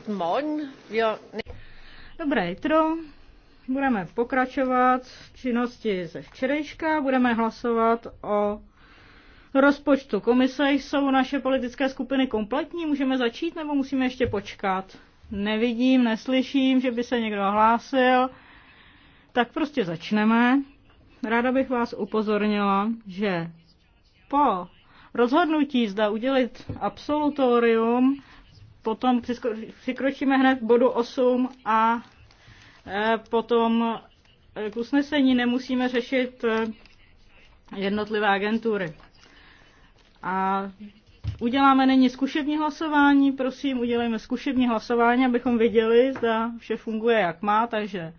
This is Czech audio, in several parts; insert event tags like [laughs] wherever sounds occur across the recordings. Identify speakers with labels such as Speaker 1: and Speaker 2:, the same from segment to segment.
Speaker 1: Guten Morgen. Wir... Dobré jitro. Budeme pokračovat v činnosti ze včerejška. Budeme hlasovat o rozpočtu komise. Jsou naše politické skupiny kompletní? Můžeme začít nebo musíme ještě počkat? Nevidím, neslyším, že by se někdo hlásil. Tak prostě začneme. Ráda bych vás upozornila, že po rozhodnutí, zda udělit absolutorium, potom přikročíme hned k bodu 8 a e, potom e, k usnesení nemusíme řešit e, jednotlivé agentury. A uděláme nyní zkušební hlasování, prosím, udělejme zkušební hlasování, abychom viděli, zda vše funguje jak má, takže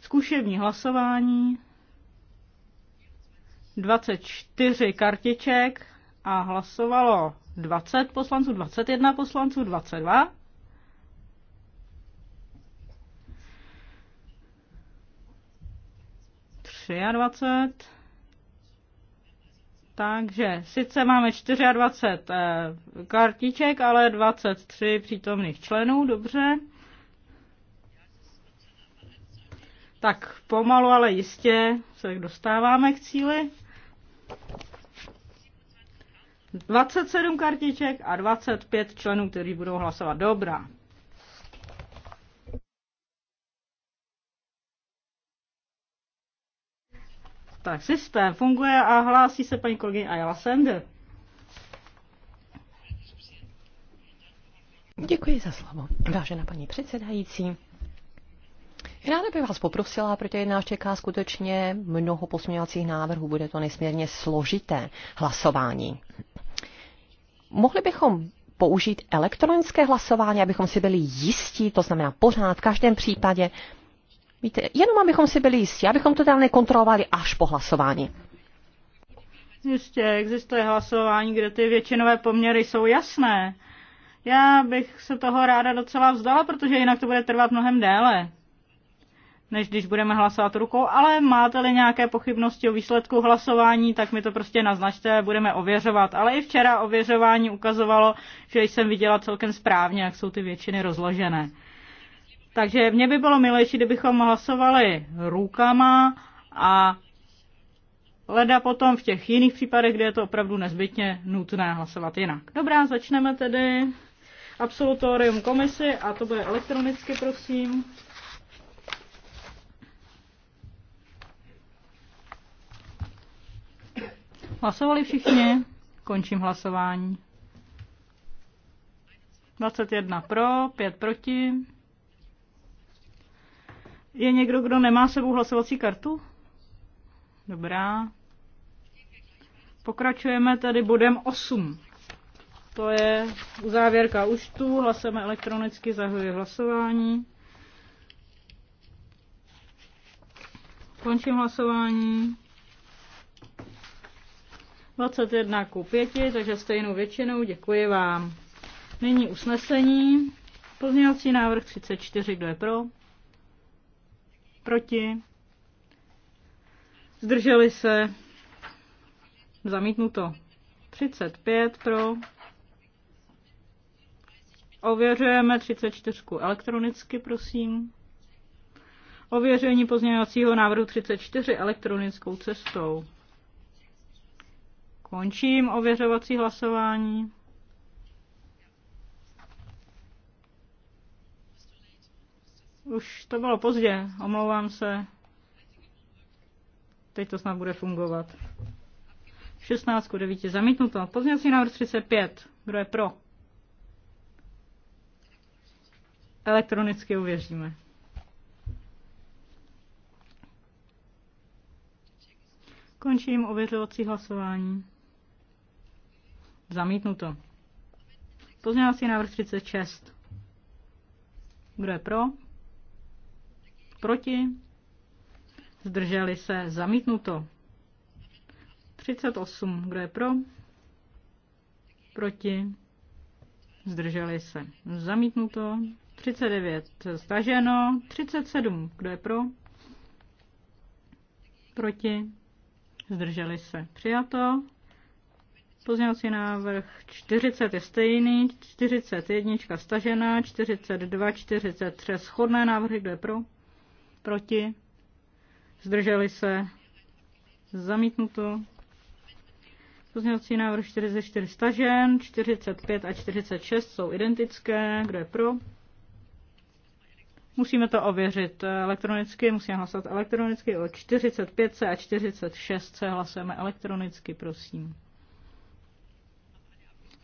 Speaker 1: zkušební hlasování, 24 kartiček, a hlasovalo 20 poslanců, 21 poslanců, 22. 20. Takže sice máme 24 eh, kartiček, ale 23 přítomných členů, dobře. Tak pomalu, ale jistě se dostáváme k cíli. 27 kartiček a 25 členů, kteří budou hlasovat. Dobrá. Tak systém funguje a hlásí se paní kolegyně Ayala Sender.
Speaker 2: Děkuji za slovo, vážená paní předsedající. Ráda bych vás poprosila, protože nás čeká skutečně mnoho posměňovacích návrhů, bude to nesmírně složité hlasování mohli bychom použít elektronické hlasování, abychom si byli jistí, to znamená pořád, v každém případě. Víte, jenom abychom si byli jistí, abychom to tam nekontrolovali až po hlasování.
Speaker 1: Jistě, existuje hlasování, kde ty většinové poměry jsou jasné. Já bych se toho ráda docela vzdala, protože jinak to bude trvat mnohem déle než když budeme hlasovat rukou, ale máte-li nějaké pochybnosti o výsledku hlasování, tak mi to prostě naznačte, budeme ověřovat. Ale i včera ověřování ukazovalo, že jsem viděla celkem správně, jak jsou ty většiny rozložené. Takže mě by bylo milejší, kdybychom hlasovali rukama a leda potom v těch jiných případech, kde je to opravdu nezbytně nutné hlasovat jinak. Dobrá, začneme tedy absolutorium komisy a to bude elektronicky, prosím. Hlasovali všichni? Končím hlasování. 21 pro, 5 proti. Je někdo, kdo nemá sebou hlasovací kartu? Dobrá. Pokračujeme tedy bodem 8. To je uzávěrka účtu, hlasujeme elektronicky, zahajuji hlasování. Končím hlasování. 21 ku 5, takže stejnou většinou děkuji vám. Nyní usnesení. Pozměňovací návrh 34, kdo je pro? Proti? Zdrželi se? Zamítnuto. 35 pro. Ověřujeme 34 elektronicky, prosím. Ověření pozměňovacího návrhu 34 elektronickou cestou. Končím ověřovací hlasování. Už to bylo pozdě, omlouvám se. Teď to snad bude fungovat. 16 ku 9 zamítnuto. Pozměňovací návrh 35. Kdo je pro? Elektronicky uvěříme. Končím ověřovací hlasování. Zamítnuto. Pozměňovací návrh 36. Kdo je pro? Proti? Zdrželi se. Zamítnuto. 38. Kdo je pro? Proti? Zdrželi se. Zamítnuto. 39. Staženo. 37. Kdo je pro? Proti? Zdrželi se. Přijato. Pozměňovací návrh 40 je stejný, 41 stažená, 42, 43 shodné návrhy, kdo je pro, proti, zdrželi se, zamítnuto. Pozměňovací návrh 44 stažen, 45 a 46 jsou identické, kdo je pro. Musíme to ověřit elektronicky, musíme hlasovat elektronicky o 45 a 46 se hlasujeme elektronicky, prosím.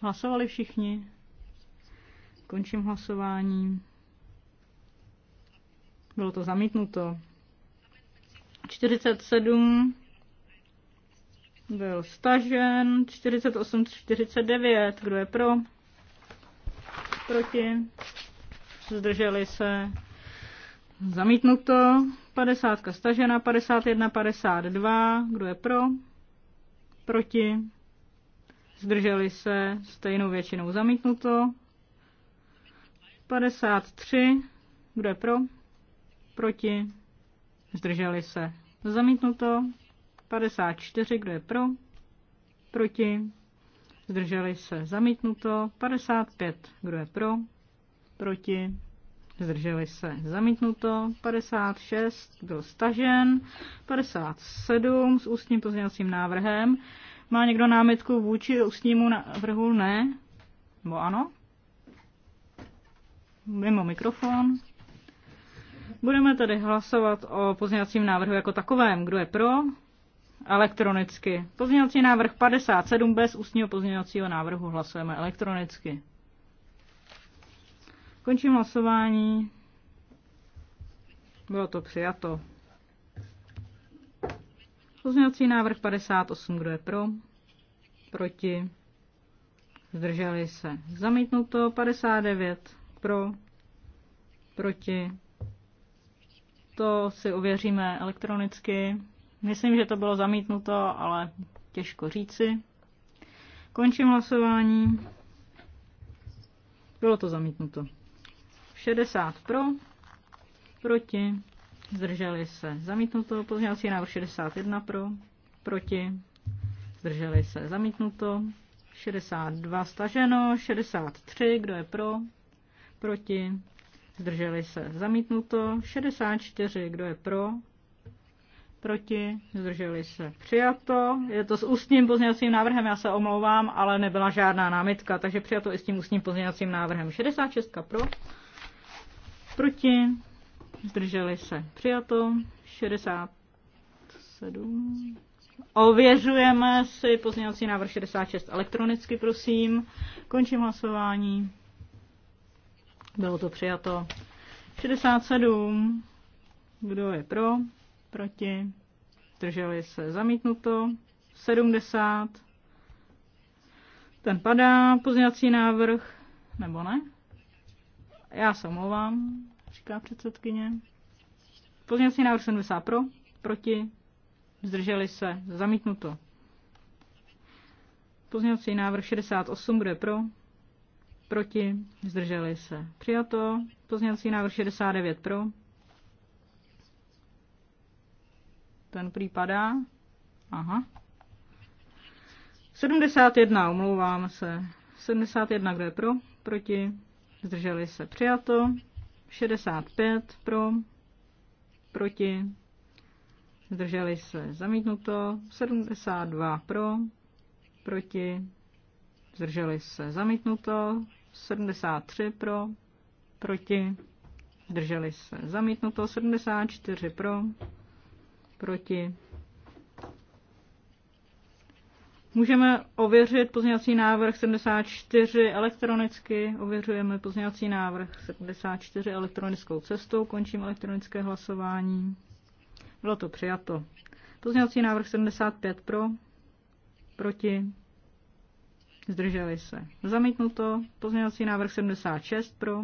Speaker 1: Hlasovali všichni? Končím hlasování. Bylo to zamítnuto. 47 byl stažen. 48, 49. Kdo je pro? Proti? Zdrželi se. Zamítnuto. 50 stažena. 51, 52. Kdo je pro? Proti? zdrželi se, stejnou většinou zamítnuto. 53, kdo je pro, proti, zdrželi se, zamítnuto. 54, kdo je pro, proti, zdrželi se, zamítnuto. 55, kdo je pro, proti, zdrželi se, zamítnuto. 56 byl stažen, 57 s ústním pozměňovacím návrhem. Má někdo námitku vůči ústnímu návrhu? Ne? Nebo ano? Mimo mikrofon. Budeme tedy hlasovat o pozměňovacím návrhu jako takovém. Kdo je pro? Elektronicky. Pozměňovací návrh 57 bez ústního pozměňovacího návrhu hlasujeme elektronicky. Končím hlasování. Bylo to přijato. Pozměňovací návrh 58, kdo je pro? Proti? Zdrželi se. Zamítnuto 59 pro, proti. To si ověříme elektronicky. Myslím, že to bylo zamítnuto, ale těžko říci. Končím hlasování. Bylo to zamítnuto. 60 pro, proti, zdrželi se. Zamítnuto pozměňovací návrh 61 pro, proti, zdrželi se. Zamítnuto 62 staženo, 63, kdo je pro, proti, zdrželi se. Zamítnuto 64, kdo je pro, proti, zdrželi se. Přijato, je to s ústním pozměňovacím návrhem, já se omlouvám, ale nebyla žádná námitka, takže přijato i s tím ústním pozměňovacím návrhem. 66 pro, proti, zdrželi se. Přijato 67. Ověřujeme si pozměňovací návrh 66 elektronicky, prosím. Končím hlasování. Bylo to přijato. 67. Kdo je pro? Proti? Zdrželi se. Zamítnuto. 70. Ten padá. Pozměňovací návrh. Nebo ne? Já se omlouvám říká předsedkyně. Pozměňovací návrh 70 pro, proti, zdrželi se, zamítnuto. Pozměňovací návrh 68, kdo pro, proti, zdrželi se, přijato. Pozměňovací návrh 69 pro, ten případá. Aha. 71, omlouvám se. 71, kdo je pro, proti, zdrželi se, přijato. 65 pro, proti, zdrželi se zamítnuto, 72 pro, proti, zdrželi se zamítnuto, 73 pro, proti, zdrželi se zamítnuto, 74 pro, proti, Můžeme ověřit pozměňovací návrh 74 elektronicky, ověřujeme pozměňovací návrh 74 elektronickou cestou, končím elektronické hlasování. Bylo to přijato. Pozměňovací návrh 75 pro, proti, zdrželi se. Zamítnuto. Pozměňovací návrh 76 pro.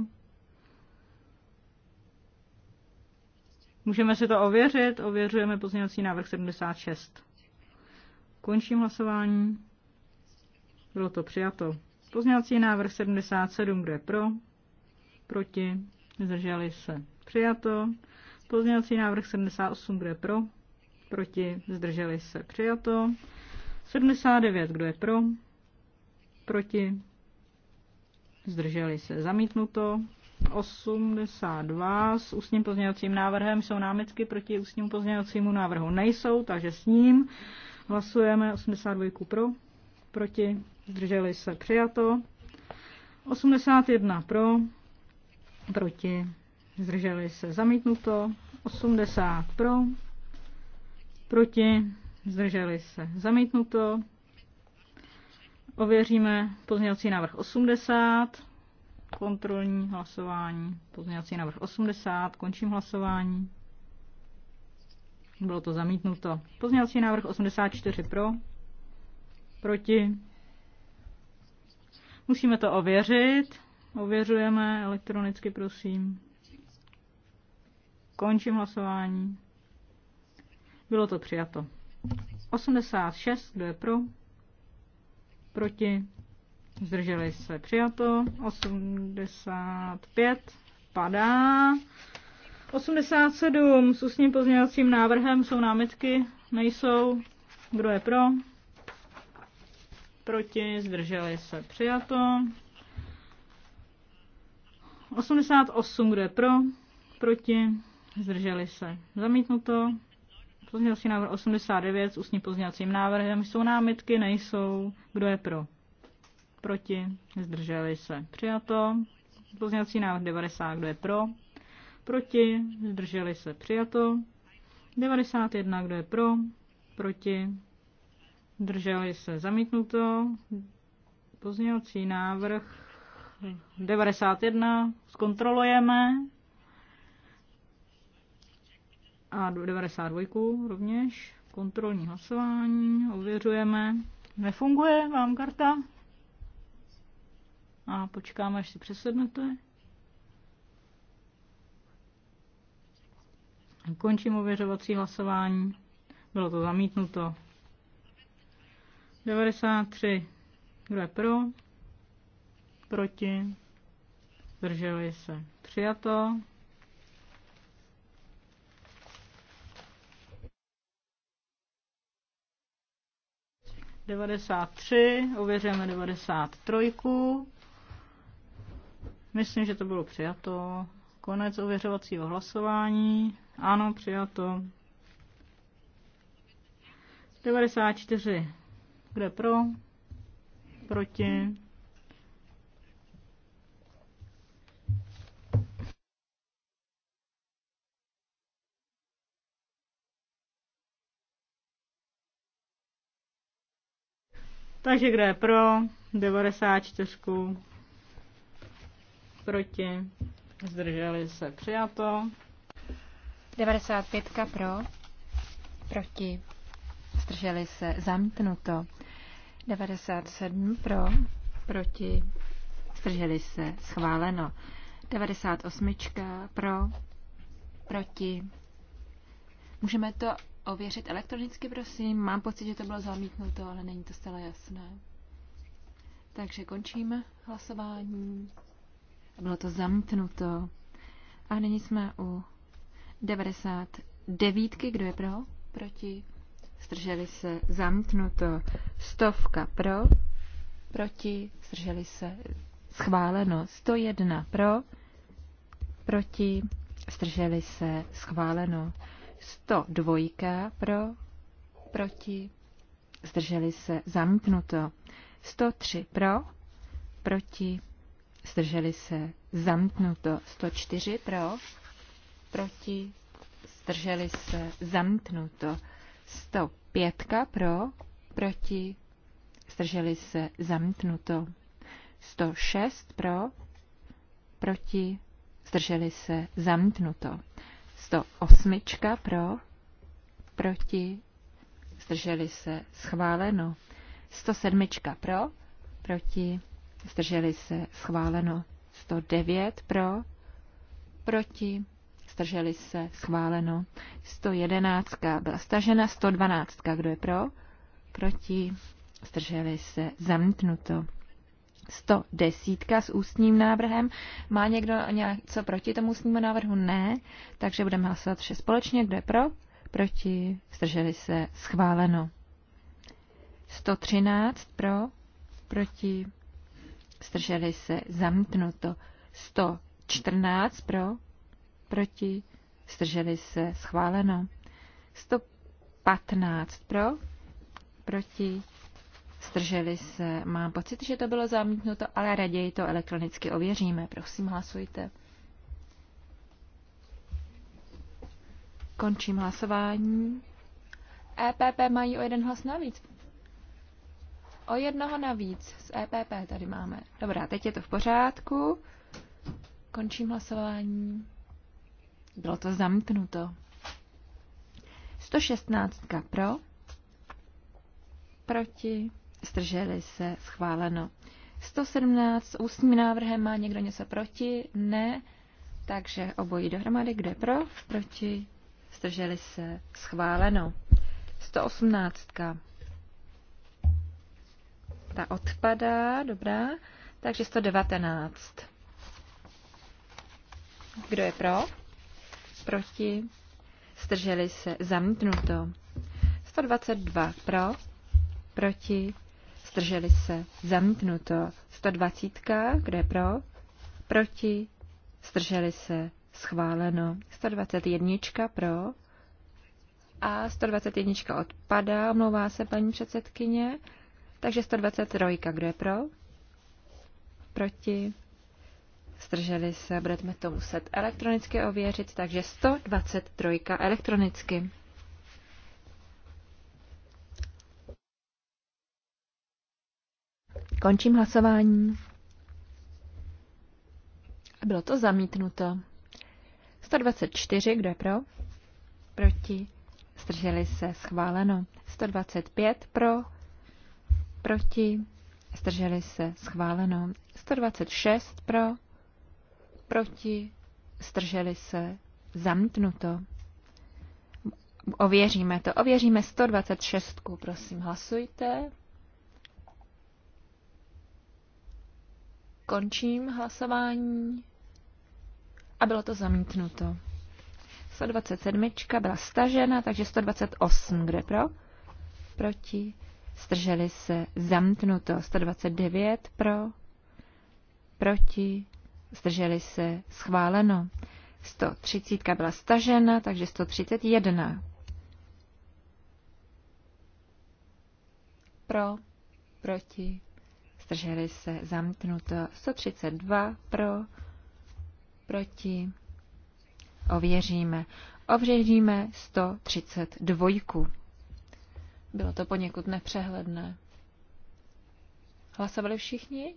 Speaker 1: Můžeme si to ověřit, ověřujeme pozměňovací návrh 76. Končím hlasování. Bylo to přijato. Pozměňovací návrh 77, kdo je pro? Proti? Zdrželi se. Přijato. Pozměňovací návrh 78, kdo je pro? Proti? Zdrželi se. Přijato. 79, kdo je pro? Proti? Zdrželi se. Zamítnuto. 82 s ústním pozměňovacím návrhem jsou námitky proti ústnímu pozměňovacímu návrhu nejsou, takže s ním Hlasujeme 82 pro, proti, zdrželi se přijato. 81 pro, proti, zdrželi se zamítnuto. 80 pro, proti, zdrželi se zamítnuto. Ověříme pozměňovací návrh 80, kontrolní hlasování, pozměňovací návrh 80, končím hlasování. Bylo to zamítnuto. Pozměňovací návrh 84 pro. Proti. Musíme to ověřit. Ověřujeme elektronicky, prosím. Končím hlasování. Bylo to přijato. 86, kdo je pro? Proti? Zdrželi se přijato. 85 padá. 87 s ústním pozměňovacím návrhem jsou námitky? Nejsou. Kdo je pro? Proti, zdrželi se, přijato. 88, kdo je pro? Proti, zdrželi se, zamítnuto. Pozměňovací návrh 89 s ústním pozměňovacím návrhem jsou námitky? Nejsou. Kdo je pro? Proti, zdrželi se, přijato. Pozměňovací návrh 90, kdo je pro? Proti? Zdrželi se přijato. 91, kdo je pro? Proti? Zdrželi se zamítnuto. Pozměňovací návrh 91 zkontrolujeme. A 92 rovněž. Kontrolní hlasování. Ověřujeme. Nefunguje vám karta? A počkáme, až si přesednete. Končím ověřovací hlasování. Bylo to zamítnuto. 93. Kdo je pro? Proti? Zdrželi se. Přijato. Devadesát tři, ověřujeme devadesát trojku. Myslím, že to bylo přijato, Konec ověřovacího hlasování. Ano, přijato. 94. Kde pro? Proti? Takže kde je pro? 94. Proti. Zdrželi se přijato.
Speaker 3: 95 pro, proti, zdrželi se zamítnuto. 97 pro, proti, zdrželi se schváleno. 98 pro, proti. Můžeme to ověřit elektronicky, prosím. Mám pocit, že to bylo zamítnuto, ale není to stále jasné. Takže končíme hlasování bylo to zamítnuto. A nyní jsme u 99. Kdo je pro? Proti? Zdrželi se zamítnuto. Stovka pro? Proti? Zdrželi se schváleno. 101 pro? Proti? Zdrželi se schváleno. 102 pro? Proti? Zdrželi se zamítnuto. 103 pro? Proti? zdrželi se, zamknuto 104 pro, proti, zdrželi se, zamknuto 105 pro, proti, zdrželi se, zamknuto 106 pro, proti, zdrželi se, zamknuto 108 pro, proti, zdrželi se, schváleno 107 pro, proti, zdrželi se, schváleno 109 pro, proti, zdrželi se, schváleno 111 byla stažena, 112 kdo je pro, proti, zdrželi se, zamítnuto. 110 s ústním návrhem. Má někdo něco proti tomu ústnímu návrhu? Ne. Takže budeme hlasovat vše společně. Kdo je pro? Proti. Zdrželi se. Schváleno. 113 pro. Proti zdrželi se, zamítnuto. 114 pro, proti, zdrželi se, schváleno. 115 pro, proti, zdrželi se. Mám pocit, že to bylo zamítnuto, ale raději to elektronicky ověříme. Prosím, hlasujte. Končím hlasování. EPP mají o jeden hlas navíc. O jednoho navíc z EPP tady máme. Dobrá, teď je to v pořádku. Končím hlasování. Bylo to zamknuto. 116 pro, proti, Strželi se, schváleno. 117 s ústním návrhem má někdo něco proti? Ne. Takže obojí dohromady, kde pro, proti, Strželi se, schváleno. 118. Ta odpadá, dobrá. Takže 119. Kdo je pro? Proti? Zdrželi se. Zamítnuto. 122 pro, proti, zdrželi se, zamítnuto. 120, kdo je pro, proti, zdrželi se, schváleno. 121 pro a 121 odpadá, omlouvá se paní předsedkyně. Takže 123, kdo je pro? Proti? Zdrželi se, budeme to muset elektronicky ověřit, takže 123 elektronicky. Končím hlasování. A bylo to zamítnuto. 124, kdo je pro? Proti. Zdrželi se, schváleno. 125 pro, proti, zdrželi se, schváleno. 126 pro, proti, zdrželi se, zamítnuto. Ověříme to. Ověříme 126, prosím, hlasujte. Končím hlasování. A bylo to zamítnuto. 127 byla stažena, takže 128, kde pro? Proti zdrželi se zamknuto 129 pro, proti, zdrželi se schváleno. 130 byla stažena, takže 131 pro, proti, zdrželi se zamknuto 132 pro, proti, ověříme. Ověříme 132. Bylo to poněkud nepřehledné. Hlasovali všichni?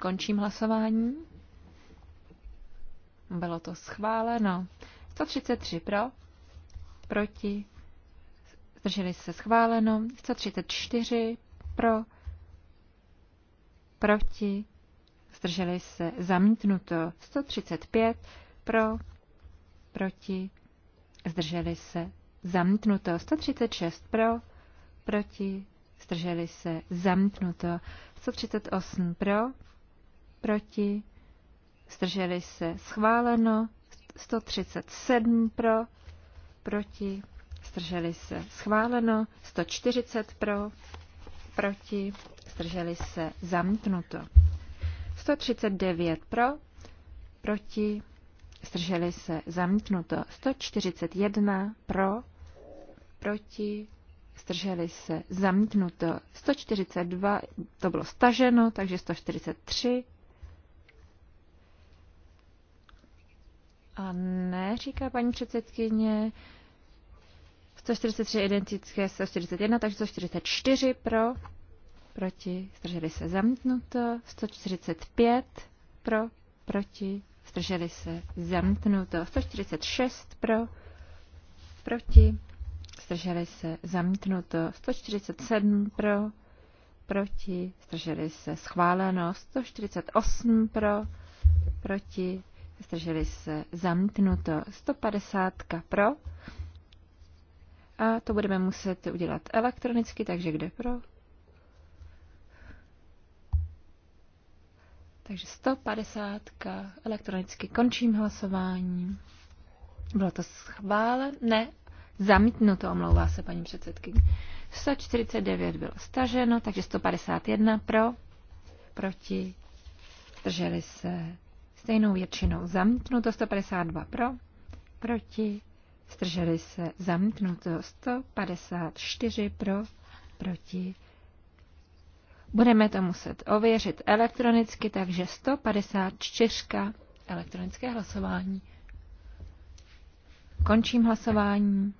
Speaker 3: Končím hlasování. Bylo to schváleno. 133 pro, proti, zdrželi se schváleno. 134 pro, proti, zdrželi se zamítnuto. 135 pro, proti, zdrželi se zamítnuto. 136 pro, proti, zdrželi se, zamítnuto. 138 pro, proti, zdrželi se, schváleno. 137 pro, proti, zdrželi se, schváleno. 140 pro, proti, zdrželi se, zamítnuto. 139 pro, proti, zdrželi se, zamítnuto. 141 pro, proti, zdrželi se, zamítnuto 142, to bylo staženo, takže 143. A ne, říká paní předsedkyně, 143 identické 141, takže 144 pro, proti, zdrželi se, zamítnuto 145 pro, proti, zdrželi se, zamítnuto 146 pro, proti, zdrželi se, zamítnuto 147 pro, proti, zdrželi se, schváleno 148 pro, proti, zdrželi se, zamítnuto 150 pro. A to budeme muset udělat elektronicky, takže kde pro? Takže 150 elektronicky končím hlasování. Bylo to schválené? Ne, Zamítnuto, omlouvá se paní předsedkyně. 149 bylo staženo, takže 151 pro, proti, drželi se stejnou většinou. Zamítnuto 152 pro, proti, zdrželi se. Zamítnuto 154 pro, proti. Budeme to muset ověřit elektronicky, takže 154 elektronické hlasování. Končím hlasování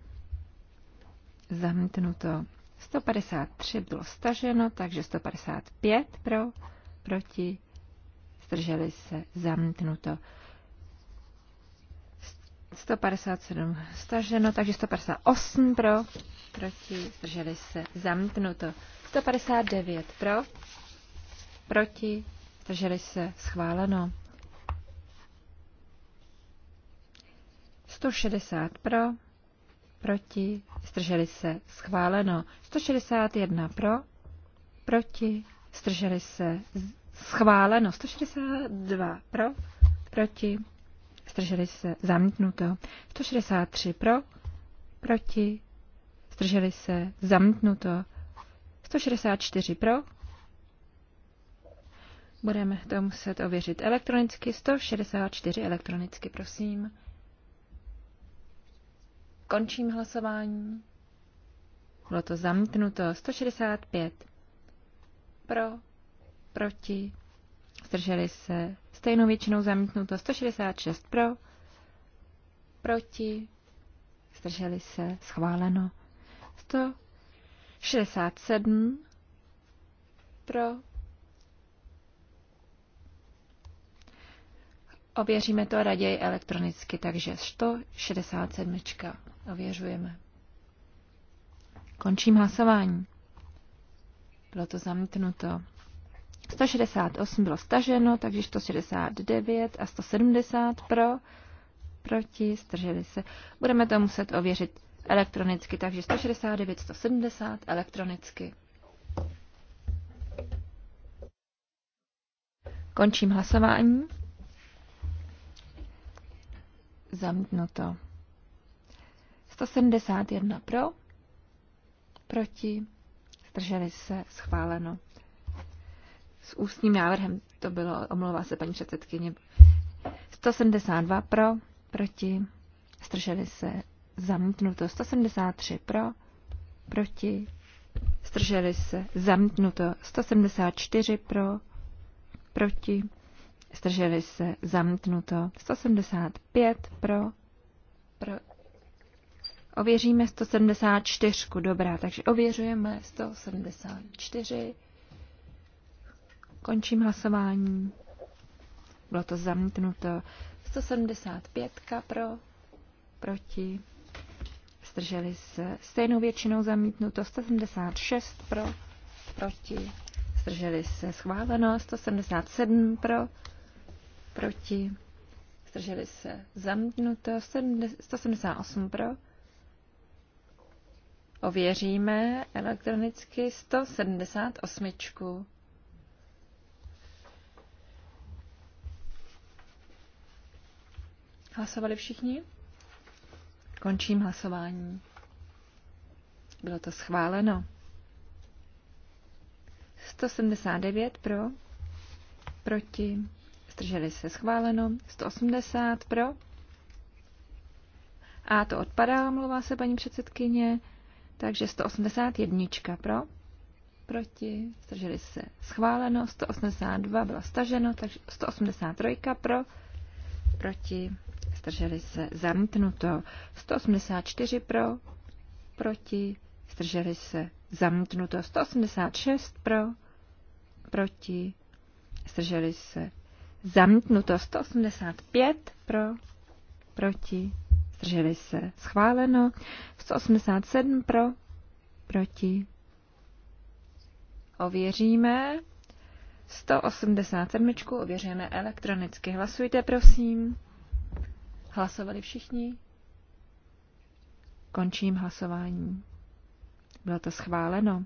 Speaker 3: zamítnuto. 153 bylo staženo, takže 155 pro, proti, strželi se, zamítnuto. 157 staženo, takže 158 pro, proti, strželi se, zamítnuto. 159 pro, proti, strželi se, schváleno. 160 pro, proti, zdrželi se, schváleno. 161 pro, proti, zdrželi se, schváleno. 162 pro, proti, zdrželi se, zamítnuto. 163 pro, proti, zdrželi se, zamítnuto. 164 pro, budeme to muset ověřit elektronicky, 164 elektronicky, prosím. Končím hlasování. Bylo to zamítnuto. 165 pro, proti, zdrželi se. Stejnou většinou zamítnuto. 166 pro, proti, zdrželi se. Schváleno. 167 pro. Ověříme to raději elektronicky, takže 167. Ověřujeme. Končím hlasování. Bylo to zamítnuto. 168 bylo staženo, takže 169 a 170 pro, proti, strželi se. Budeme to muset ověřit elektronicky, takže 169, 170 elektronicky. Končím hlasování. Zamítnuto. 171 pro, proti, zdrželi se, schváleno. S ústním návrhem to bylo, omlouvá se paní předsedkyně. 172 pro, proti, zdrželi se, zamítnuto. 173 pro, proti, zdrželi se, zamítnuto. 174 pro, proti, zdrželi se, zamítnuto. 175 pro, pro Ověříme 174, dobrá, takže ověřujeme 174. Končím hlasování. Bylo to zamítnuto. 175 pro, proti. Strželi se stejnou většinou zamítnuto. 176 pro, proti. Strželi se schváleno. 177 pro, proti. Strželi se zamítnuto. 178 pro, Ověříme elektronicky 178. Hlasovali všichni? Končím hlasování. Bylo to schváleno. 179 pro, proti, zdrželi se schváleno, 180 pro. A to odpadá, mluvá se paní předsedkyně. Takže 181 pro, proti, strželi se schváleno, 182 byla staženo, takže 183 pro, proti, strželi se zamítnuto, 184 pro, proti, strželi se zamítnuto, 186 pro, proti, strželi se zamítnuto, 185 pro, proti, zdrželi se, schváleno. 187 pro, proti. Ověříme. 187 ověříme elektronicky. Hlasujte, prosím. Hlasovali všichni? Končím hlasování. Bylo to schváleno.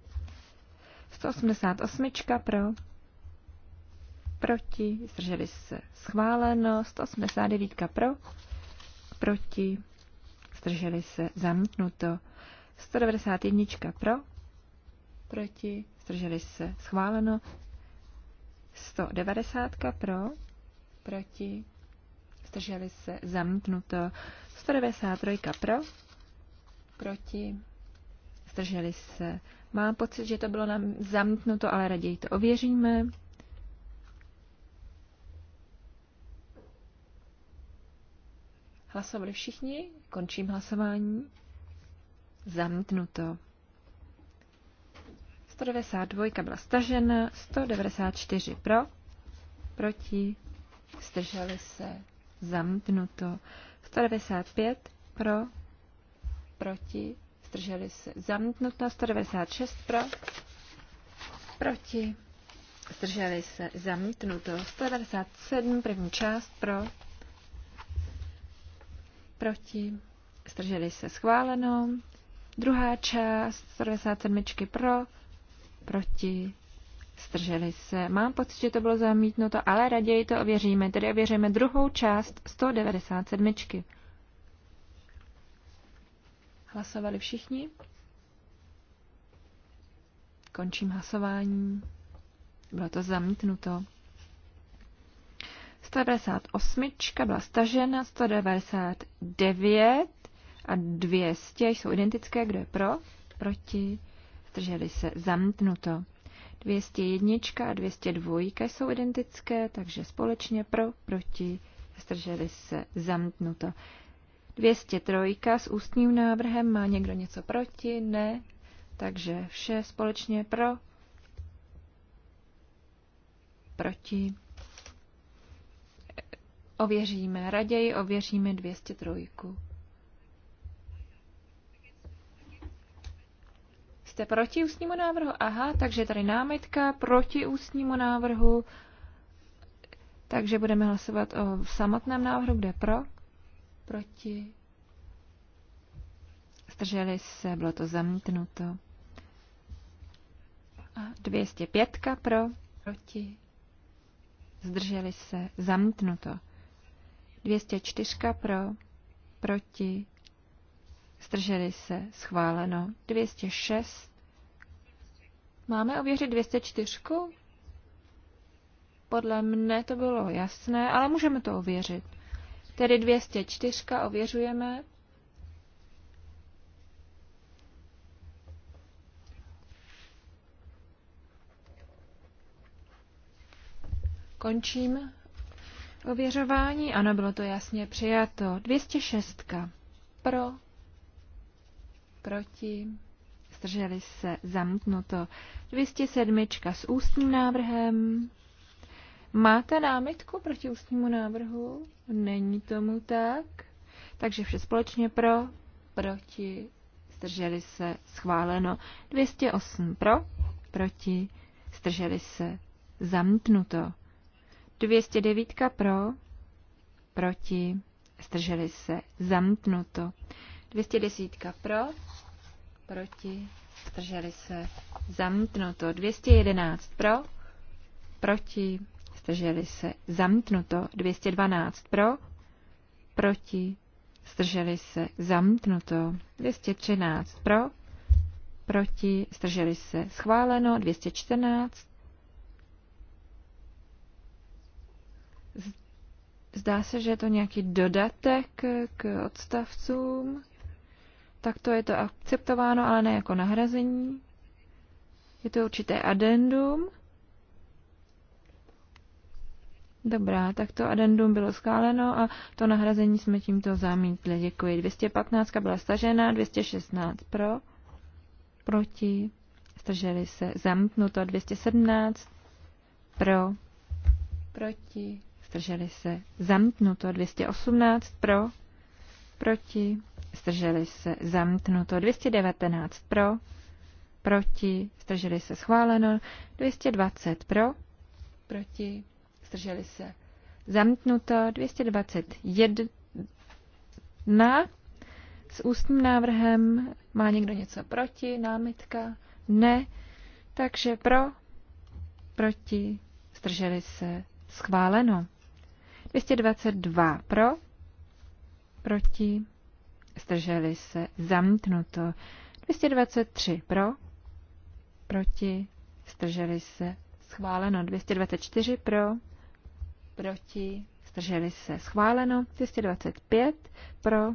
Speaker 3: 188 pro, proti, zdrželi se schváleno, 189 pro, proti, zdrželi se, zamítnuto. 191 pro, proti, zdrželi se, schváleno. 190 pro, proti, zdrželi se, zamítnuto. 193 pro, proti, zdrželi se. Mám pocit, že to bylo nám zamítnuto, ale raději to ověříme. Hlasovali všichni? Končím hlasování. Zamítnuto. 192 byla stažena, 194 pro, proti, zdrželi se, zamítnuto. 195 pro, proti, zdrželi se, zamítnuto. 196 pro, proti, zdrželi se, zamítnuto. 197 první část pro, proti, zdrželi se schváleno. Druhá část 197 pro, proti, zdrželi se. Mám pocit, že to bylo zamítnuto, ale raději to ověříme, tedy ověříme druhou část 197. Hlasovali všichni? Končím hlasování. Bylo to zamítnuto. 198 byla stažena, 199 a 200 jsou identické, kdo je pro, proti, zdrželi se, zamknuto. 201 a 202 jsou identické, takže společně pro, proti, zdrželi se, zamknuto. 203 s ústním návrhem, má někdo něco proti? Ne. Takže vše společně pro, proti, ověříme. Raději ověříme 203. Jste proti ústnímu návrhu? Aha, takže tady námitka proti ústnímu návrhu. Takže budeme hlasovat o samotném návrhu, kde pro, proti. Zdrželi se, bylo to zamítnuto. A 205 pro, proti. Zdrželi se, zamítnuto. 204 pro, proti, strželi se, schváleno. 206. Máme ověřit 204? Podle mne to bylo jasné, ale můžeme to ověřit. Tedy 204 ověřujeme. Končím. Ověřování, ano, bylo to jasně přijato. 206. Pro, proti, zdrželi se, zamknuto. 207. s ústním návrhem. Máte námitku proti ústnímu návrhu? Není tomu tak. Takže vše společně pro, proti, zdrželi se, schváleno. 208 pro, proti, zdrželi se, zamknuto. 209 pro, proti, zdrželi se, zamknuto. 210 pro, proti, zdrželi se, zamknuto. 211 pro, proti, zdrželi se, zamknuto. 212 pro, proti, zdrželi se, zamknuto. 213 pro, proti, zdrželi se, schváleno. 214 Zdá se, že je to nějaký dodatek k odstavcům. Tak to je to akceptováno, ale ne jako nahrazení. Je to určité addendum. Dobrá, tak to addendum bylo skáleno a to nahrazení jsme tímto zamítli. Děkuji. 215 byla stažena, 216 pro, proti, staželi se, zamítnuto, 217 pro, proti, zdrželi se, zamítnuto 218 pro, proti, zdrželi se, zamítnuto 219 pro, proti, zdrželi se, schváleno 220 pro, proti, zdrželi se, zamítnuto 221 s ústním návrhem. Má někdo něco proti? Námitka? Ne. Takže pro, proti, zdrželi se, schváleno. 222 pro, proti, zdrželi se, zamítnuto. 223 pro, proti, zdrželi se, schváleno. 224 pro, proti, zdrželi se, schváleno. 225 pro,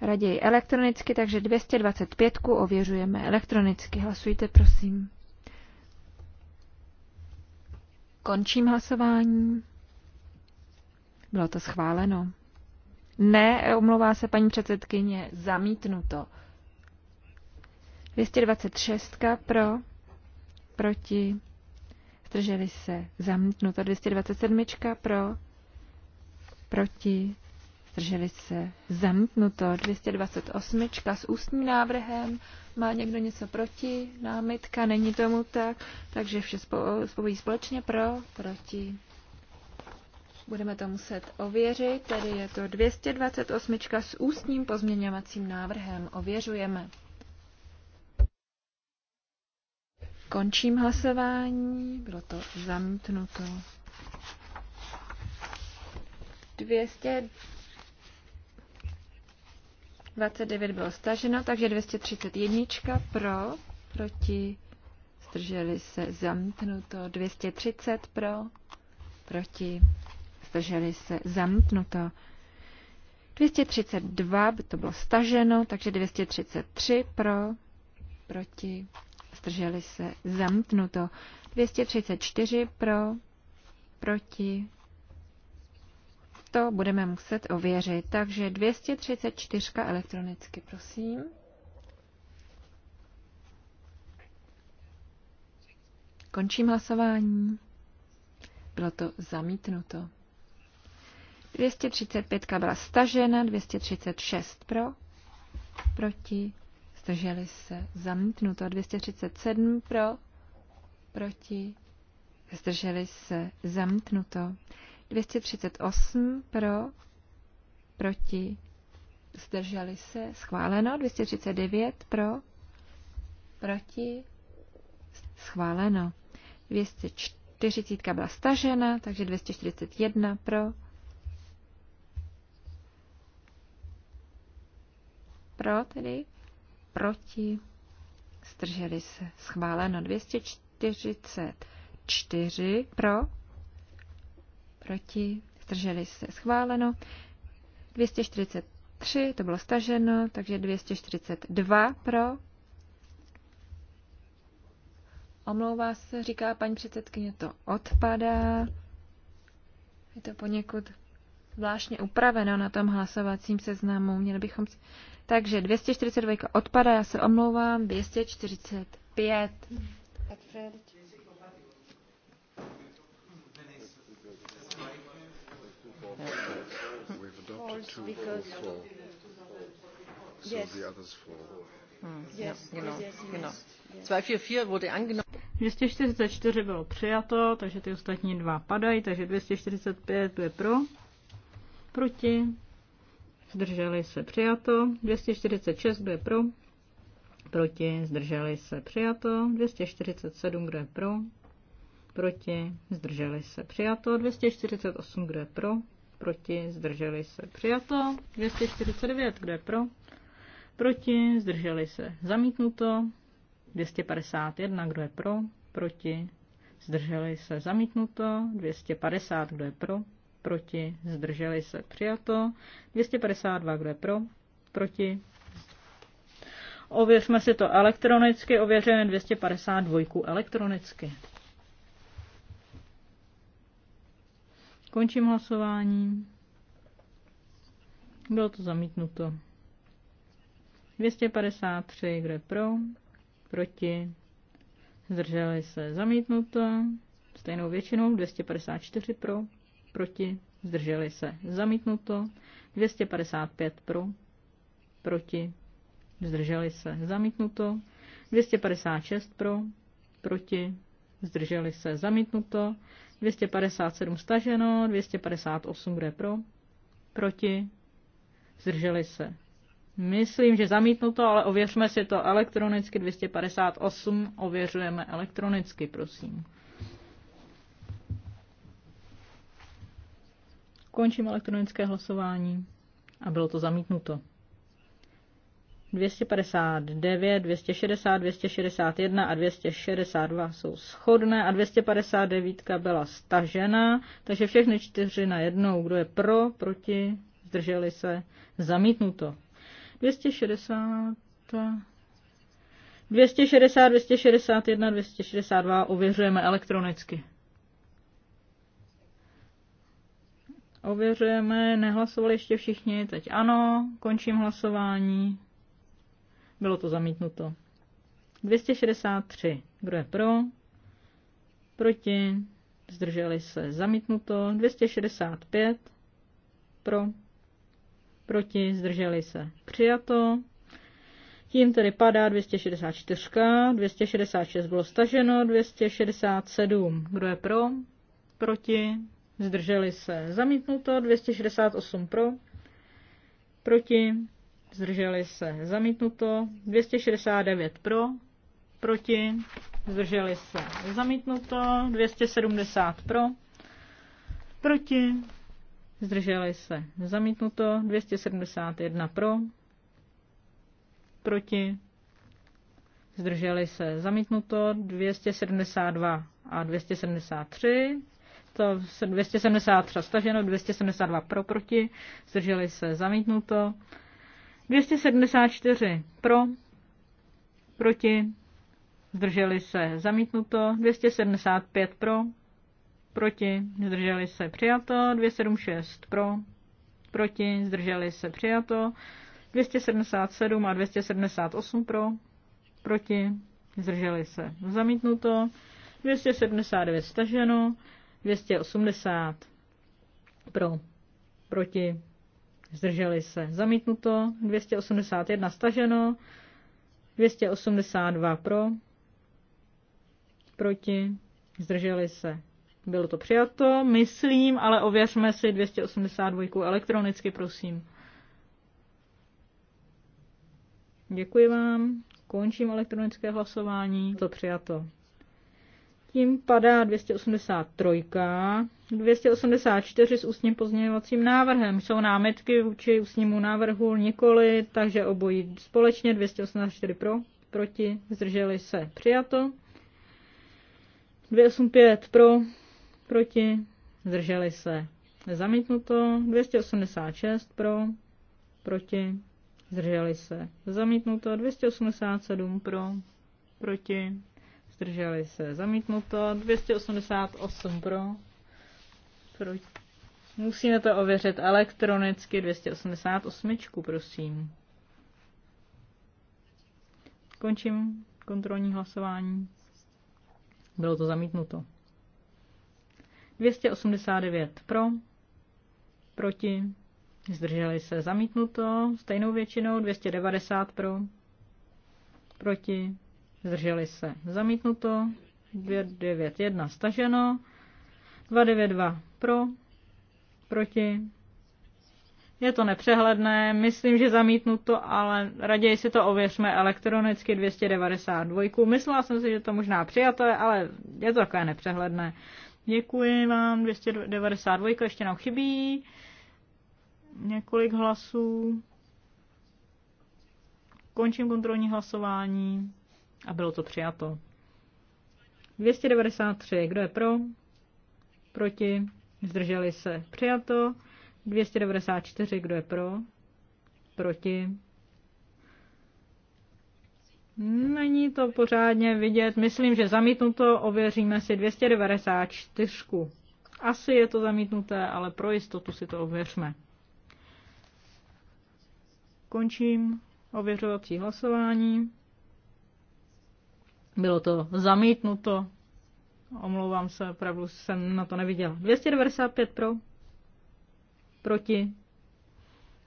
Speaker 3: raději elektronicky, takže 225 ověřujeme elektronicky. Hlasujte, prosím. Končím hlasování. Bylo to schváleno. Ne, omlouvá se paní předsedkyně, zamítnuto. 226 pro, proti, zdrželi se, zamítnuto. 227 pro, proti, zdrželi se, zamítnuto 228 s ústním návrhem, má někdo něco proti, námitka, není tomu tak, takže vše spojí společně pro, proti. Budeme to muset ověřit, tedy je to 228 s ústním pozměňovacím návrhem, ověřujeme. Končím hlasování, bylo to zamítnuto. 200 29 bylo staženo, takže 231 pro, proti, zdrželi se zamknuto, 230 pro, proti, zdrželi se zamknuto. 232 by to bylo staženo, takže 233 pro, proti, zdrželi se zamknuto. 234 pro, proti, to budeme muset ověřit. Takže 234 elektronicky, prosím. Končím hlasování. Bylo to zamítnuto. 235 byla stažena, 236 pro, proti, zdrželi se, zamítnuto, 237 pro, proti, zdrželi se, zamítnuto, 238 pro, proti, zdrželi se, schváleno. 239 pro, proti, schváleno. 240 byla stažena, takže 241 pro, pro tedy, proti, zdrželi se, schváleno. 240 4 pro, proti, zdrželi se schváleno. 243, to bylo staženo, takže 242 pro. Omlouvá se, říká paní předsedkyně, to odpadá. Je to poněkud zvláštně upraveno na tom hlasovacím seznamu. Měli bychom... Takže 242 odpadá, já se omlouvám, 245.
Speaker 1: We've adopted two because four. So the others four. 244 bylo přijato, takže ty ostatní dva padají, takže 245 bude pro, proti, zdrželi se přijato, 246 bude pro, proti, zdrželi se přijato, 247 je pro, proti, zdrželi se přijato, 248 kdo je pro, proti, zdrželi se. Přijato 249, kdo je pro, proti, zdrželi se. Zamítnuto 251, kdo je pro, proti, zdrželi se. Zamítnuto 250, kdo je pro, proti, zdrželi se. Přijato 252, kdo je pro, proti. Ověřme si to elektronicky, ověřujeme 252 elektronicky. Končím hlasování. Bylo to zamítnuto. 253, kdo je pro, proti, zdrželi se zamítnuto, stejnou většinou 254 pro, proti, zdrželi se zamítnuto, 255 pro, proti, zdrželi se zamítnuto, 256 pro, proti, zdrželi se zamítnuto, 257 staženo, 258 kde pro, proti, zdrželi se. Myslím, že zamítnuto, to, ale ověřme si to elektronicky. 258 ověřujeme elektronicky, prosím. Končím elektronické hlasování a bylo to zamítnuto. 259, 260, 261 a 262 jsou schodné a 259 byla stažena, takže všechny čtyři na jednou. Kdo je pro, proti, zdrželi se, zamítnuto. 260, 260, 261, 262 ověřujeme elektronicky. Ověřujeme, nehlasovali ještě všichni, teď ano, končím hlasování. Bylo to zamítnuto. 263. Kdo je pro? Proti? Zdrželi se zamítnuto. 265. Pro? Proti? Zdrželi se přijato. Tím tedy padá 264, 266 bylo staženo, 267. Kdo je pro? Proti? Zdrželi se. Zamítnuto 268 pro. Proti? zdrželi se zamítnuto, 269 pro, proti, zdrželi se zamítnuto, 270 pro, proti, zdrželi se zamítnuto, 271 pro, proti, zdrželi se zamítnuto, 272 a 273 to 273 staženo, 272 pro proti, zdrželi se zamítnuto, 274 pro, proti, zdrželi se zamítnuto, 275 pro, proti, zdrželi se přijato, 276 pro, proti, zdrželi se přijato, 277 a 278 pro, proti, zdrželi se zamítnuto, 279 staženo, 280 pro, proti, zdrželi se. Zamítnuto 281 staženo, 282 pro, proti, zdrželi se. Bylo to přijato, myslím, ale ověřme si 282 elektronicky, prosím. Děkuji vám. Končím elektronické hlasování. To přijato. Tím padá 283. 284 s ústním pozměňovacím návrhem. Jsou námitky vůči ústnímu návrhu nikoli, takže obojí společně 284 pro, proti, zdrželi se, přijato. 285 pro, proti, zdrželi se, zamítnuto. 286 pro, proti, zdrželi se, zamítnuto. 287 pro, proti, zdrželi se, zamítnuto, 288 pro, proti. Musíme to ověřit elektronicky, 288, prosím. Končím kontrolní hlasování. Bylo to zamítnuto. 289 pro, proti, zdrželi se zamítnuto, stejnou většinou 290 pro, proti, zdrželi se zamítnuto, 291 staženo, 292 pro, proti. Je to nepřehledné, myslím, že zamítnu to, ale raději si to ověřme elektronicky 292. Myslela jsem si, že to možná přijaté, ale je to takové nepřehledné. Děkuji vám, 292, ještě nám chybí několik hlasů. Končím kontrolní hlasování. A bylo to přijato. 293. Kdo je pro? Proti? Zdrželi se. Přijato. 294. Kdo je pro? Proti? Není to pořádně vidět. Myslím, že zamítnuto ověříme si 294. Asi je to zamítnuté, ale pro jistotu si to ověřme. Končím ověřovací hlasování. Bylo to zamítnuto. Omlouvám se, opravdu jsem na to neviděl. 295 pro. Proti.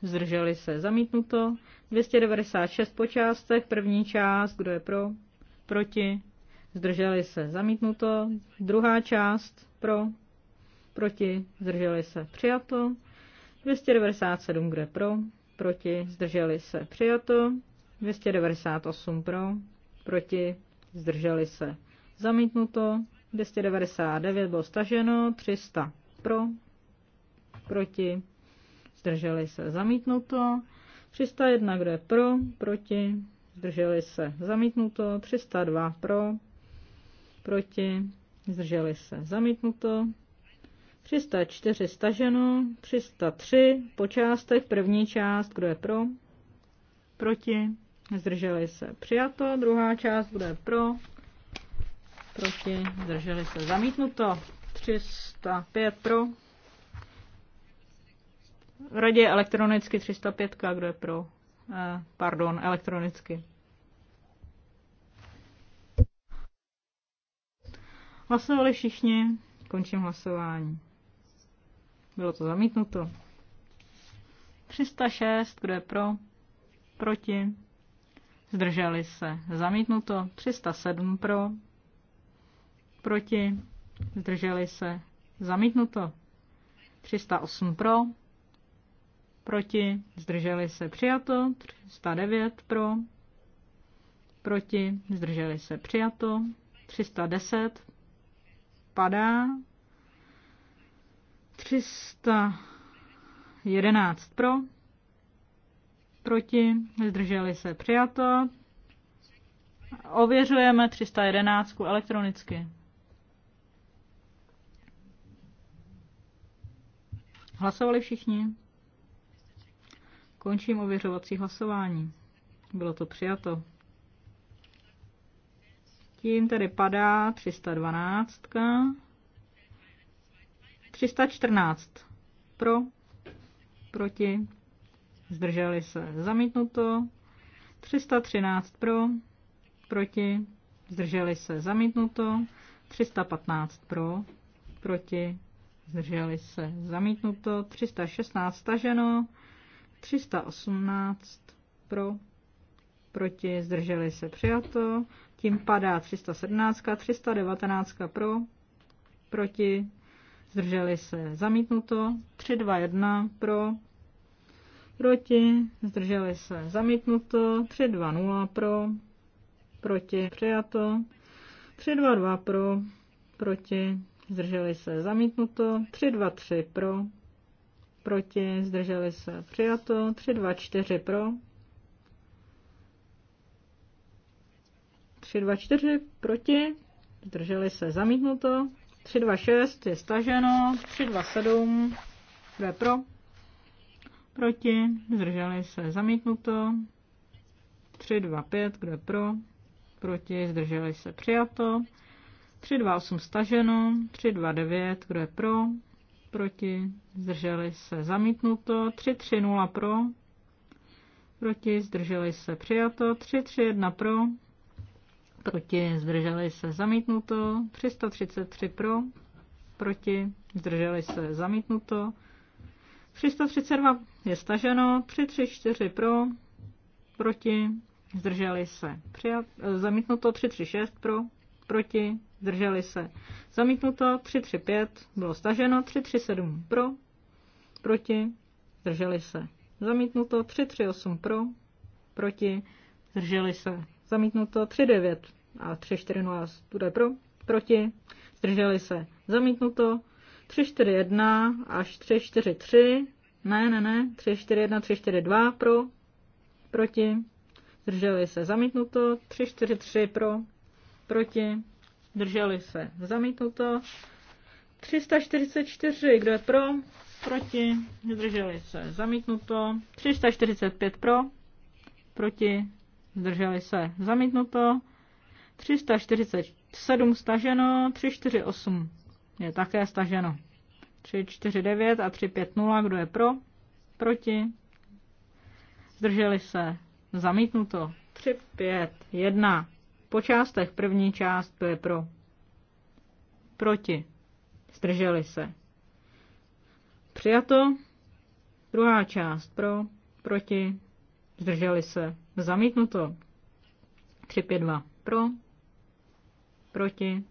Speaker 1: Zdrželi se. Zamítnuto. 296 po částech. První část. Kdo je pro? Proti. Zdrželi se. Zamítnuto. Druhá část. Pro. Proti. Zdrželi se. Přijato. 297 kdo je pro? Proti. Zdrželi se. Přijato. 298 pro. Proti zdrželi se. Zamítnuto 299 bylo staženo, 300 pro, proti, zdrželi se. Zamítnuto 301, kdo je pro, proti, zdrželi se. Zamítnuto 302 pro, proti, zdrželi se. Zamítnuto 304 staženo, 303 počástek, první část, kdo je pro, proti, zdrželi se přijato, druhá část bude pro, proti, zdrželi se zamítnuto, 305 pro, V radě elektronicky 305, kdo je pro, eh, pardon, elektronicky. Hlasovali všichni, končím hlasování. Bylo to zamítnuto. 306, kdo je pro, proti, zdrželi se, zamítnuto, 307 pro, proti, zdrželi se, zamítnuto, 308 pro, proti, zdrželi se, přijato, 309 pro, proti, zdrželi se, přijato, 310 padá, 311 pro, proti, zdrželi se přijato. Ověřujeme 311 elektronicky. Hlasovali všichni? Končím ověřovací hlasování. Bylo to přijato. Tím tedy padá 312. 314. Pro. Proti zdrželi se zamítnuto, 313 pro, proti, zdrželi se zamítnuto, 315 pro, proti, zdrželi se zamítnuto, 316 staženo, 318 pro, proti, zdrželi se přijato, tím padá 317, 319 pro, proti, zdrželi se zamítnuto, 321 pro, proti, zdrželi se zamítnuto, 3-2-0 pro, proti, přijato, 3-2-2 pro, proti, zdrželi se zamítnuto, 3-2-3 pro, proti, zdrželi se přijato, 3-2-4 pro, 3-2-4 proti, zdrželi se zamítnuto, 3-2-6 je staženo, 3-2-7 je pro, proti, zdrželi se zamítnuto, 3, 2, 5, kdo je pro, proti, zdrželi se přijato, 3, 2, 8 staženo, 3, 2, 9, kdo je pro, proti, zdrželi se zamítnuto, 3, 3, 0 pro, proti, zdrželi se přijato, 3, 3, 1 pro, proti, zdrželi se zamítnuto, 333 pro, proti, zdrželi se zamítnuto, 332 je staženo. 3, 3, 4 pro, proti, zdrželi se. Přijat, eh, zamítnuto 3, 3, 6 pro, proti, zdrželi se. Zamítnuto 3, 3, 5 bylo staženo. 3, 3, 7 pro, proti, zdrželi se. Zamítnuto 3, 3, 8 pro, proti, zdrželi se. Zamítnuto 3, 9 a 3, 4, 0 bude pro, proti, zdrželi se. Zamítnuto 3, 4, 1 až 3, 4, 3 ne, ne, ne. 3, 4, 1, 3, 4, 2 pro. Proti. Drželi se zamítnuto. 3, 4, 3 pro. Proti. Drželi se zamítnuto. 344, kdo je pro? Proti. Zdrželi se zamítnuto. 345 pro. Proti. Zdrželi se zamítnuto. 347 staženo. 348 je také staženo. 349 a 350. Kdo je pro? Proti? Zdrželi se? Zamítnuto. 351. Po částech první část to je pro. Proti. Zdrželi se. Přijato. Druhá část pro. Proti. Zdrželi se. Zamítnuto. 352. Pro. Proti.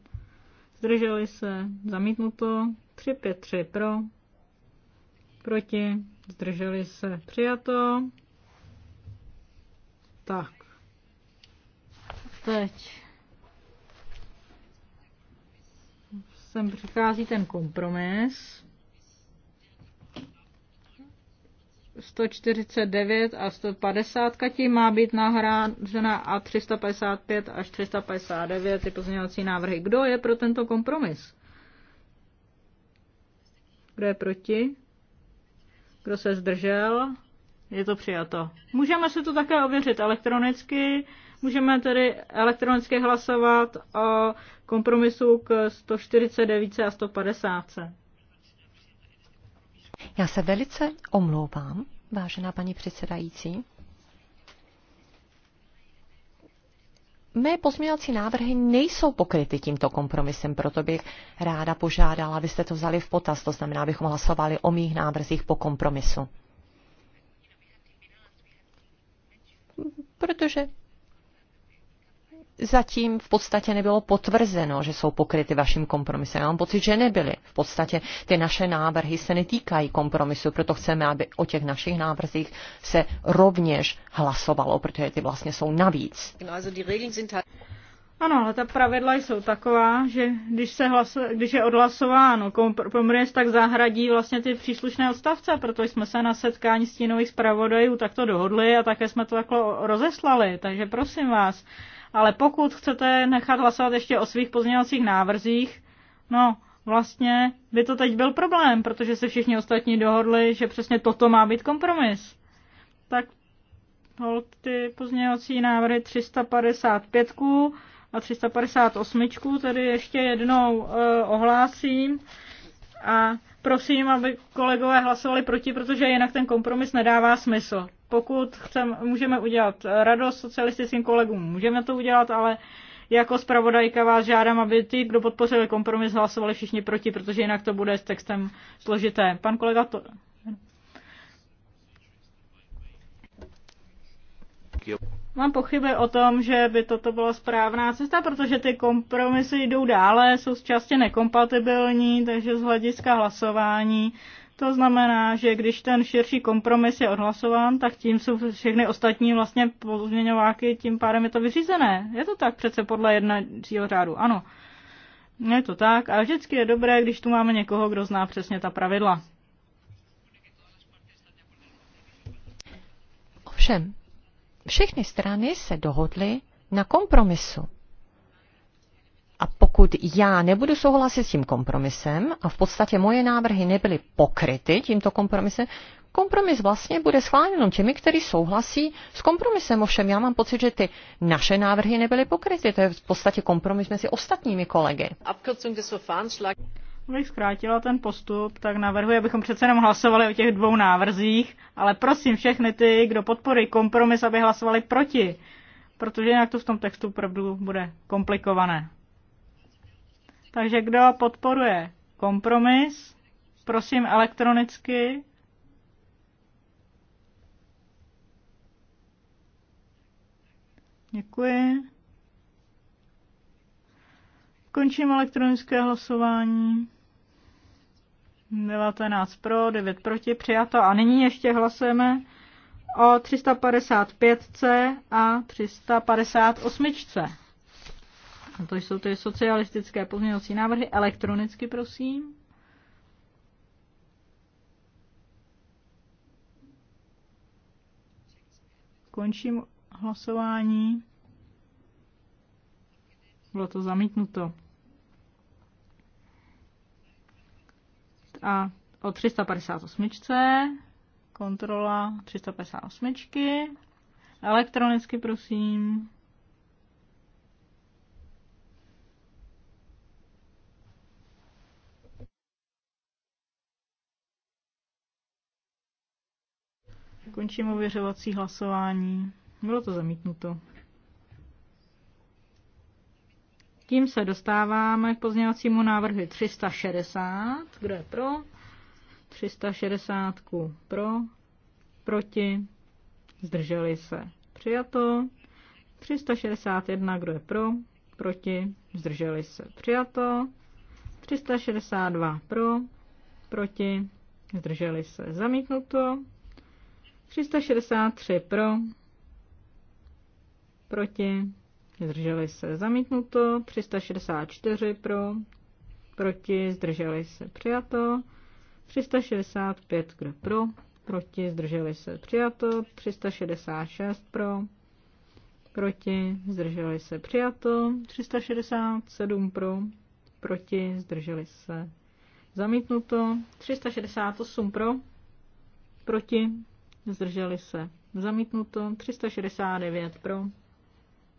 Speaker 1: Zdrželi se. Zamítnuto. 3 pro, proti, zdrželi se, přijato. Tak. Teď sem přichází ten kompromis. 149 a 150 tím má být nahrazena a 355 až 359 ty pozměňovací návrhy. Kdo je pro tento kompromis? Kdo je proti? Kdo se zdržel? Je to přijato. Můžeme se to také ověřit elektronicky. Můžeme tedy elektronicky hlasovat o kompromisu k 149 a 150.
Speaker 2: Já se velice omlouvám, vážená paní předsedající. mé pozměňovací návrhy nejsou pokryty tímto kompromisem, proto bych ráda požádala, abyste to vzali v potaz, to znamená, abychom hlasovali o mých návrzích po kompromisu. Protože zatím v podstatě nebylo potvrzeno, že jsou pokryty vaším kompromisem. Já mám pocit, že nebyly. V podstatě ty naše návrhy se netýkají kompromisu, proto chceme, aby o těch našich návrzích se rovněž hlasovalo, protože ty vlastně jsou navíc.
Speaker 1: Ano, ale ta pravidla jsou taková, že když, se hlasuje, když je odhlasováno kompromis, tak zahradí vlastně ty příslušné odstavce, protože jsme se na setkání stínových zpravodajů takto dohodli a také jsme to takhle rozeslali. Takže prosím vás, ale pokud chcete nechat hlasovat ještě o svých pozměňovacích návrzích, no vlastně by to teď byl problém, protože se všichni ostatní dohodli, že přesně toto má být kompromis. Tak hold ty pozměňovací návrhy 355 a 358 tedy ještě jednou e, ohlásím a prosím, aby kolegové hlasovali proti, protože jinak ten kompromis nedává smysl. Pokud chcem, můžeme udělat radost socialistickým kolegům, můžeme to udělat, ale jako zpravodajka vás žádám, aby ty, kdo podpořili kompromis, hlasovali všichni proti, protože jinak to bude s textem složité. Pan kolega to... Mám pochyby o tom, že by toto byla správná cesta, protože ty kompromisy jdou dále, jsou částě nekompatibilní, takže z hlediska hlasování to znamená, že když ten širší kompromis je odhlasován, tak tím jsou všechny ostatní vlastně pozměňováky, tím pádem je to vyřízené. Je to tak přece podle jednacího řádu, ano. Je to tak a vždycky je dobré, když tu máme někoho, kdo zná přesně ta pravidla.
Speaker 2: Ovšem, všechny strany se dohodly na kompromisu. A pokud já nebudu souhlasit s tím kompromisem a v podstatě moje návrhy nebyly pokryty tímto kompromisem, kompromis vlastně bude schválen jenom těmi, kteří souhlasí s kompromisem. Ovšem já mám pocit, že ty naše návrhy nebyly pokryty. To je v podstatě kompromis mezi ostatními kolegy.
Speaker 1: Abych zkrátila ten postup, tak navrhuji, abychom přece jenom hlasovali o těch dvou návrzích, ale prosím všechny ty, kdo podporují kompromis, aby hlasovali proti, protože jinak to v tom textu opravdu bude komplikované. Takže kdo podporuje kompromis, prosím elektronicky. Děkuji. Končím elektronické hlasování. 19 pro, 9 proti, přijato. A nyní ještě hlasujeme o 355C a 358C. A to jsou ty socialistické pozměňovací návrhy. Elektronicky, prosím. Končím hlasování. Bylo to zamítnuto. A o 358. Kontrola 358. Elektronicky, prosím. Končím ověřovací hlasování. Bylo to zamítnuto. Tím se dostáváme k pozměňovacímu návrhu 360. Kdo je pro? 360 pro, proti, zdrželi se. Přijato. 361, kdo je pro, proti, zdrželi se. Přijato. 362 pro, proti, zdrželi se. Zamítnuto. 363 pro, proti, zdrželi se zamítnuto, 364 pro, proti, zdrželi se přijato, 365 kdo pro, proti, zdrželi se přijato, 366 pro, proti, zdrželi se přijato, 367 pro, proti, zdrželi se zamítnuto, 368 pro, proti, zdrželi se. Zamítnuto 369 pro,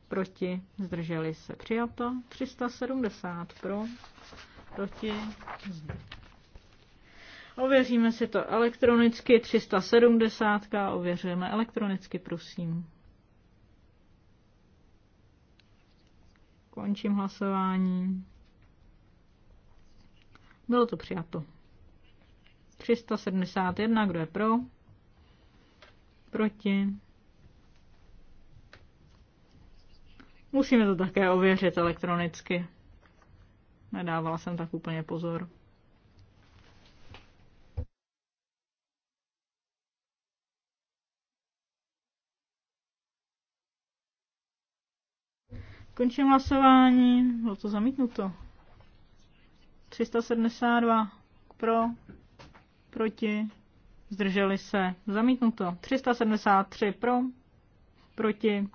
Speaker 1: proti, zdrželi se. Přijato 370 pro, proti. Ověříme si to elektronicky, 370, ověřujeme elektronicky, prosím. Končím hlasování. Bylo to přijato. 371, kdo je pro? Proti. Musíme to také ověřit elektronicky. Nedávala jsem tak úplně pozor. Končím hlasování. Bylo to zamítnuto. 372 pro, proti zdrželi se, zamítnuto. 373 pro, proti,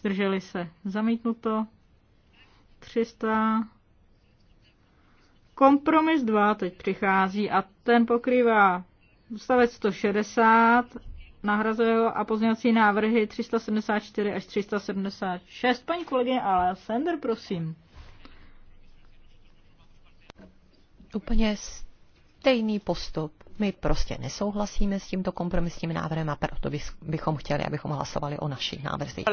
Speaker 1: zdrželi se, zamítnuto. 300 Kompromis 2 teď přichází a ten pokrývá stavec 160, nahrazuje ho a pozměňovací návrhy 374 až 376. Paní kolegyně Alessander, prosím. Úplně stejný postup. My
Speaker 2: prostě nesouhlasíme s tímto kompromisním návrhem a proto bychom chtěli, abychom hlasovali o našich návrzích.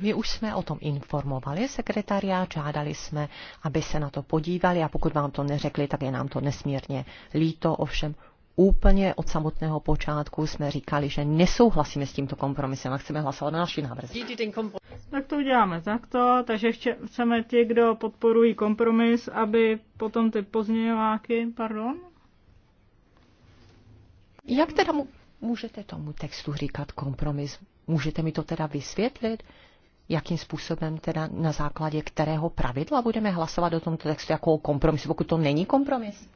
Speaker 2: My už jsme o tom informovali sekretariát, žádali jsme, aby se na to podívali a pokud vám to neřekli, tak je nám to nesmírně líto, ovšem úplně od samotného počátku jsme říkali, že nesouhlasíme s tímto kompromisem a chceme hlasovat na naši návrh.
Speaker 1: Tak to uděláme takto, takže chceme ti, kdo podporují kompromis, aby potom ty pozměňováky, pardon?
Speaker 2: Jak teda můžete tomu textu říkat kompromis? Můžete mi to teda vysvětlit? jakým způsobem teda na základě kterého pravidla budeme hlasovat o tomto textu jako kompromisu, pokud to není kompromis?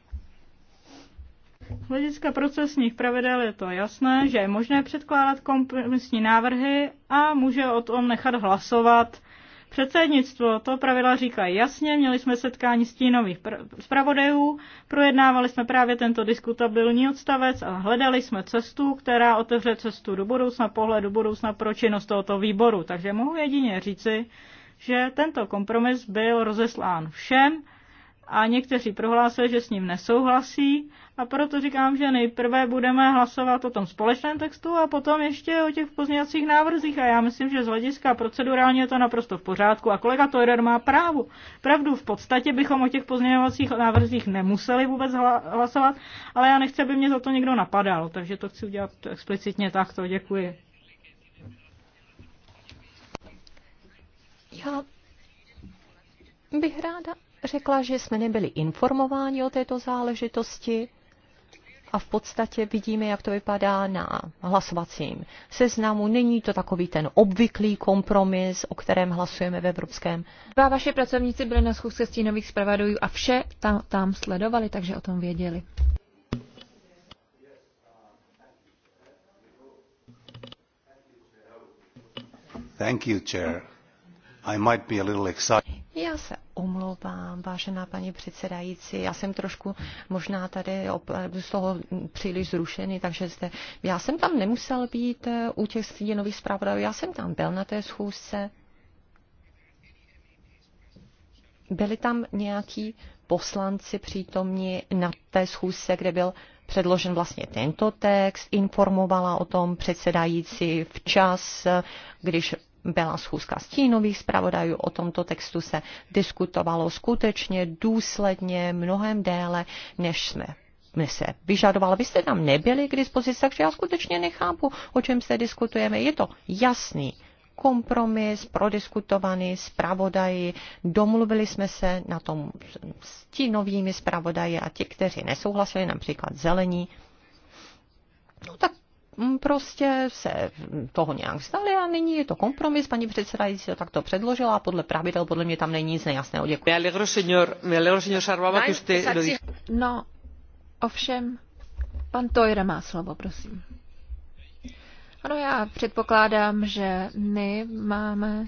Speaker 1: Z hlediska procesních pravidel je to jasné, že je možné předkládat kompromisní návrhy a může o tom nechat hlasovat Předsednictvo to pravidla říká jasně, měli jsme setkání stínových zpravodajů, projednávali jsme právě tento diskutabilní odstavec a hledali jsme cestu, která otevře cestu do budoucna, pohled do budoucna pro činnost tohoto výboru. Takže mohu jedině říci, že tento kompromis byl rozeslán všem a někteří prohlásili, že s ním nesouhlasí a proto říkám, že nejprve budeme hlasovat o tom společném textu a potom ještě o těch pozměňovacích návrzích a já myslím, že z hlediska procedurálně je to naprosto v pořádku a kolega Toirer má právu. Pravdu v podstatě bychom o těch pozměňovacích návrzích nemuseli vůbec hlasovat, ale já nechci, aby mě za to někdo napadal, takže to chci udělat explicitně takto. Děkuji. Já
Speaker 2: bych ráda řekla, že jsme nebyli informováni o této záležitosti a v podstatě vidíme, jak to vypadá na hlasovacím seznamu. Není to takový ten obvyklý kompromis, o kterém hlasujeme v Evropském.
Speaker 3: Dva vaše pracovníci byli na schůzce stínových zpravodajů a vše tam, tam sledovali, takže o tom věděli. Thank you, chair. I might be a little excited.
Speaker 2: Já se omlouvám, vážená paní předsedající. Já jsem trošku možná tady z toho příliš zrušený, takže zde, já jsem tam nemusel být eh, u těch stínových zpravodajů. Já jsem tam byl na té schůzce. Byli tam nějaký poslanci přítomní na té schůzce, kde byl předložen vlastně tento text, informovala o tom předsedající včas, eh, když byla schůzka stínových zpravodajů, o tomto textu se diskutovalo skutečně důsledně, mnohem déle, než jsme mi se vyžadovala. Vy jste tam nebyli k dispozici, takže já skutečně nechápu, o čem se diskutujeme. Je to jasný kompromis, prodiskutovaný zpravodaji, domluvili jsme se na tom s ti novými zpravodaji a ti, kteří nesouhlasili, například zelení, no tak Mm, prostě se toho nějak vzdali a nyní je to kompromis. Paní předsedající to takto předložila a podle pravidel podle mě tam není nic nejasného. Děkuji. señor, señor
Speaker 3: No, ovšem, pan Tojra má slovo, prosím. Ano, já předpokládám, že my máme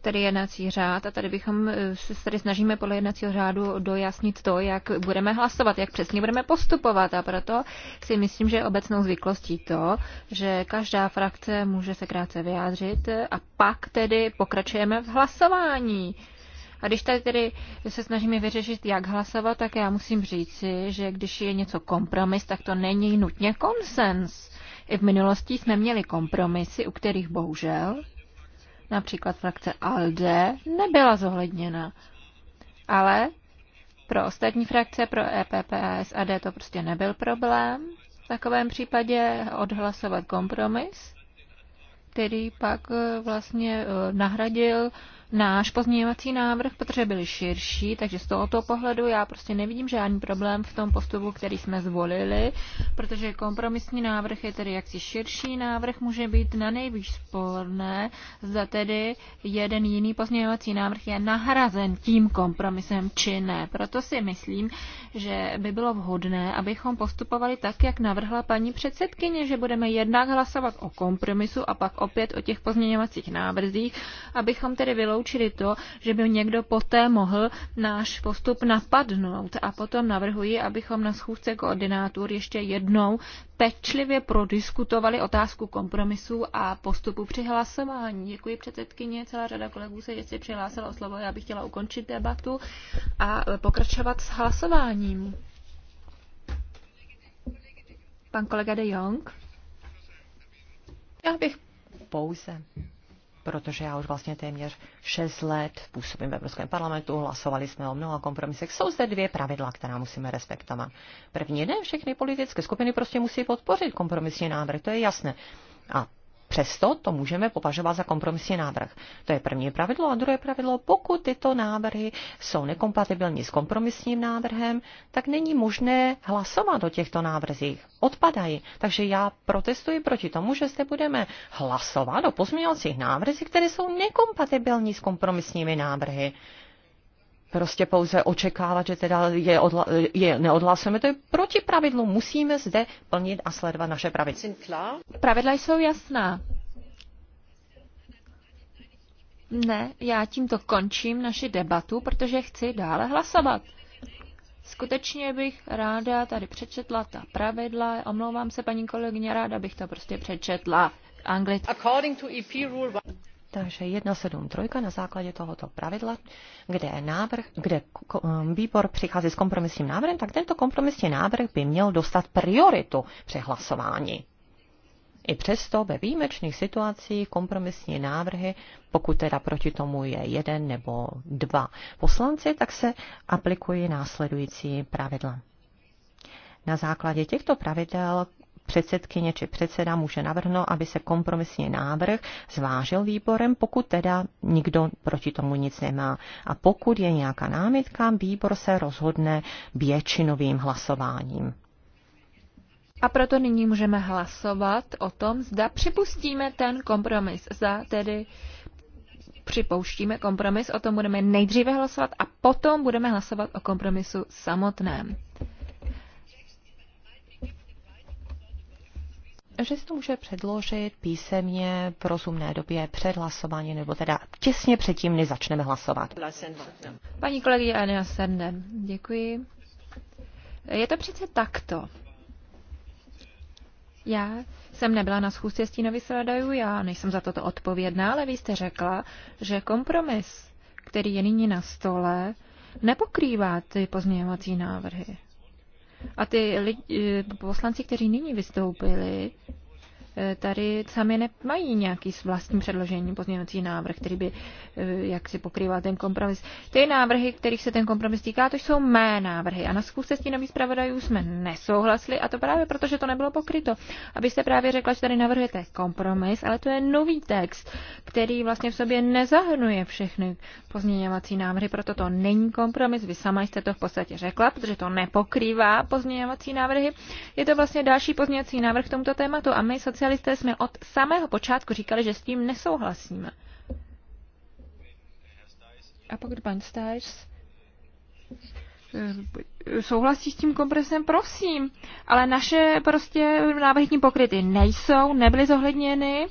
Speaker 3: tedy jednací řád a tady bychom eh, se tady snažíme podle jednacího řádu dojasnit to, jak budeme hlasovat, jak přesně budeme postupovat a proto si myslím, že je obecnou zvyklostí to, že každá frakce může se krátce vyjádřit a pak tedy pokračujeme v hlasování. A když tady tedy se snažíme vyřešit, jak hlasovat, tak já musím říci, že když je něco kompromis, tak to není nutně konsens. I v minulosti jsme měli kompromisy, u kterých bohužel například frakce ALDE, nebyla zohledněna. Ale pro ostatní frakce, pro EPP a SAD to prostě nebyl problém. V takovém případě odhlasovat kompromis, který pak eh, vlastně eh, nahradil náš pozměňovací návrh, protože byly širší, takže z tohoto pohledu já prostě nevidím žádný problém v tom postupu, který jsme zvolili, protože kompromisní návrh je tedy jaksi širší návrh, může být na nejvíc sporné, zda tedy jeden jiný pozměňovací návrh je nahrazen tím kompromisem či ne. Proto si myslím, že by bylo vhodné, abychom postupovali tak, jak navrhla paní předsedkyně, že budeme jednak hlasovat o kompromisu a pak opět o těch pozměňovacích návrzích, abychom tedy vyloučili vyloučili to, že by někdo poté mohl náš postup napadnout. A potom navrhuji, abychom na schůzce koordinátor ještě jednou pečlivě prodiskutovali otázku kompromisu a postupu při hlasování. Děkuji předsedkyně, celá řada kolegů se ještě přihlásila o slovo, já bych chtěla ukončit debatu a pokračovat s hlasováním. Pan kolega de Jong.
Speaker 2: Já bych pouze protože já už vlastně téměř 6 let působím v Evropském parlamentu, hlasovali jsme o mnoha kompromisech. Jsou zde dvě pravidla, která musíme respektovat. První, ne všechny politické skupiny prostě musí podpořit kompromisní návrh, to je jasné. A Přesto to můžeme považovat za kompromisní návrh. To je první pravidlo. A druhé pravidlo, pokud tyto návrhy jsou nekompatibilní s kompromisním návrhem, tak není možné hlasovat o těchto návrzích. Odpadají. Takže já protestuji proti tomu, že zde budeme hlasovat o pozměňovacích návrzích, které jsou nekompatibilní s kompromisními návrhy prostě pouze očekávat, že teda je, odla, je neodhlasujeme. To je proti pravidlu. Musíme zde plnit a sledovat naše pravidla.
Speaker 3: Pravidla jsou jasná. Ne, já tímto končím naši debatu, protože chci dále hlasovat. Skutečně bych ráda tady přečetla ta pravidla. Omlouvám se, paní kolegyně, ráda bych to prostě přečetla anglicky. E
Speaker 2: takže 173 na základě tohoto pravidla, kde, návrh, kde um, výbor přichází s kompromisním návrhem, tak tento kompromisní návrh by měl dostat prioritu při hlasování. I přesto ve výjimečných situacích kompromisní návrhy, pokud teda proti tomu je jeden nebo dva poslanci, tak se aplikují následující pravidla. Na základě těchto pravidel předsedkyně či předseda může navrhnout, aby se kompromisní návrh zvážil výborem, pokud teda nikdo proti tomu nic nemá. A pokud je nějaká námitka, výbor se rozhodne většinovým hlasováním.
Speaker 3: A proto nyní můžeme hlasovat o tom, zda připustíme ten kompromis, zda tedy připouštíme kompromis, o tom budeme nejdříve hlasovat a potom budeme hlasovat o kompromisu samotném. že se to může předložit
Speaker 2: písemně v rozumné době před hlasování, nebo teda těsně předtím, než začneme hlasovat.
Speaker 3: Paní kolegyně Anja Serne, děkuji. Je to přece takto. Já jsem nebyla na schůzce stínových zpravodajů, já nejsem za toto odpovědná, ale vy jste řekla, že kompromis, který je nyní na stole, nepokrývá ty pozměňovací návrhy. A ty lidi, eh, poslanci, kteří nyní vystoupili, E, tady sami nemají nějaký vlastní předložení pozměňovací návrh, který by e, jak si pokrýval ten kompromis. Ty návrhy, kterých se ten kompromis týká, to jsou mé návrhy. A na schůzce tím zpravodajů jsme nesouhlasili a to právě proto, že to nebylo pokryto. Abyste právě řekla, že tady navrhujete kompromis, ale to je nový text, který vlastně v sobě nezahrnuje všechny pozměňovací návrhy, proto to není kompromis. Vy sama jste to v podstatě řekla, protože to nepokrývá pozměňovací návrhy. Je to vlastně další pozměňovací návrh k tomuto tématu a my socialisté jsme od samého počátku říkali, že s tím nesouhlasíme. A pokud pan Stajs eh, souhlasí s tím kompresem, prosím. Ale naše prostě návrhní pokryty nejsou, nebyly zohledněny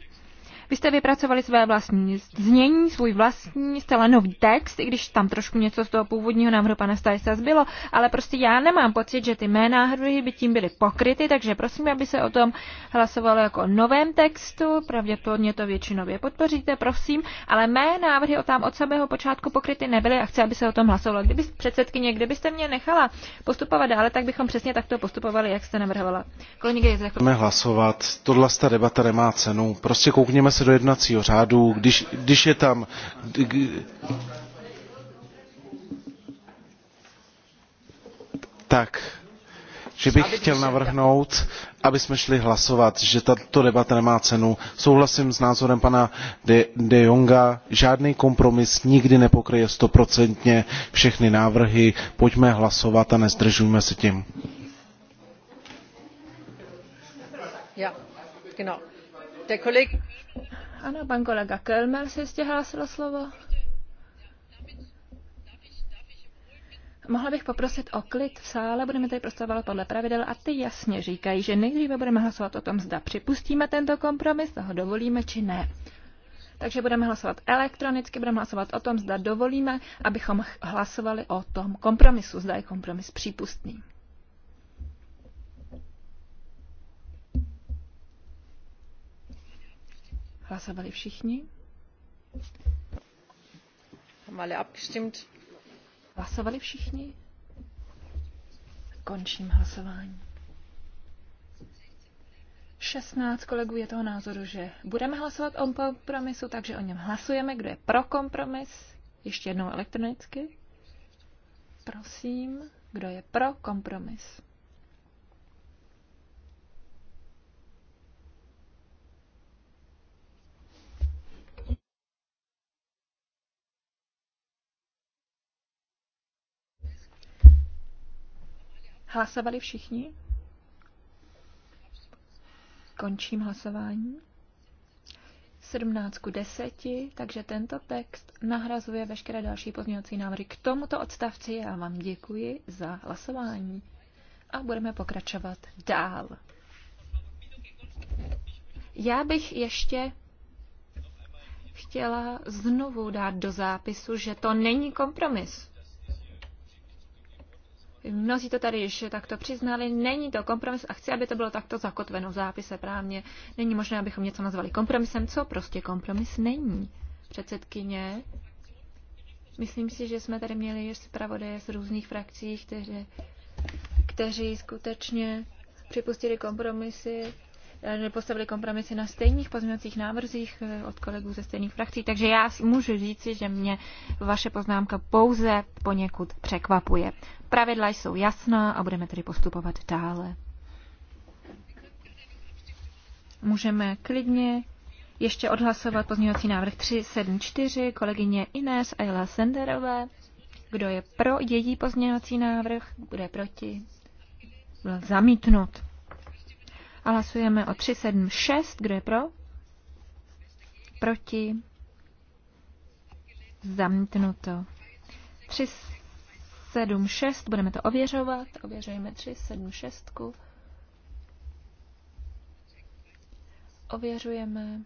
Speaker 3: vy jste vypracovali své vlastní znění, svůj vlastní zcela nový text, i když tam trošku něco z toho původního návrhu pana Stajsa zbylo, ale prostě já nemám pocit, že ty mé návrhy by tím byly pokryty, takže prosím, aby se o tom hlasovalo jako novém textu, pravděpodobně to většinově podpoříte, prosím, ale mé návrhy o tam od samého počátku pokryty nebyly a chci, aby se o tom hlasovalo. Kdyby předsedkyně, kdybyste mě nechala postupovat dále, tak bychom přesně takto postupovali, jak jste navrhovala. Kolegyně,
Speaker 2: hlasovat. Tohle ta debata nemá cenu. Prostě koukněme se se do jednacího řádu, když, když je tam... Tak, že bych chtěl navrhnout, aby jsme šli hlasovat, že tato debata nemá cenu. Souhlasím s názorem pana De, De Jonga, žádný kompromis nikdy nepokryje stoprocentně všechny návrhy, pojďme hlasovat a nezdržujme se tím. Ja, genau.
Speaker 3: Der Kollege ano, pan kolega Kelmer se jistě hlásil slovo. Mohla bych poprosit o klid v sále, budeme tady proslavovat podle pravidel a ty jasně říkají, že nejdříve budeme hlasovat o tom, zda připustíme tento kompromis, zda ho dovolíme či ne. Takže budeme hlasovat elektronicky, budeme hlasovat o tom, zda dovolíme, abychom hlasovali o tom kompromisu, zda je kompromis přípustný. Hlasovali všichni? Hlasovali všichni? Končím hlasování. 16 kolegů je toho názoru, že budeme hlasovat o kompromisu, takže o něm hlasujeme. Kdo je pro kompromis? Ještě jednou elektronicky. Prosím, kdo je pro kompromis? Hlasovali všichni? Končím hlasování. 17 k 10, takže tento text nahrazuje veškeré další pozměňovací návrhy. K tomuto odstavci já vám děkuji za hlasování a budeme pokračovat dál. Já bych ještě chtěla znovu dát do zápisu, že to není kompromis. Mnozí to tady již takto přiznali. Není to kompromis a chci, aby to bylo takto zakotveno v zápise právně. Není možné, abychom něco nazvali kompromisem, co prostě kompromis není. Předsedkyně, myslím si, že jsme tady měli ještě zpravodaje z různých frakcí, kteří, kteří skutečně připustili kompromisy Eh, postavili kompromisy na stejných pozměňovacích návrzích eh, od kolegů ze stejných frakcí, takže já můžu říci, že mě vaše poznámka pouze poněkud překvapuje. Pravidla jsou jasná a budeme tedy postupovat dále. Můžeme klidně ještě odhlasovat pozměňovací návrh 374 kolegyně Inés Ayla Senderové. Kdo je pro její pozměňovací návrh, bude proti. Byl zamítnut hlasujeme o 376. Kdo je pro? Proti? Zamítnuto. 376. Budeme to ověřovat. Ověřujeme 376. Ověřujeme.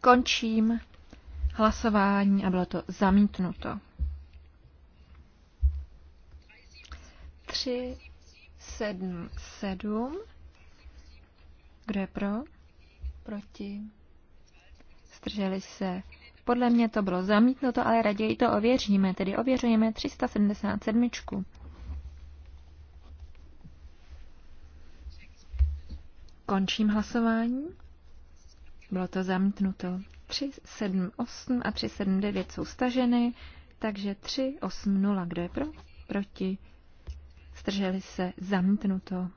Speaker 3: Končím hlasování a bylo to zamítnuto. 3, 7, 7. Kdo je pro? Proti? Zdrželi se. Podle mě to bylo zamítnuto, ale raději to ověříme, tedy ověřujeme 377. Končím hlasování. Bylo to zamítnuto. 378 a 379 jsou staženy, takže 380. Kdo je pro? Proti? zdrželi se, zamítnuto.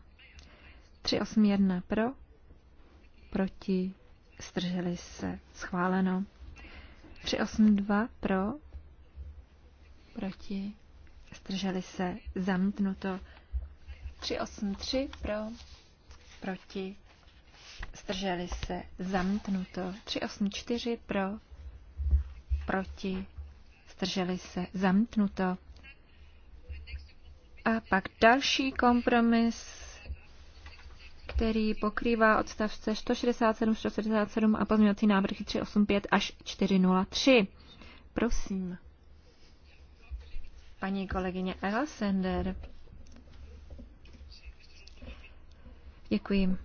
Speaker 3: 381 pro, proti, zdrželi se, schváleno. 382 pro, proti, zdrželi se, zamítnuto. 383 pro, proti, zdrželi se, zamítnuto. 384 pro, proti, zdrželi se, zamítnuto. A pak další kompromis, který pokrývá odstavce 167, 167 a pozměňovací návrhy 385 až 403. Prosím. Paní kolegyně Elsender. Děkuji.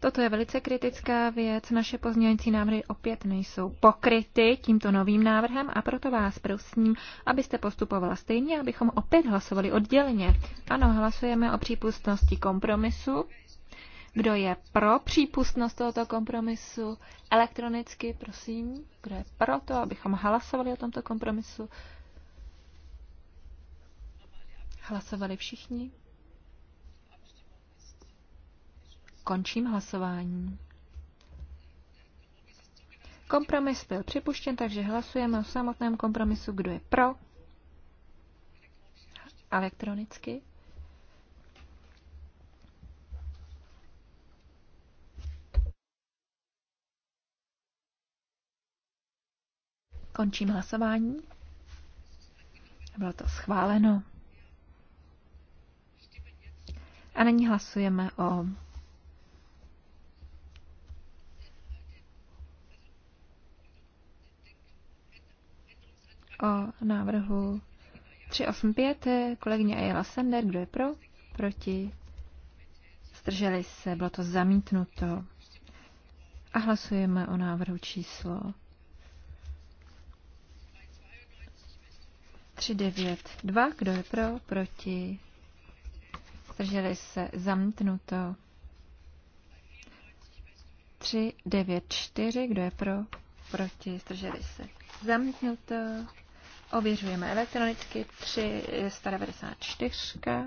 Speaker 3: Toto je velice kritická věc. Naše pozměňující návrhy opět nejsou pokryty tímto novým návrhem a proto vás prosím, abyste postupovala stejně, abychom opět hlasovali odděleně. Ano, hlasujeme o přípustnosti kompromisu. Kdo je pro přípustnost tohoto kompromisu elektronicky, prosím. Kdo je pro to, abychom hlasovali o tomto kompromisu? Hlasovali všichni? Končím hlasování. Kompromis byl připuštěn, takže hlasujeme o samotném kompromisu, kdo je pro. Elektronicky. Končím hlasování. Bylo to schváleno. A nyní hlasujeme o o návrhu 385 kolegyně Ayala Sender. Kdo je pro? Proti? Zdrželi se. Bylo to zamítnuto. A hlasujeme o návrhu číslo 392. Kdo je pro? Proti? Zdrželi se. Zamítnuto. 394. Kdo je pro? Proti? Zdrželi se. Zamítnuto. Ověřujeme elektronicky 3, 194.
Speaker 1: Eh,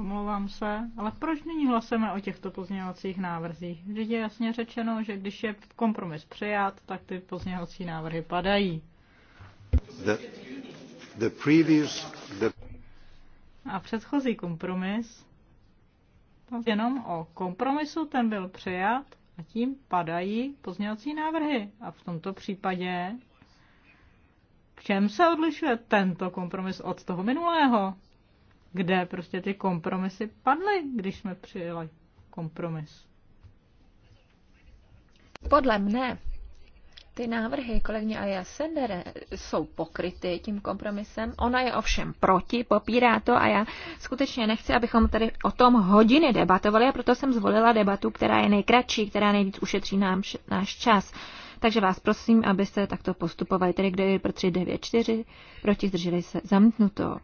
Speaker 1: Omlouvám se, ale proč nyní hlasujeme o těchto pozměňovacích návrzích? Vždyť je jasně řečeno, že když je kompromis přijat, tak ty pozměňovací návrhy padají.
Speaker 3: The, the previous, the...
Speaker 1: A předchozí kompromis, jenom o kompromisu, ten byl přijat a tím padají pozměňovací návrhy. A v tomto případě v čem se odlišuje tento kompromis od toho minulého? Kde prostě ty kompromisy padly, když jsme přijeli kompromis?
Speaker 3: Podle mne ty návrhy kolegyně Alia Sendere jsou pokryty tím kompromisem. Ona je ovšem proti, popírá to a já skutečně nechci, abychom tady o tom hodiny debatovali a proto jsem zvolila debatu, která je nejkratší, která nejvíc ušetří nám, náš čas. Takže vás prosím, abyste takto postupovali. Tedy kdo je pro 3, 9, 4, proti zdrželi se zamknuto.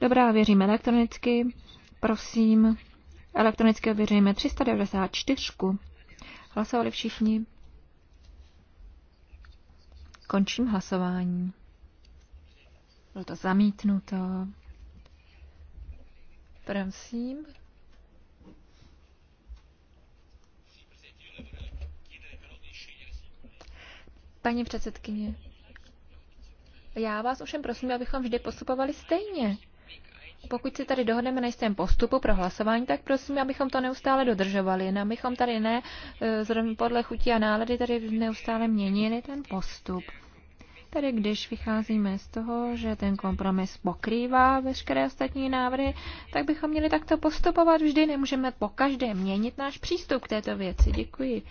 Speaker 3: Dobrá, věřím elektronicky. Prosím, elektronicky ověříme 394. Hlasovali všichni. Končím hlasování. Bylo to zamítnuto. Prosím. Paní předsedkyně, já vás ovšem prosím, abychom vždy postupovali stejně. Pokud si tady dohodneme na jistém postupu pro hlasování, tak prosím, abychom to neustále dodržovali. No, abychom tady ne, eh, zrovna podle chutí a nálady, tady neustále měnili ten postup. Tedy když vycházíme z toho, že ten kompromis pokrývá veškeré ostatní návrhy, tak bychom měli takto postupovat vždy. Nemůžeme po každé měnit náš přístup k této věci. Děkuji.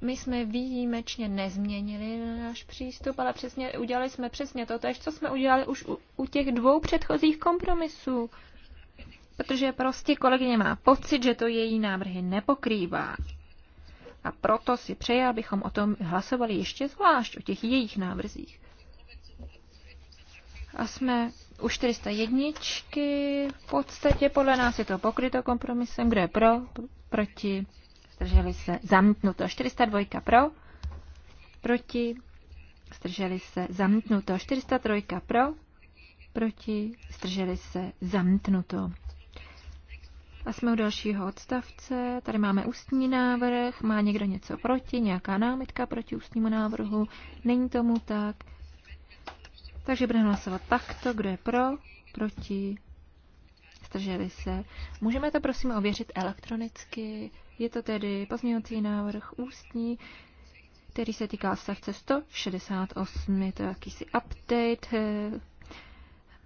Speaker 3: My jsme výjimečně nezměnili náš přístup, ale přesně udělali jsme přesně to tež, co jsme udělali už u, u těch dvou předchozích kompromisů. Protože prostě kolegyně má pocit, že to její návrhy nepokrývá. A proto si přeje, abychom o tom hlasovali ještě zvlášť, o těch jejich návrzích. A jsme u 401. V podstatě podle nás je to pokryto kompromisem. Kdo je pro? Proti? Zdrželi se? Zamítnuto. 402 pro? Proti? Zdrželi se? Zamítnuto. 403 pro? Proti? Zdrželi se? Zamítnuto. A jsme u dalšího odstavce. Tady máme ústní návrh. Má někdo něco proti? Nějaká námitka proti ústnímu návrhu? Není tomu tak. Takže budeme hlasovat takto. Kdo je pro? Proti? Zdrželi se. Můžeme to prosím ověřit elektronicky. Je to tedy pozměňovací návrh ústní, který se týká odstavce 168. Je to jakýsi update eh,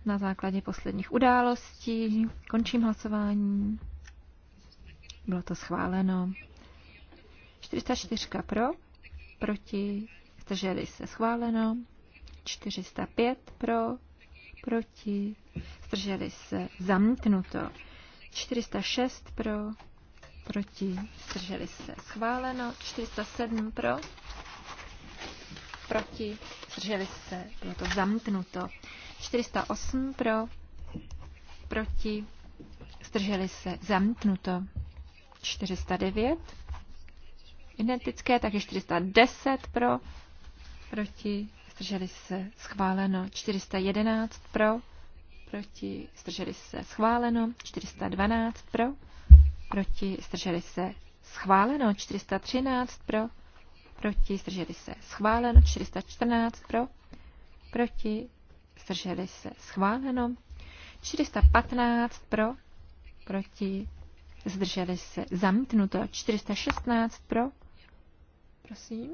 Speaker 3: na základě posledních událostí. Končím hlasování. Bylo to schváleno. 404 pro, proti, zdrželi se schváleno. 405 pro, proti, zdrželi se zamítnuto. 406 pro, proti, zdrželi se schváleno. 407 pro, proti, zdrželi se, bylo to zamítnuto. 408 pro, proti, zdrželi se, zamítnuto. 409. Identické, takže 410 pro, proti, strželi se, schváleno. 411 pro, proti, strželi se, schváleno. 412 pro, proti, strželi se, schváleno. 413 pro, proti, strželi se, schváleno. 414 pro, proti, strželi se, schváleno. 415 pro, proti, zdrželi se, zamítnuto. 416 pro,
Speaker 1: prosím.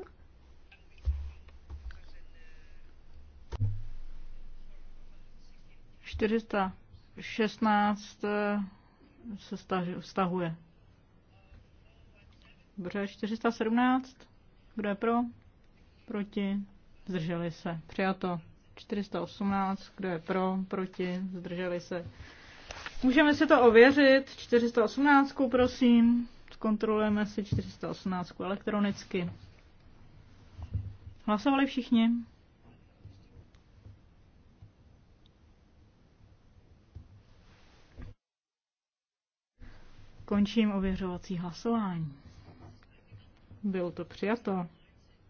Speaker 1: Čtyřista šestnáct eh, se stahuje. Dobře, 417. Kdo je pro? Proti. Zdrželi se. Přijato. 418. Kdo je pro? Proti. Zdrželi se. Můžeme si to ověřit. 418, prosím. Zkontrolujeme si 418 elektronicky. Hlasovali všichni? Končím ověřovací hlasování. Bylo to přijato.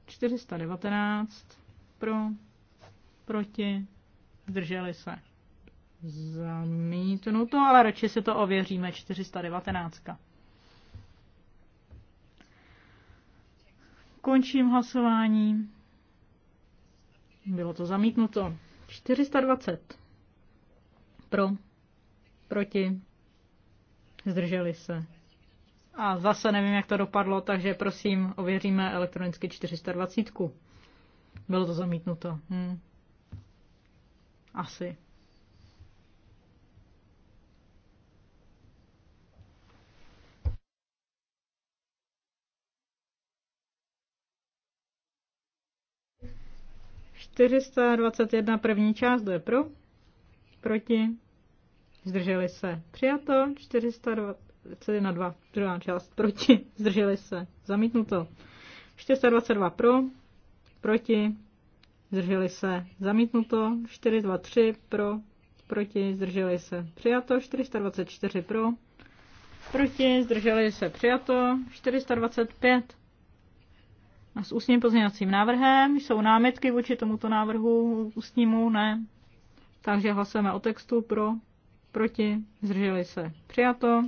Speaker 1: 419 pro, proti, zdrželi se. Zamítnuto, ale radši si to ověříme. 419. Končím hlasování. Bylo to zamítnuto. 420. Pro. Proti. Zdrželi se. A zase nevím, jak to dopadlo, takže prosím, ověříme elektronicky 420. Bylo to zamítnuto. Hm. Asi. 421 první část, kdo je pro? Proti? Zdrželi se. Přijato. 421 2, druhá část. Proti? Zdrželi se. Zamítnuto. 422 pro? Proti? Zdrželi se. Zamítnuto. 423 pro? Proti? Zdrželi se. Přijato. 424 pro? Proti? Zdrželi se. Přijato. 425 a s ústním pozměňovacím návrhem jsou námitky vůči tomuto návrhu ústnímu? Ne. Takže hlasujeme o textu pro, proti, zdrželi se. Přijato.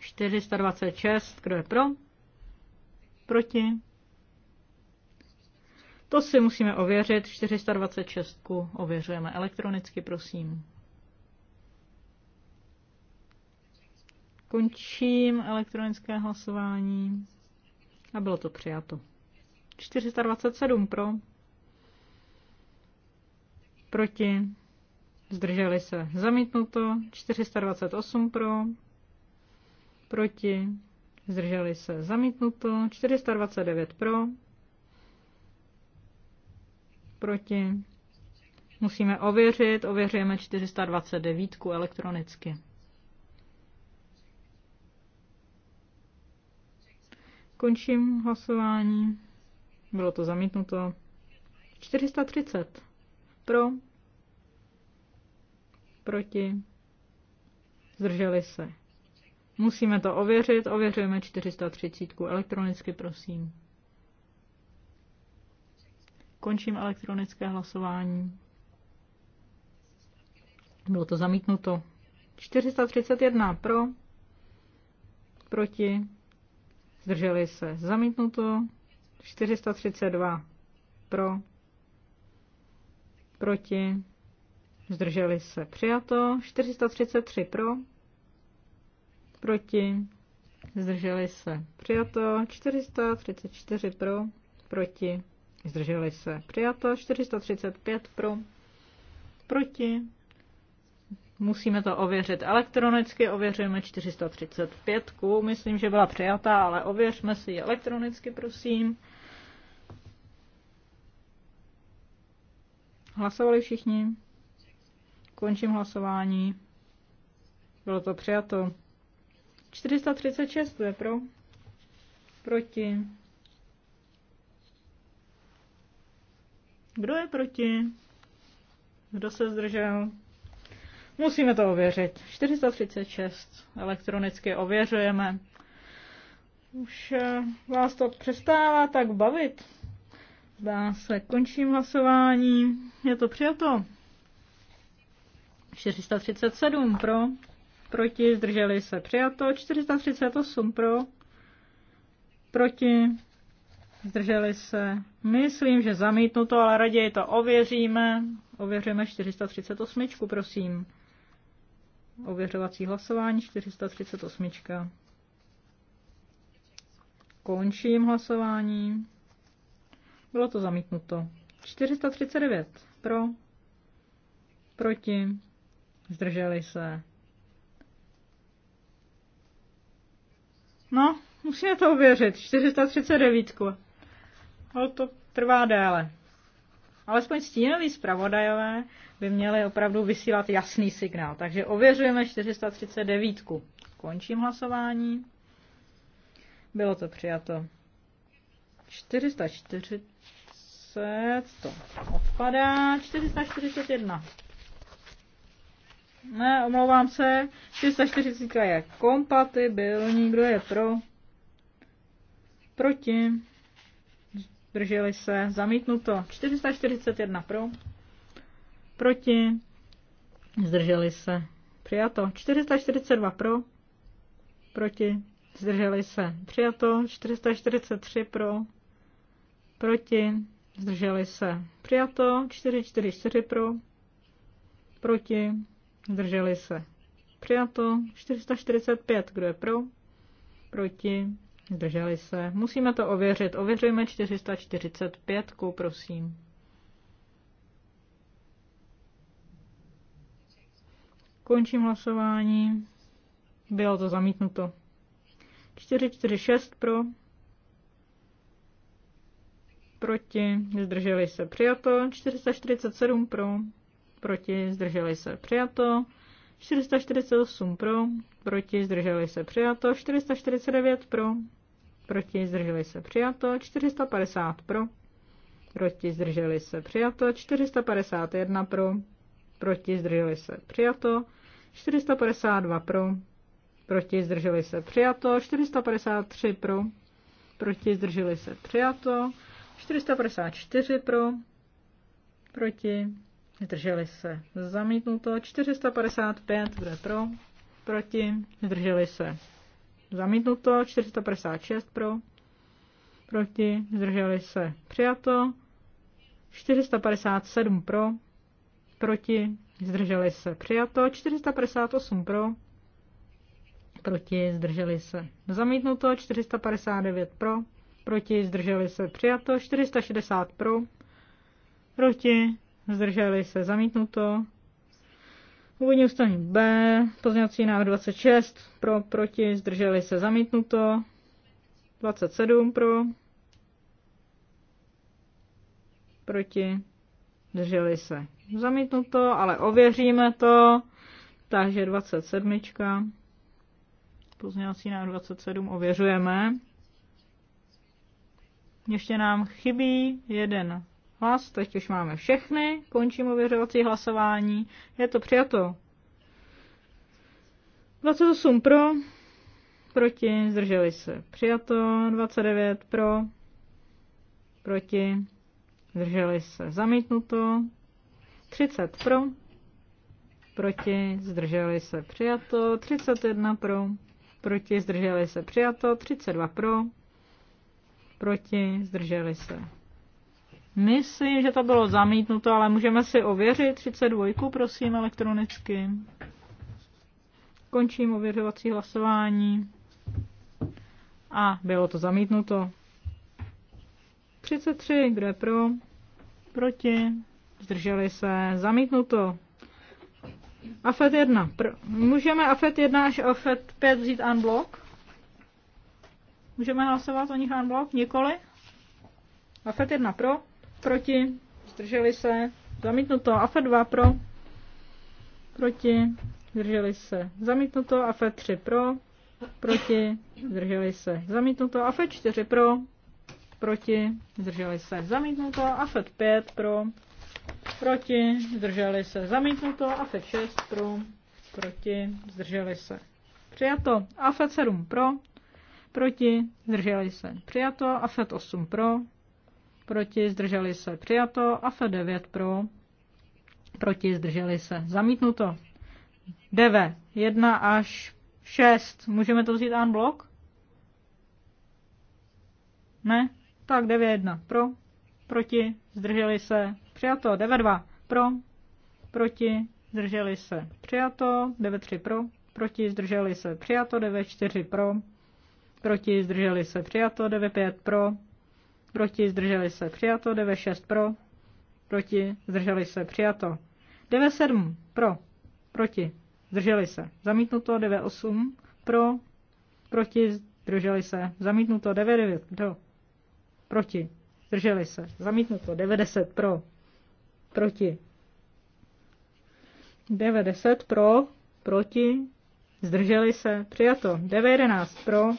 Speaker 1: 426, kdo je pro? Proti. To si musíme ověřit. 426 ověřujeme elektronicky, prosím. Končím elektronické hlasování a bylo to přijato. 427 pro. Proti. Zdrželi se. Zamítnuto. 428 pro. Proti. Zdrželi se. Zamítnuto. 429 pro. Proti. Musíme ověřit. Ověřujeme 429 elektronicky. Končím hlasování. Bylo to zamítnuto. 430. Pro. Proti. Zdrželi se. Musíme to ověřit. Ověřujeme 430. Elektronicky, prosím. Končím elektronické hlasování. Bylo to zamítnuto. 431 pro, proti, zdrželi se. Zamítnuto. 432 pro, proti, zdrželi se přijato, 433 pro, proti, zdrželi se přijato, 434 pro, proti, zdrželi se přijato, 435 pro, proti, Musíme to ověřit elektronicky, ověřujeme 435. Myslím, že byla přijatá, ale ověřme si ji elektronicky, prosím. Hlasovali všichni? Končím hlasování. Bylo to přijato. 436 je pro. Proti. Kdo je proti? Kdo se zdržel? Musíme to ověřit. 436 elektronicky ověřujeme. Už eh, vás to přestává tak bavit. Zdá se, končím hlasování. Je to přijato. 437 pro, proti, zdrželi se přijato. 438 pro, proti, zdrželi se. Myslím, že zamítnuto, ale raději to ověříme. Ověříme 438, prosím. Ověřovací hlasování 438. Končím hlasování. Bylo to zamítnuto. 439 pro, proti, zdrželi se. No, musíme to ověřit. 439. Ale to trvá déle alespoň stínoví zpravodajové by měli opravdu vysílat jasný signál. Takže ověřujeme 439. Končím hlasování. Bylo to přijato. 440 to odpadá. 441. Ne, omlouvám se. 440 je kompatibilní. Kdo je pro? Proti. Drželi se. Zamítnuto. 441 pro. Proti. Zdrželi se. Přijato. 442 pro. Proti. Zdrželi se. Přijato. 443 pro. Proti. Zdrželi se. Přijato. 444 pro. Proti. Zdrželi se. Přijato. 445. Kdo je pro? Proti. Zdrželi se. Musíme to ověřit. Ověřujeme 445, prosím. Končím hlasování. Bylo to zamítnuto. 446 pro. Proti. Zdrželi se. Přijato. 447 pro. Proti. Zdrželi se. Přijato. 448 pro. Proti. Zdrželi se. Přijato. 449 pro proti, zdrželi se přijato, 450 pro, proti, zdrželi se přijato, 451 pro, proti, zdrželi se přijato, 452 pro, proti, zdrželi se přijato, 453 pro, proti, zdrželi se přijato, 454 pro, proti, zdrželi se zamítnuto, 455 bude pro, proti, zdrželi se zamítnuto, 456 pro, proti, zdrželi se přijato, 457 pro, proti, zdrželi se přijato, 458 pro, proti, zdrželi se zamítnuto, 459 pro, proti, zdrželi se přijato, 460 pro, proti, zdrželi se zamítnuto, Původní ustaní B, pozměňovací návrh 26, pro, proti, zdrželi se zamítnuto, 27 pro, proti, zdrželi se zamítnuto, ale ověříme to, takže 27, pozměňovací návrh 27 ověřujeme. Ještě nám chybí jeden hlas. Teď už máme všechny. Končím ověřovací hlasování. Je to přijato. 28 pro, proti, zdrželi se. Přijato. 29 pro, proti, zdrželi se. Zamítnuto. 30 pro, proti, zdrželi se. Přijato. 31 pro, proti, zdrželi se. Přijato. 32 pro, proti, zdrželi se Myslím, že to bylo zamítnuto, ale můžeme si ověřit 32, prosím, elektronicky. Končím ověřovací hlasování. A bylo to zamítnuto. 33, kdo je pro? Proti? Zdrželi se? Zamítnuto. AFET 1. Pr- můžeme AFET 1 až AFET 5 vzít unblock? Můžeme hlasovat o nich unblock? Nikoli? AFET 1 pro? Proti. Zdrželi se. Zamítnuto. AFE 2 pro. Proti. Zdrželi se. Zamítnuto. AFE 3 pro. Proti. Zdrželi se. Zamítnuto. AFE 4 pro. Proti. Zdrželi se. Zamítnuto. AFE 5 pro. Proti. Zdrželi se. Zamítnuto. AFE 6 pro. Proti. Zdrželi se. Přijato. AFE 7 pro. Proti. Zdrželi se. Přijato. AFE 8 pro proti, zdrželi se přijato, AFE 9 pro, proti, zdrželi se zamítnuto. DV, 1 až 6, můžeme to vzít unblock? Ne? Tak dv 1 pro, proti, zdrželi se přijato, dv 2 pro, proti, zdrželi se přijato, dv 3 pro, proti, zdrželi se přijato, dv 4 pro, proti, zdrželi se přijato, dv 5 pro, proti, zdrželi se, přijato, 9,6 pro, proti, zdrželi se, přijato. 9,7 pro, proti, zdrželi se, zamítnuto, 9,8 pro, proti, zdrželi se, zamítnuto, 9,9 pro, proti, zdrželi se, zamítnuto, 90 pro, proti, 90 pro, proti, zdrželi se, přijato, 9,11 pro,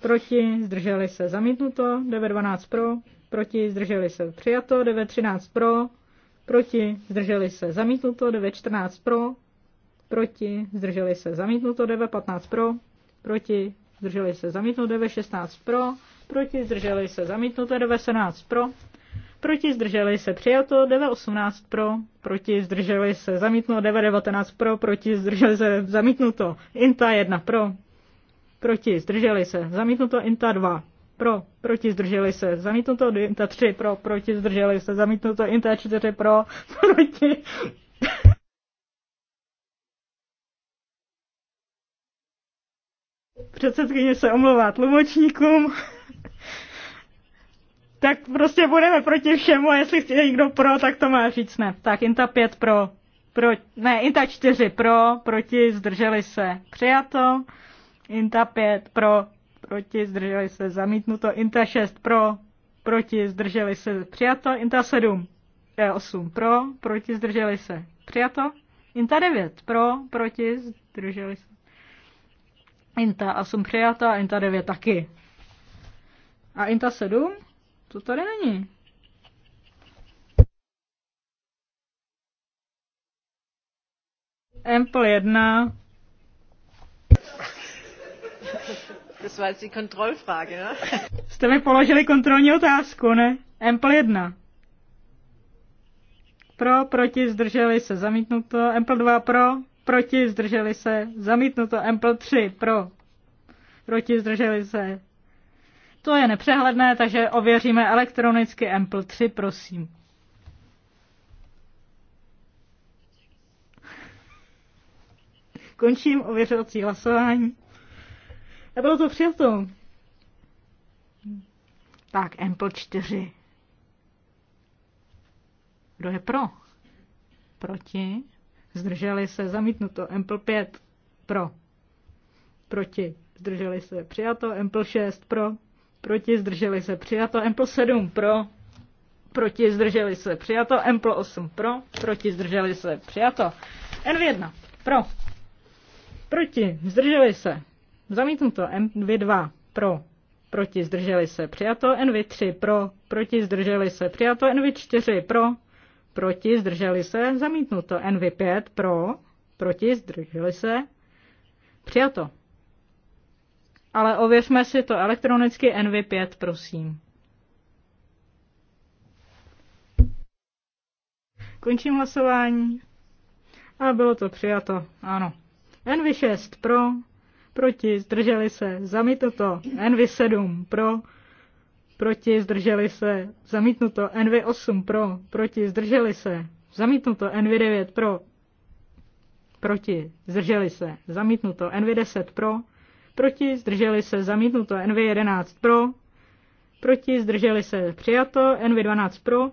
Speaker 1: proti, zdrželi se zamítnuto, 912 pro, proti, zdrželi se přijato, 913 pro, proti, zdrželi se zamítnuto, 914 pro, proti, zdrželi se zamítnuto, 915 pro, proti, zdrželi se zamítnuto, 916 pro, proti, zdrželi se zamítnuto, 917 pro, proti, zdrželi se přijato, 918 pro, proti, zdrželi se zamítnuto, 919 pro, proti, zdrželi se zamítnuto, INTA 1 pro, proti, zdrželi se, zamítnuto INTA 2, pro, proti, zdrželi se, zamítnuto INTA 3, pro, proti, zdrželi se, zamítnuto INTA 4, pro, [laughs] proti. Předsedkyně se omlouvá tlumočníkům. [laughs] tak prostě budeme proti všemu a jestli chce někdo pro, tak to má říct ne. Tak INTA 5 pro, pro, ne, INTA 4 pro, proti, zdrželi se, přijato. Inta 5 pro, proti, zdrželi se zamítnuto. Inta 6 pro, proti, zdrželi se přijato. Inta 7, e 8 pro, proti, zdrželi se přijato. Inta 9 pro, proti, zdrželi se. Inta 8 přijato a Inta 9 taky. A Inta 7? To tady není. Ample 1 Das war jetzt die Kontrollfrage, ne? [laughs] Jste mi položili kontrolní otázku, ne? Empl 1. Pro, proti, zdrželi se, zamítnuto. Empl 2 pro, proti, zdrželi se, zamítnuto. Empl 3 pro, proti, zdrželi se. To je nepřehledné, takže ověříme elektronicky Empl 3, prosím. Končím ověřovací hlasování. A bylo to přijato. Tak, Empl 4. Kdo je pro? Proti. Zdrželi se, zamítnuto. Empl 5. Pro. Proti. Zdrželi se, přijato. Empl 6. Pro. Proti. Zdrželi se, přijato. Empl 7. Pro. Proti. Zdrželi se, přijato. Empl 8. Pro. Proti. Zdrželi se, přijato. N1. Pro. Proti. Zdrželi se. Zamítnuto NV2 pro, proti zdrželi se přijato, NV3 pro, proti zdrželi se přijato, NV4 pro, proti zdrželi se zamítnuto, NV5 pro, proti zdrželi se přijato. Ale ověřme si to elektronicky NV5, prosím. Končím hlasování. A bylo to přijato, ano. NV6 pro, proti, zdrželi se, zamítnuto, NV7 pro, proti, zdrželi se, zamítnuto, NV8 pro, proti, zdrželi se, zamítnuto, NV9 pro, proti, zdrželi se, zamítnuto, NV10 pro, proti, zdrželi se, zamítnuto, NV11 pro, proti, zdrželi se, přijato, NV12 pro,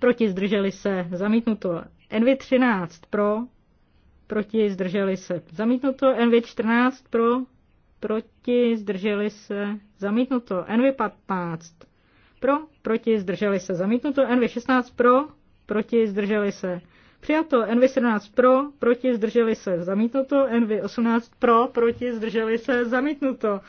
Speaker 1: proti, zdrželi se, zamítnuto, NV13 pro, proti, zdrželi se. Zamítnuto NV14 pro, proti, zdrželi se. Zamítnuto NV15 pro, proti, zdrželi se. Zamítnuto NV16 pro, proti, zdrželi se. Přijato NV17 pro, proti, zdrželi se. Zamítnuto NV18 pro, proti, zdrželi se. Zamítnuto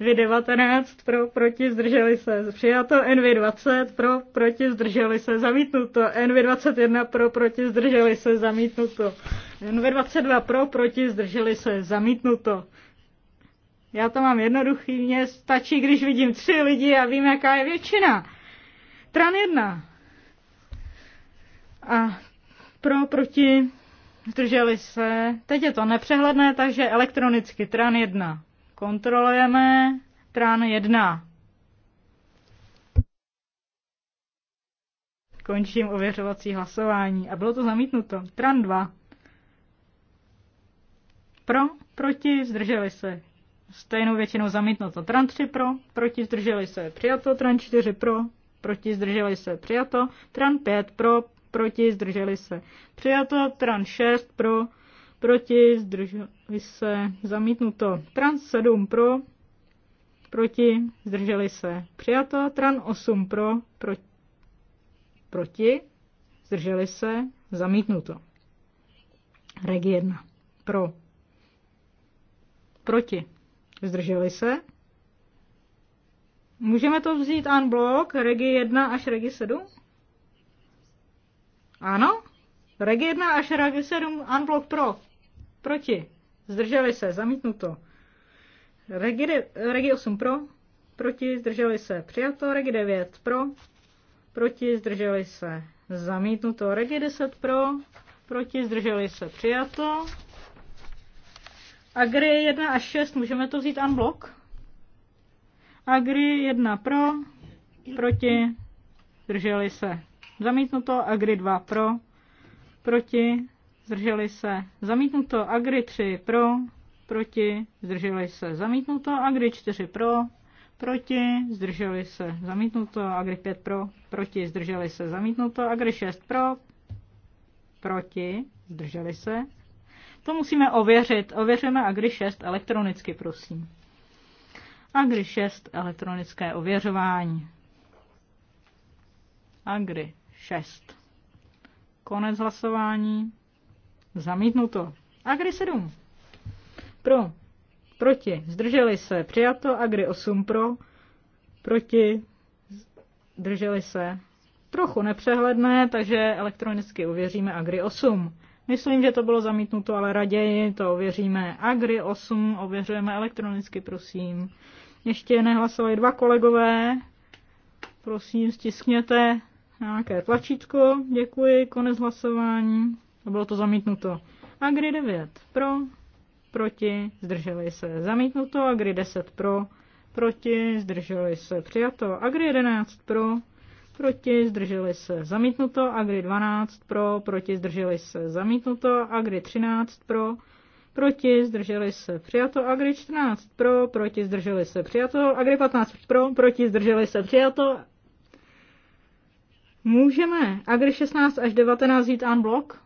Speaker 1: NV19 pro, proti, zdrželi se. Přijato NV20 pro, proti, zdrželi se. Zamítnuto. NV21 pro, proti, zdrželi se. Zamítnuto. NV22 pro, proti, zdrželi se. Zamítnuto. Já to mám jednoduchý, mně stačí, když vidím tři lidi a vím, jaká je většina. Tran 1. A pro, proti, zdrželi se. Teď je to nepřehledné, takže elektronicky. Tran 1. Kontrolujeme trán 1. Končím ověřovací hlasování. A bylo to zamítnuto. Tran 2. Pro, proti, zdrželi se. Stejnou většinou zamítnuto. Tran 3 pro, proti, zdrželi se. Přijato. Tran 4 pro, proti, zdrželi se. Přijato. Tran 5 pro, proti, zdrželi se. Přijato. Tran 6 pro, proti, zdrželi se, zamítnuto. Tran 7 pro, proti, zdrželi se, přijato. Tran 8 pro, pro proti, zdrželi se, zamítnuto. Reg 1 pro, proti, zdrželi se. Můžeme to vzít blok, regi 1 až regi 7? Ano? Regi 1 až regi 7 blok Pro proti, zdrželi se, zamítnuto. Regi, regi 8 pro, proti, zdrželi se, přijato. Regi 9 pro, proti, zdrželi se, zamítnuto. Regi 10 pro, proti, zdrželi se, přijato. Agri 1 až 6, můžeme to vzít unblock. Agri 1 pro, proti, zdrželi se. Zamítnuto, Agri 2 pro, proti, zdrželi se, zamítnuto Agri 3 pro, proti, zdrželi se, zamítnuto Agri 4 pro, proti, zdrželi se, zamítnuto Agri 5 pro, proti, zdrželi se, zamítnuto Agri 6 pro, proti, zdrželi se. To musíme ověřit. Ověříme Agri 6 elektronicky, prosím. Agri 6 elektronické ověřování. Agri 6. Konec hlasování. Zamítnuto. Agri 7. Pro. Proti. Zdrželi se. Přijato. Agri 8 pro. Proti. Zdrželi se. Trochu nepřehledné, takže elektronicky uvěříme Agri 8. Myslím, že to bylo zamítnuto, ale raději to ověříme. Agri 8 ověřujeme elektronicky, prosím. Ještě nehlasovali dva kolegové. Prosím, stiskněte nějaké tlačítko. Děkuji, konec hlasování. Bylo to zamítnuto. Agri 9 pro, proti, zdrželi se zamítnuto. Agri 10 pro, proti, zdrželi se přijato. Agri 11 pro, proti, zdrželi se zamítnuto. Agri 12 pro, proti, zdrželi se zamítnuto. Agri 13 pro, proti, zdrželi se přijato. Agri 14 pro, proti, zdrželi se přijato. Agri 15 pro, proti, zdrželi se přijato. Můžeme Agri 16 až 19 jít unblock?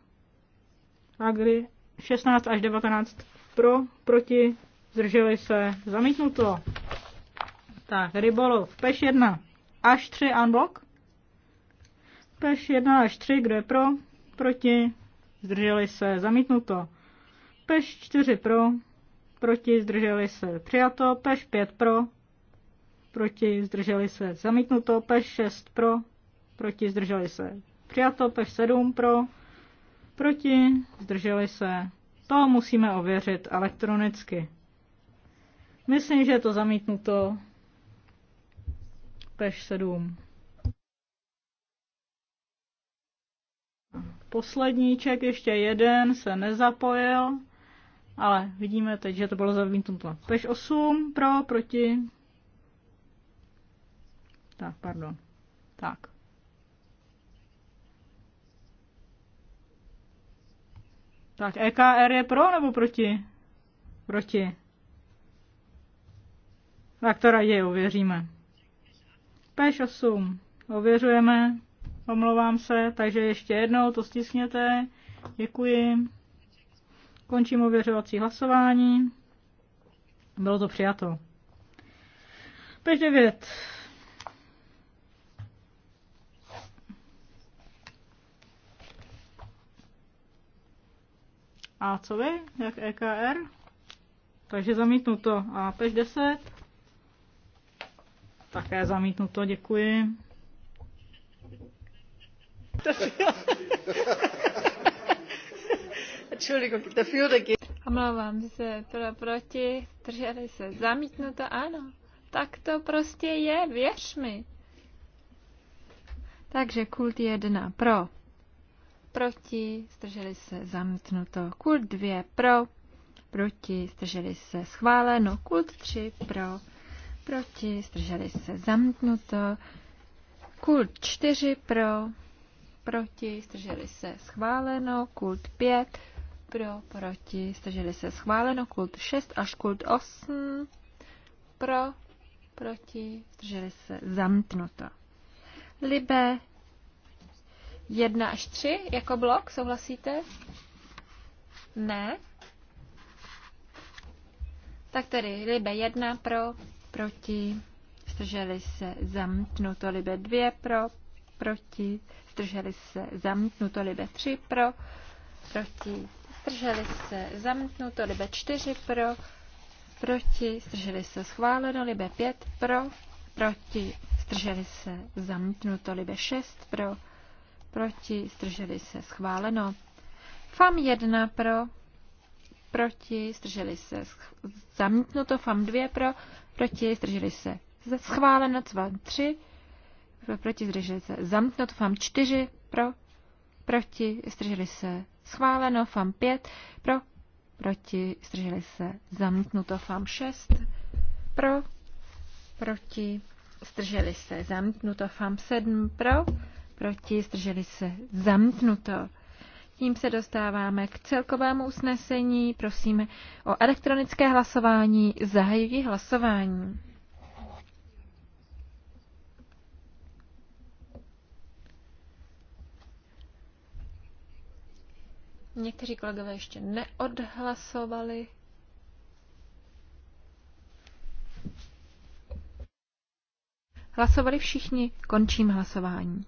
Speaker 1: Agri 16 až 19 pro, proti, zdrželi se, zamítnuto. Tak, rybolov, peš 1 až 3 unblock. Peš 1 až 3, kdo je pro, proti, zdrželi se, zamítnuto. Peš 4 pro, proti, zdrželi se, přijato. Peš 5 pro, proti, zdrželi se, zamítnuto. Peš 6 pro, proti, zdrželi se, přijato. Peš 7 pro, Proti? Zdrželi se? To musíme ověřit elektronicky. Myslím, že je to zamítnuto. Peš 7. Posledníček, ještě jeden, se nezapojil, ale vidíme teď, že to bylo zamítnuto. Peš 8 pro, proti. Tak, pardon. Tak. Tak EKR je pro nebo proti? Proti. Tak to raději ověříme. P8. Ověřujeme. Omlouvám se, takže ještě jednou to stiskněte. Děkuji. Končím ověřovací hlasování. Bylo to přijato. P9. A co vy, jak EKR? Takže zamítnuto. A peš 10? Také zamítnuto, děkuji. [laughs]
Speaker 3: Omlouvám se, teda proti, drželi se, zamítnuto, ano. Tak to prostě je, věř mi. Takže kult jedna pro proti, zdrželi se, zamítnuto. Kult 2 pro, proti, zdrželi se, schváleno. Kult 3 pro, proti, zdrželi se, zamítnuto. Kult 4 pro, proti, zdrželi se, schváleno. Kult 5 pro, proti, zdrželi se, schváleno. Kult 6 až kult 8 pro, proti, zdrželi se, zamítnuto. Libe 1 až 3 jako blok, souhlasíte? Ne. Tak tedy libe 1 pro, proti, zdrželi se, zamknuto, libe 2 pro, proti, zdrželi se, zamknuto, libe 3 pro, proti, zdrželi se, zamknuto, libe 4 pro, proti, zdrželi se, schváleno, libe 5 pro, proti, zdrželi se, zamknuto, libe 6 pro, proti, zdrželi se, schváleno. FAM 1 pro, proti, zdrželi se, zamítnuto, FAM 2 pro, proti, zdrželi se, schváleno, FAM 3 pro, proti, zdrželi se, zamítnuto, FAM 4 pro, proti, zdrželi se, schváleno, FAM 5 pro, proti, zdrželi se, zamítnuto, FAM 6 pro, proti, zdrželi se, zamítnuto, FAM 7 pro, proti, zdrželi se zamknuto. Tím se dostáváme k celkovému usnesení. Prosíme o elektronické hlasování. Zahajují hlasování. Někteří kolegové ještě neodhlasovali. Hlasovali všichni, končím hlasování.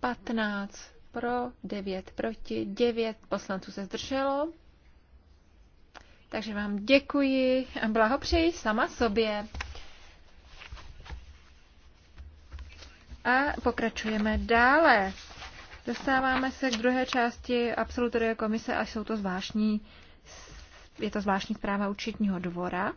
Speaker 3: 15 pro, 9 proti, 9 poslanců se zdrželo. Takže vám děkuji a blahopřeji sama sobě. A pokračujeme dále. Dostáváme se k druhé části absolutorie komise a jsou to zvláštní, je to zvláštní zpráva účetního dvora.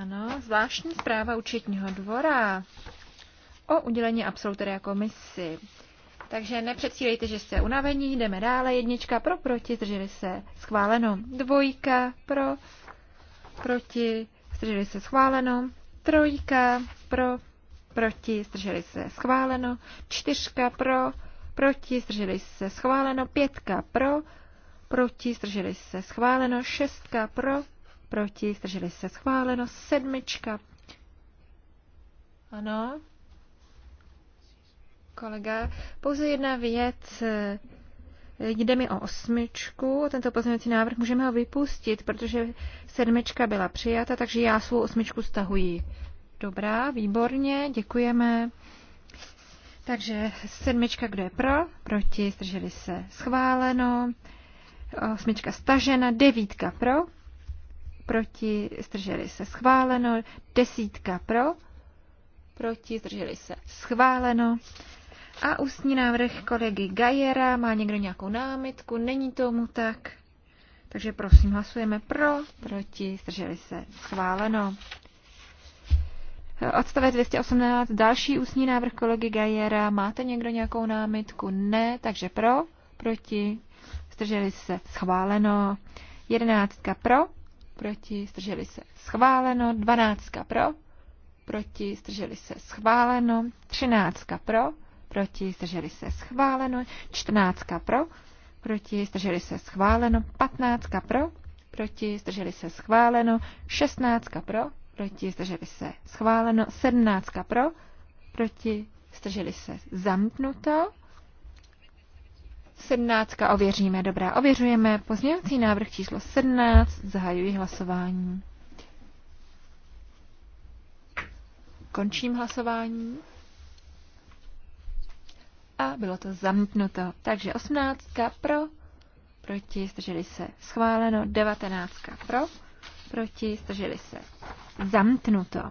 Speaker 3: Ano, zvláštní zpráva účetního dvora o udělení absolutoria komisi. Takže nepředstírejte, že jste unavení, jdeme dále. Jednička pro, proti, zdrželi se, schváleno. Dvojka pro, proti, zdrželi se, schváleno. Trojka pro, proti, zdrželi se, schváleno. Čtyřka pro, proti, zdrželi se, schváleno. Pětka pro, proti, zdrželi se, schváleno. Šestka pro, proti, zdrželi se schváleno, sedmička. Ano. Kolega, pouze jedna věc. Jde mi o osmičku, o tento pozměňovací návrh můžeme ho vypustit, protože sedmička byla přijata, takže já svou osmičku stahuji. Dobrá, výborně, děkujeme. Takže sedmička, kdo je pro? Proti, zdrželi se schváleno. Osmička stažena, devítka pro, proti, zdrželi se schváleno, desítka pro, proti, zdrželi se schváleno. A ústní návrh kolegy Gajera, má někdo nějakou námitku, není tomu tak. Takže prosím, hlasujeme pro, proti, zdrželi se schváleno. Odstavec 218, další ústní návrh kolegy Gajera. Máte někdo nějakou námitku? Ne, takže pro, proti, zdrželi se schváleno. Jedenáctka pro, proti, zdrželi se schváleno, 12 pro, proti, zdrželi se schváleno, 13 pro, proti, zdrželi se schváleno, 14 pro, proti, zdrželi se schváleno, 15 pro, proti, zdrželi se schváleno, 16 pro, proti, zdrželi se schváleno, 17 pro, proti, zdrželi se zamknuto, 17. ověříme, dobrá, ověřujeme. Pozměňovací návrh číslo 17, zahajuji hlasování. Končím hlasování. A bylo to zamítnuto. Takže osmnáctka pro, proti, zdrželi se schváleno, devatenáctka pro, proti, zdrželi se zamítnuto.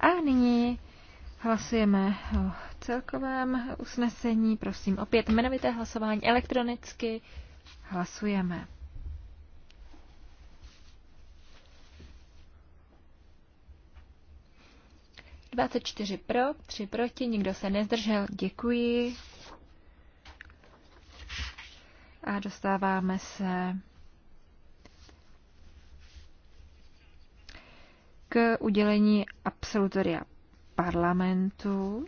Speaker 3: A nyní Hlasujeme o celkovém usnesení. Prosím, opět jmenovité hlasování elektronicky. Hlasujeme. čtyři pro, tři proti, nikdo se nezdržel. Děkuji. A dostáváme se k udělení absolutoria parlamentu.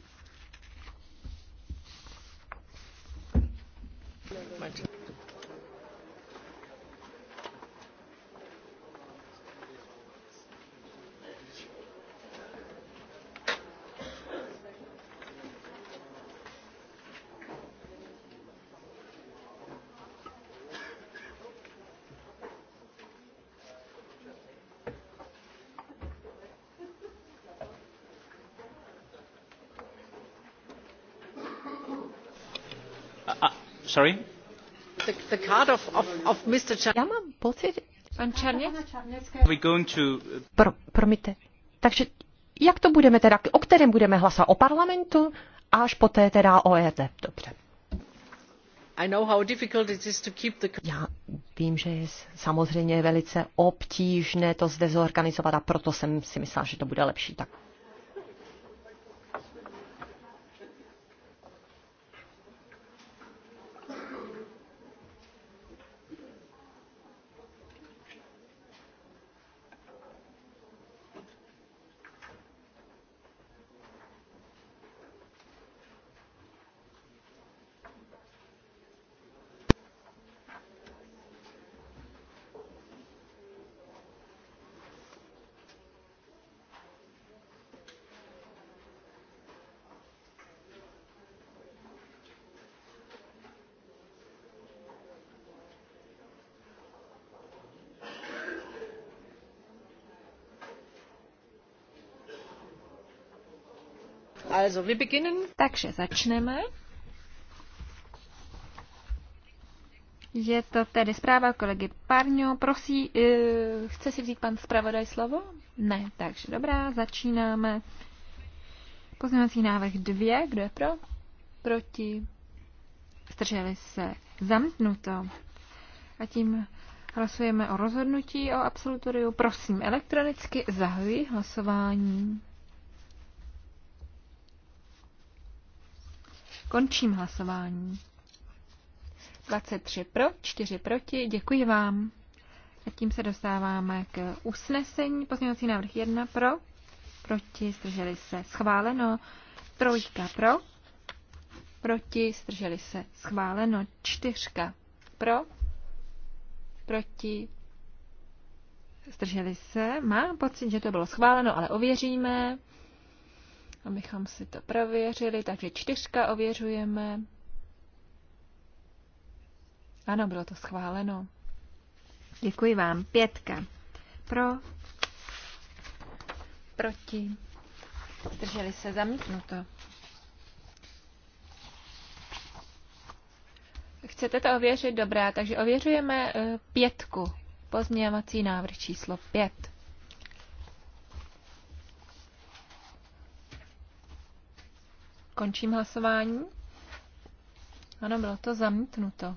Speaker 2: Sorry? The, card of, Mr. Já mám pocit, going to... Pro, promiňte. Takže jak to budeme teda, o kterém budeme hlasovat? O parlamentu a až poté teda o ERD. Dobře. I know how it is to keep the... Já vím, že je samozřejmě velice obtížné to zde zorganizovat a proto jsem si myslela, že to bude lepší tak.
Speaker 3: Also, wir beginnen. Takže začneme. Je to tedy zpráva kolegy Parňo. Prosí, uh, chce si vzít pan zpravodaj slovo? Ne, takže dobrá, začínáme. Pozměňovací návrh dvě, kdo je pro? Proti? Zdrželi se zamknuto. A tím hlasujeme o rozhodnutí o absolutoriu. Prosím, elektronicky zahuji hlasování. Končím hlasování. 23 pro, 4 proti. Děkuji vám. A tím se dostáváme k usnesení. Pozměňovací návrh 1 pro, proti, zdrželi se, schváleno. Trojka pro, proti, zdrželi se, schváleno. Čtyřka pro, proti, zdrželi se. Mám pocit, že to bylo schváleno, ale ověříme abychom si to prověřili. Takže čtyřka ověřujeme. Ano, bylo to schváleno. Děkuji vám. Pětka. Pro. Proti. Zdrželi se zamítnuto. Chcete to ověřit? Dobrá, takže ověřujeme eh, pětku. Pozměňovací návrh číslo pět. Končím hlasování. Ano, bylo to zamítnuto.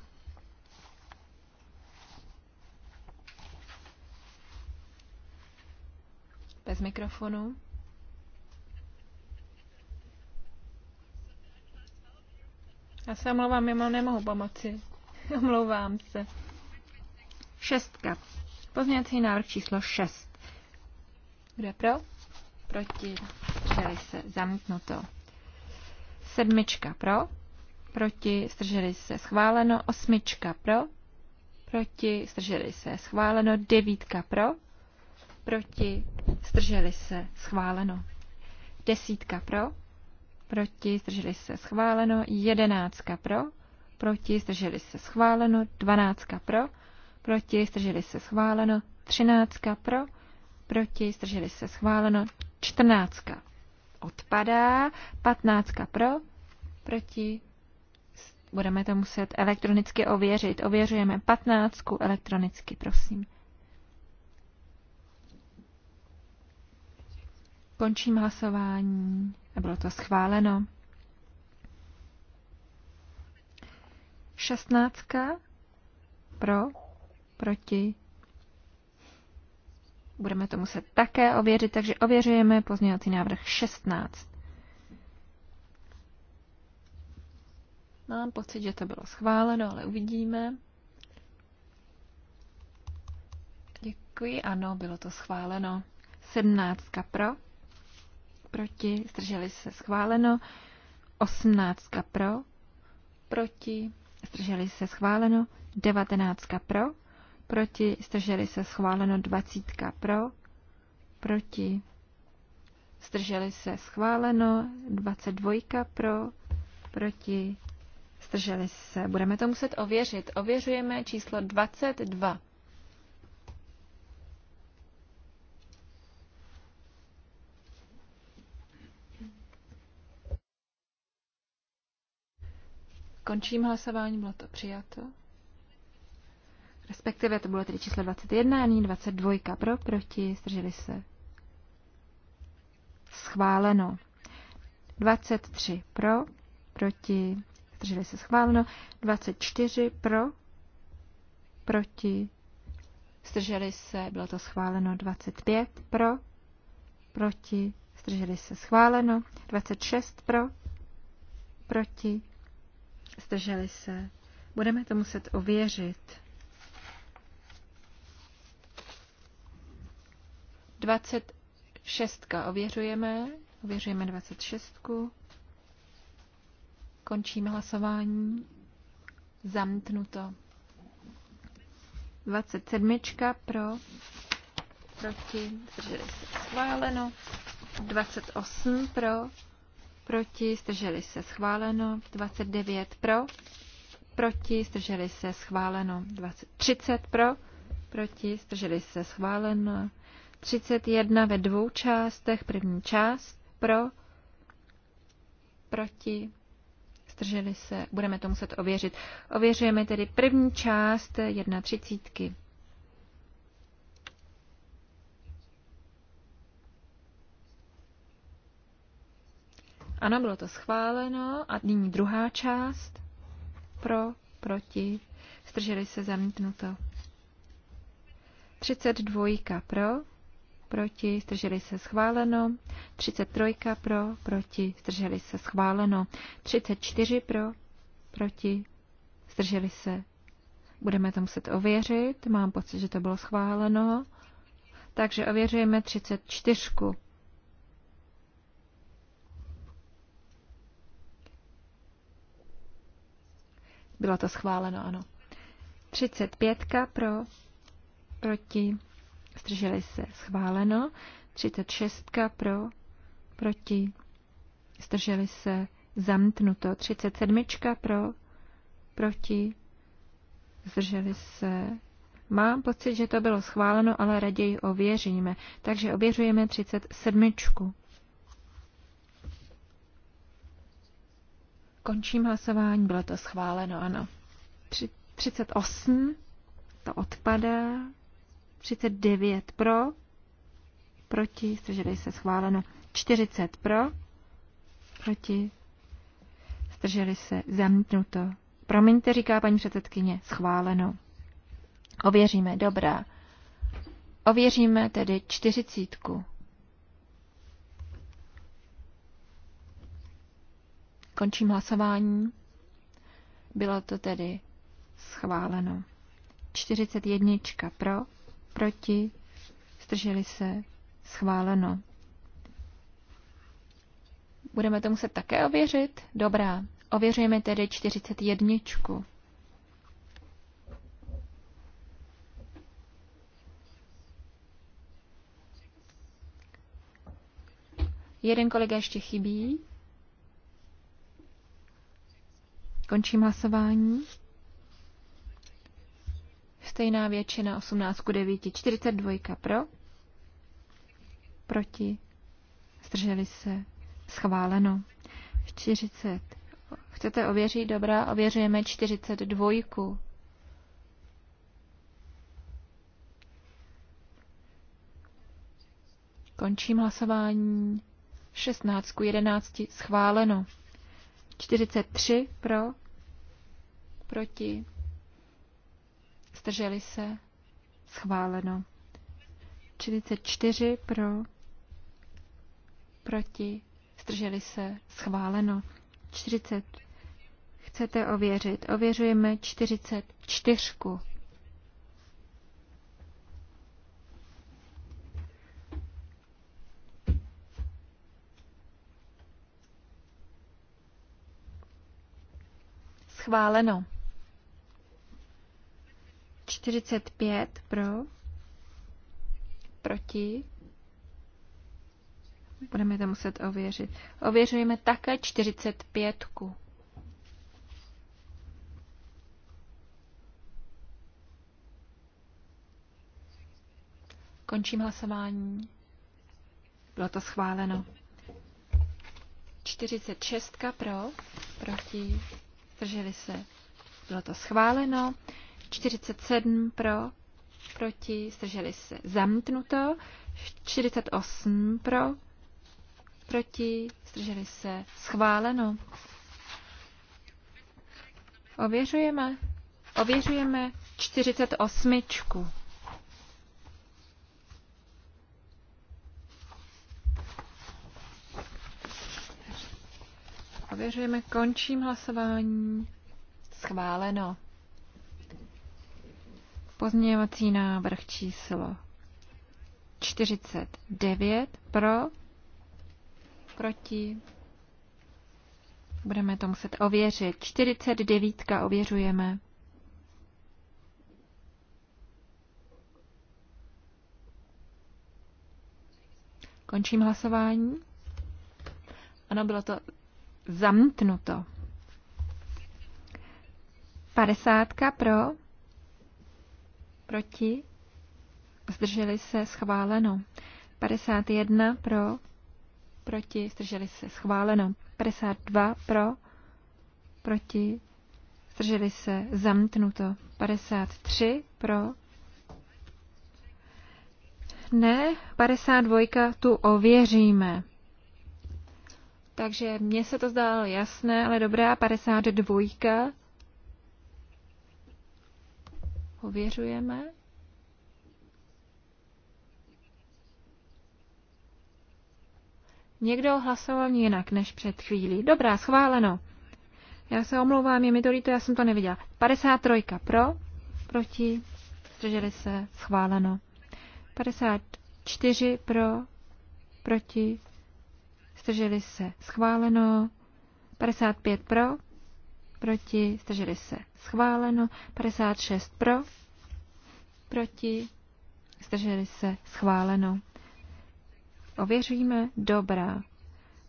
Speaker 3: Bez mikrofonu. Já se omlouvám, já nemohu pomoci. [laughs] Omlouvám se. Šestka. Pozměňovací návrh číslo 6. Kdo pro? Proti. Zdrželi se. Zamítnuto. Sedmička pro, proti, zdrželi se schváleno. Osmička pro, proti, zdrželi se schváleno. Devítka pro, proti, zdrželi se schváleno. Desítka pro, proti, zdrželi se schváleno. Jedenáctka pro, proti, zdrželi se schváleno. Dvanáctka pro, proti, zdrželi se schváleno. Třináctka pro, proti, zdrželi se schváleno. Čtrnáctka odpadá. 15 pro, proti, budeme to muset elektronicky ověřit. Ověřujeme 15 elektronicky, prosím. Končím hlasování a bylo to schváleno. 16 pro, proti, Budeme to muset také ověřit, takže ověřujeme pozměňovací návrh 16. Mám pocit, že to bylo schváleno, ale uvidíme. Děkuji, ano, bylo to schváleno. 17 pro, proti, zdrželi se schváleno. 18 pro, proti, zdrželi se schváleno. 19 pro, proti, zdrželi se schváleno 20 pro, proti, zdrželi se schváleno 22 pro, proti, zdrželi se. Budeme to muset ověřit. Ověřujeme číslo 22. Končím hlasování, bylo to přijato. Respektive to bylo tedy číslo 21 a nyní 22. Pro, proti, zdrželi se. Schváleno. 23 pro, proti, zdrželi se schváleno. 24 pro, proti, zdrželi se, bylo to schváleno. 25 pro, proti, zdrželi se schváleno. 26 pro, proti, zdrželi se. Budeme to muset ověřit. 26 ověřujeme. Ověřujeme 26. Končíme hlasování. Zamknuto. 27 pro, proti, zdrželi se schváleno. 28 pro, proti, zdrželi se schváleno. 29 pro, proti, zdrželi se schváleno. 20, 30 pro, proti, zdrželi se schváleno. 31 ve dvou částech. První část pro, proti, strželi se. Budeme to muset ověřit. Ověřujeme tedy první část třicítky. Ano, bylo to schváleno. A nyní druhá část. Pro, proti, strželi se zamítnuto. 32 pro, proti, zdrželi se schváleno, 33 pro, proti, zdrželi se schváleno, 34 pro, proti, zdrželi se. Budeme to muset ověřit, mám pocit, že to bylo schváleno. Takže ověřujeme 34. Bylo to schváleno, ano. 35 pro, proti, zdrželi se schváleno, 36 pro, proti, zdrželi se zamítnuto, 37 pro, proti, zdrželi se. Mám pocit, že to bylo schváleno, ale raději ověříme. Takže ověřujeme 37. Končím hlasování, bylo to schváleno, ano. 38, to odpadá, 39 pro, proti, zdrželi se schváleno. 40 pro, proti, zdrželi se zamítnuto. Promiňte, říká paní předsedkyně, schváleno. Ověříme, dobrá. Ověříme tedy čtyřicítku. Končím hlasování. Bylo to tedy schváleno. 41 pro, proti, zdrželi se, schváleno. Budeme to muset také ověřit? Dobrá, ověřujeme tedy 41. Jeden kolega ještě chybí. Končím hlasování stejná většina 18 k 9, 42 pro, proti, zdrželi se, schváleno. 40. Chcete ověřit? Dobrá, ověřujeme 42. Končím hlasování. 16 k 11 schváleno. 43 pro, proti, zdrželi se, schváleno. 44 pro, proti, zdrželi se, schváleno. 40. Chcete ověřit? Ověřujeme 44. Schváleno. 45 pro, proti. Budeme to muset ověřit. Ověřujeme také 45. -ku. Končím hlasování. Bylo to schváleno. 46 pro, proti, zdrželi se. Bylo to schváleno. 47 pro, proti, zdrželi se zamítnuto, 48 pro, proti, zdrželi se schváleno. Ověřujeme, ověřujeme 48. Ověřujeme, končím hlasování. Schváleno. Pozměňovací návrh číslo 49 pro, proti, budeme to muset ověřit. 49 ověřujeme. Končím hlasování. Ano, bylo to zamtnuto. Padesátka pro, proti, zdrželi se schváleno. 51 pro, proti, zdrželi se schváleno. 52 pro, proti, zdrželi se zamknuto. 53 pro, ne, 52 tu ověříme. Takže mně se to zdálo jasné, ale dobrá, 52 Ověřujeme. Někdo hlasoval jinak než před chvílí. Dobrá, schváleno. Já se omlouvám, je mi to líto, já jsem to neviděla. 53 pro, proti, zdrželi se, schváleno. 54 pro, proti, zdrželi se, schváleno. 55 pro, proti, zdrželi se schváleno, 56 pro, proti, zdrželi se schváleno. Ověříme, dobrá.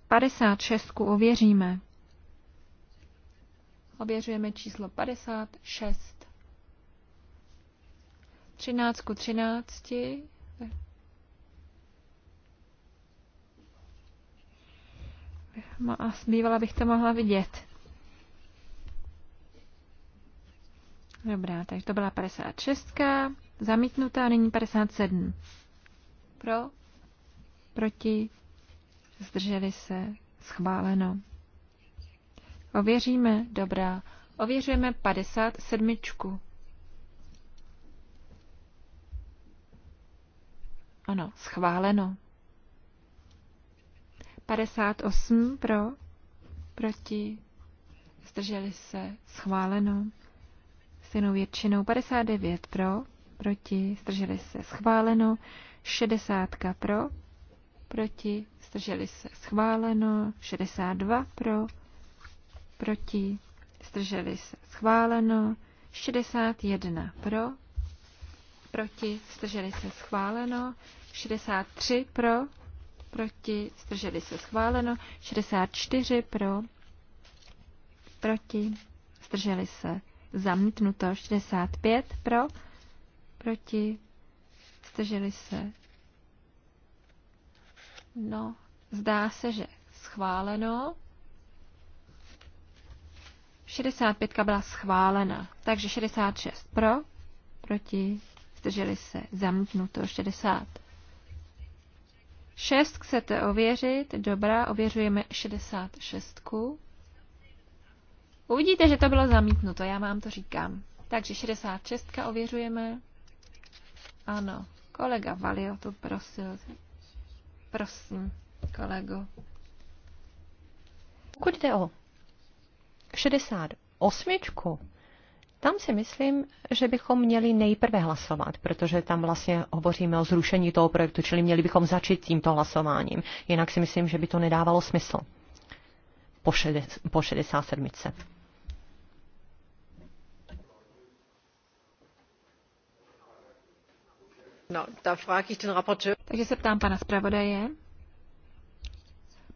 Speaker 3: 56 ověříme. Ověřujeme číslo 56. 13 ku 13. Bývala bych to mohla vidět. Dobrá, takže to byla 56. Zamítnutá, nyní 57. Pro, proti, zdrželi se, schváleno. Ověříme, dobrá. Ověřujeme 57. Ano, schváleno. 58 pro, proti, zdrželi se, schváleno stejnou většinou 59 pro, proti, zdrželi se schváleno, 60 pro, proti, zdrželi se schváleno, 62 pro, proti, zdrželi se schváleno, 61 pro, proti, zdrželi se schváleno, 63 pro, proti, zdrželi se schváleno, 64 pro, proti, zdrželi se zamítnuto 65 pro, proti, zdrželi se. No, zdá se, že schváleno. 65 byla schválena, takže 66 pro, proti, zdrželi se, zamítnuto 60. 6 chcete ověřit, dobrá, ověřujeme 66. -ku. Uvidíte, že to bylo zamítnuto, já vám to říkám. Takže 66 ověřujeme. Ano, kolega Valio to prosil. Prosím, kolego.
Speaker 2: Pokud jde o 68, tam si myslím, že bychom měli nejprve hlasovat, protože tam vlastně hovoříme o zrušení toho projektu, čili měli bychom začít tímto hlasováním. Jinak si myslím, že by to nedávalo smysl po, šede, po 67.
Speaker 1: No,
Speaker 3: Takže se ptám pana zpravodaje.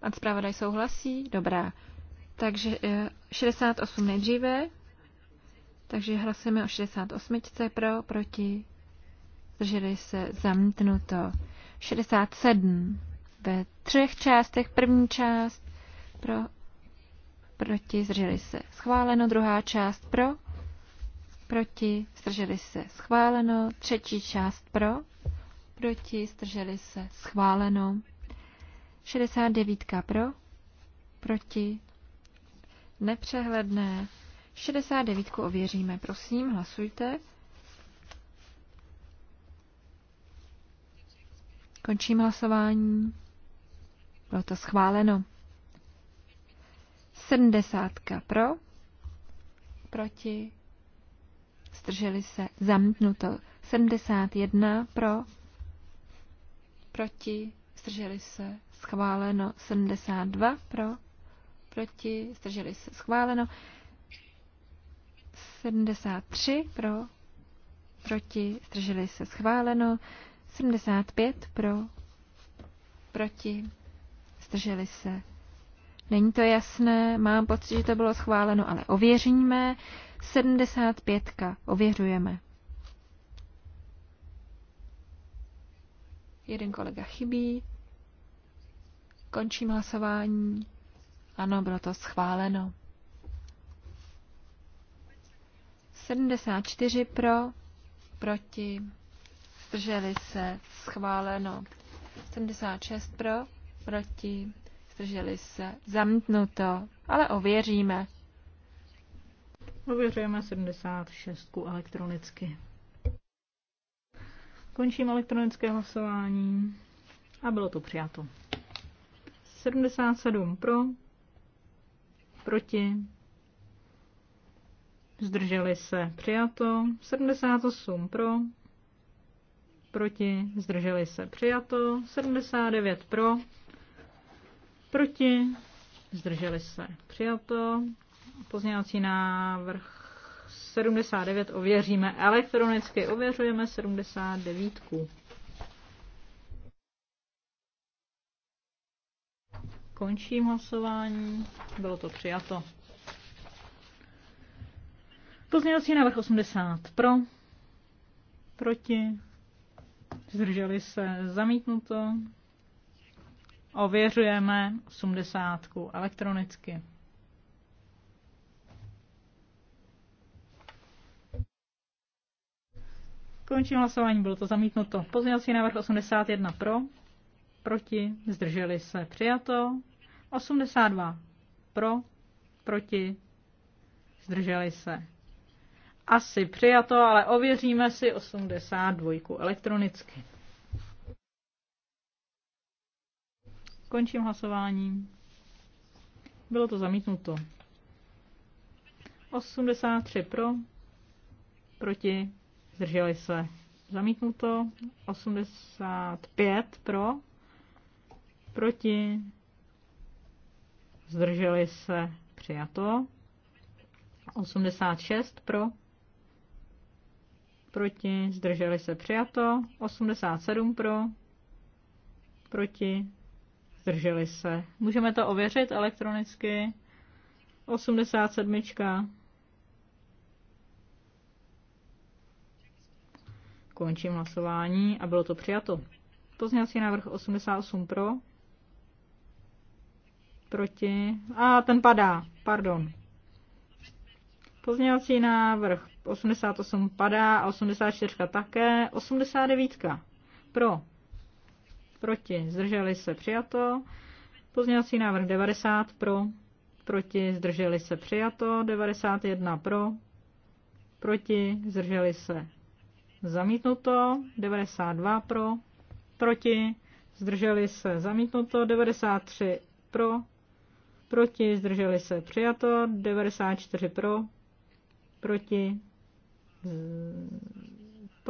Speaker 3: Pan zpravodaj souhlasí? Dobrá. Takže 68 eh, nejdříve. Takže hlasujeme o 68. Pro, proti. Zdrželi se zamítnuto. 67 ve třech částech. První část pro, proti, zdrželi se schváleno. Druhá část pro, proti, zdrželi se, schváleno. Třetí část pro, proti, zdrželi se, schváleno. 69 pro, proti, nepřehledné. 69 ověříme, prosím, hlasujte. Končím hlasování. Bylo to schváleno. 70 pro, proti, zdrželi se, zamítnuto. 71 pro, proti, zdrželi se, schváleno. 72 pro, proti, zdrželi se, schváleno. 73 pro, proti, zdrželi se, schváleno. 75 pro, proti, zdrželi se, Není to jasné, mám pocit, že to bylo schváleno, ale ověříme. 75. Ověřujeme. Jeden kolega chybí. Končím hlasování. Ano, bylo to schváleno. 74 pro, proti, zdrželi se, schváleno. 76 pro, proti, zdrželi se, zamítnuto, ale ověříme.
Speaker 1: Ověřujeme 76 elektronicky. Končím elektronické hlasování a bylo to přijato. 77 pro, proti, zdrželi se, přijato, 78 pro, proti, zdrželi se, přijato, 79 pro, Proti? Zdrželi se. to. Pozměňovací návrh 79 ověříme elektronicky. Ověřujeme 79. Končím hlasování. Bylo to přijato. Pozměňovací návrh 80 pro, proti, zdrželi se, zamítnuto. Ověřujeme 80 elektronicky. Končím hlasování, bylo to zamítnuto. Pozměňovací návrh 81 pro, proti, zdrželi se, přijato. 82 pro, proti, zdrželi se. Asi přijato, ale ověříme si 82 elektronicky. Končím hlasování. Bylo to zamítnuto. 83 pro, proti, zdrželi se. Zamítnuto. 85 pro, proti, zdrželi se. Přijato. 86 pro, proti, zdrželi se. Přijato. 87 pro, proti, zdrželi se. Můžeme to ověřit elektronicky. 87. Končím hlasování a bylo to přijato. Pozměňovací návrh 88 pro. Proti. A ten padá. Pardon. Pozměňovací návrh 88 padá a 84 také. 89 pro proti, zdrželi se přijato. Pozměňovací návrh 90 pro, proti, zdrželi se přijato. 91 pro, proti, zdrželi se zamítnuto. 92 pro, proti, zdrželi se zamítnuto. 93 pro, proti, zdrželi se přijato. 94 pro, proti,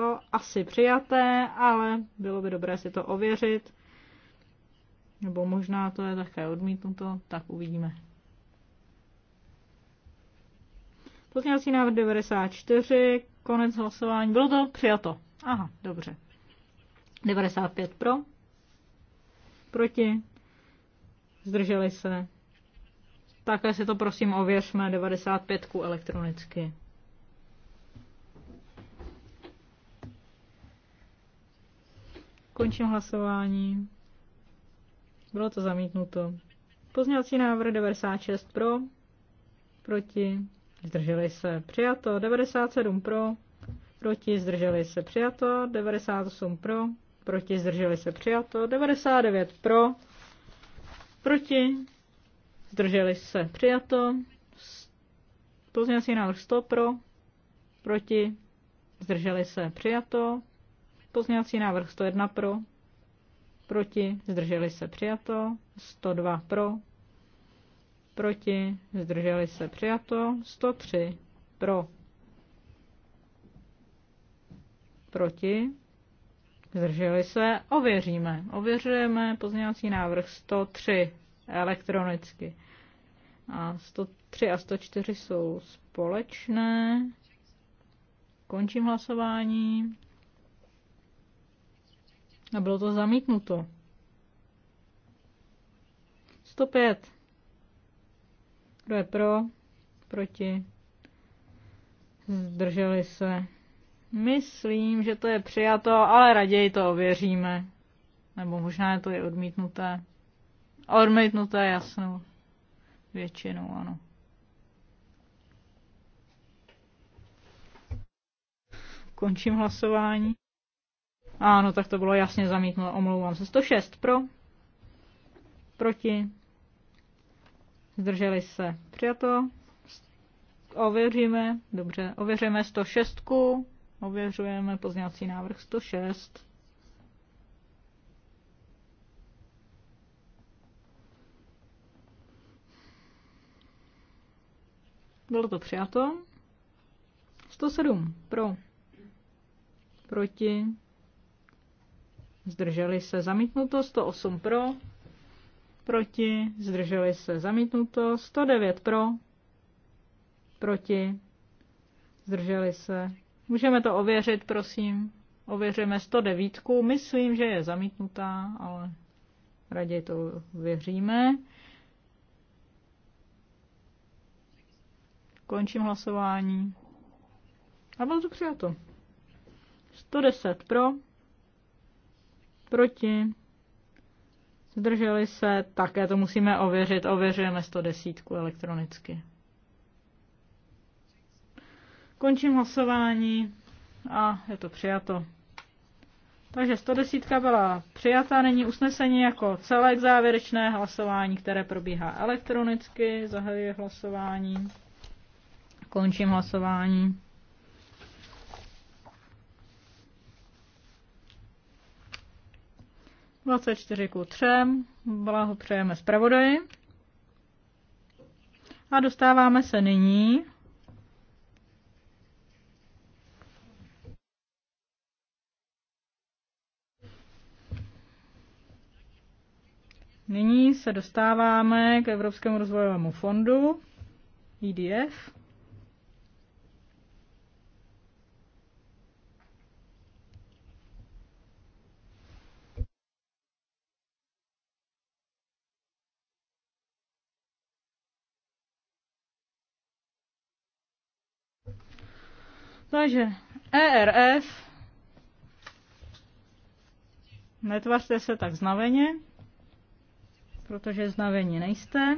Speaker 1: to asi přijaté, ale bylo by dobré si to ověřit. Nebo možná to je také odmítnuto, tak uvidíme. Pozměňovací návrh 94, konec hlasování. Bylo to přijato. Aha, dobře. 95 pro, proti, zdrželi se. Také si to prosím ověřme 95 elektronicky. Končím hlasování. Bylo to zamítnuto. Pozměňovací návrh 96 pro, proti, zdrželi se, přijato. 97 pro, proti, zdrželi se, přijato. 98 pro, proti, zdrželi se, přijato. 99 pro, proti, zdrželi se, přijato. Pozměňovací návrh 100 pro, proti, zdrželi se, přijato. Pozměňovací návrh 101 pro, proti, zdrželi se přijato, 102 pro, proti, zdrželi se přijato, 103 pro, proti, zdrželi se, ověříme. Ověřujeme pozměňovací návrh 103 elektronicky. A 103 a 104 jsou společné. Končím hlasování. A bylo to zamítnuto. 105. Kdo je pro? Proti? Zdrželi se. Myslím, že to je přijato, ale raději to ověříme. Nebo možná je to je odmítnuté. Odmítnuté jasnou většinou, ano. Končím hlasování. Ano, tak to bylo jasně zamítnuto. Omlouvám se. 106 pro. Proti. Zdrželi se. Přijato. Ověříme. Dobře. Ověříme 106. Ověřujeme pozněvací návrh 106. Bylo to přijato. 107 pro. Proti zdrželi se zamítnuto, 108 pro, proti, zdrželi se zamítnuto, 109 pro, proti, zdrželi se. Můžeme to ověřit, prosím. Ověříme 109. Myslím, že je zamítnutá, ale raději to věříme. Končím hlasování. A bylo to přijato. 110 pro, Proti? Zdrželi se? Také to musíme ověřit. Ověřujeme 110 elektronicky. Končím hlasování a je to přijato. Takže 110 byla přijata, není usnesení jako celé závěrečné hlasování, které probíhá elektronicky, zahajuje hlasování, končím hlasování. 24 ku 3. Blahopřejeme zpravodaji. A dostáváme se nyní Nyní se dostáváme k Evropskému rozvojovému fondu, EDF. Takže ERF, netvařte se tak znaveně, protože znavení nejste.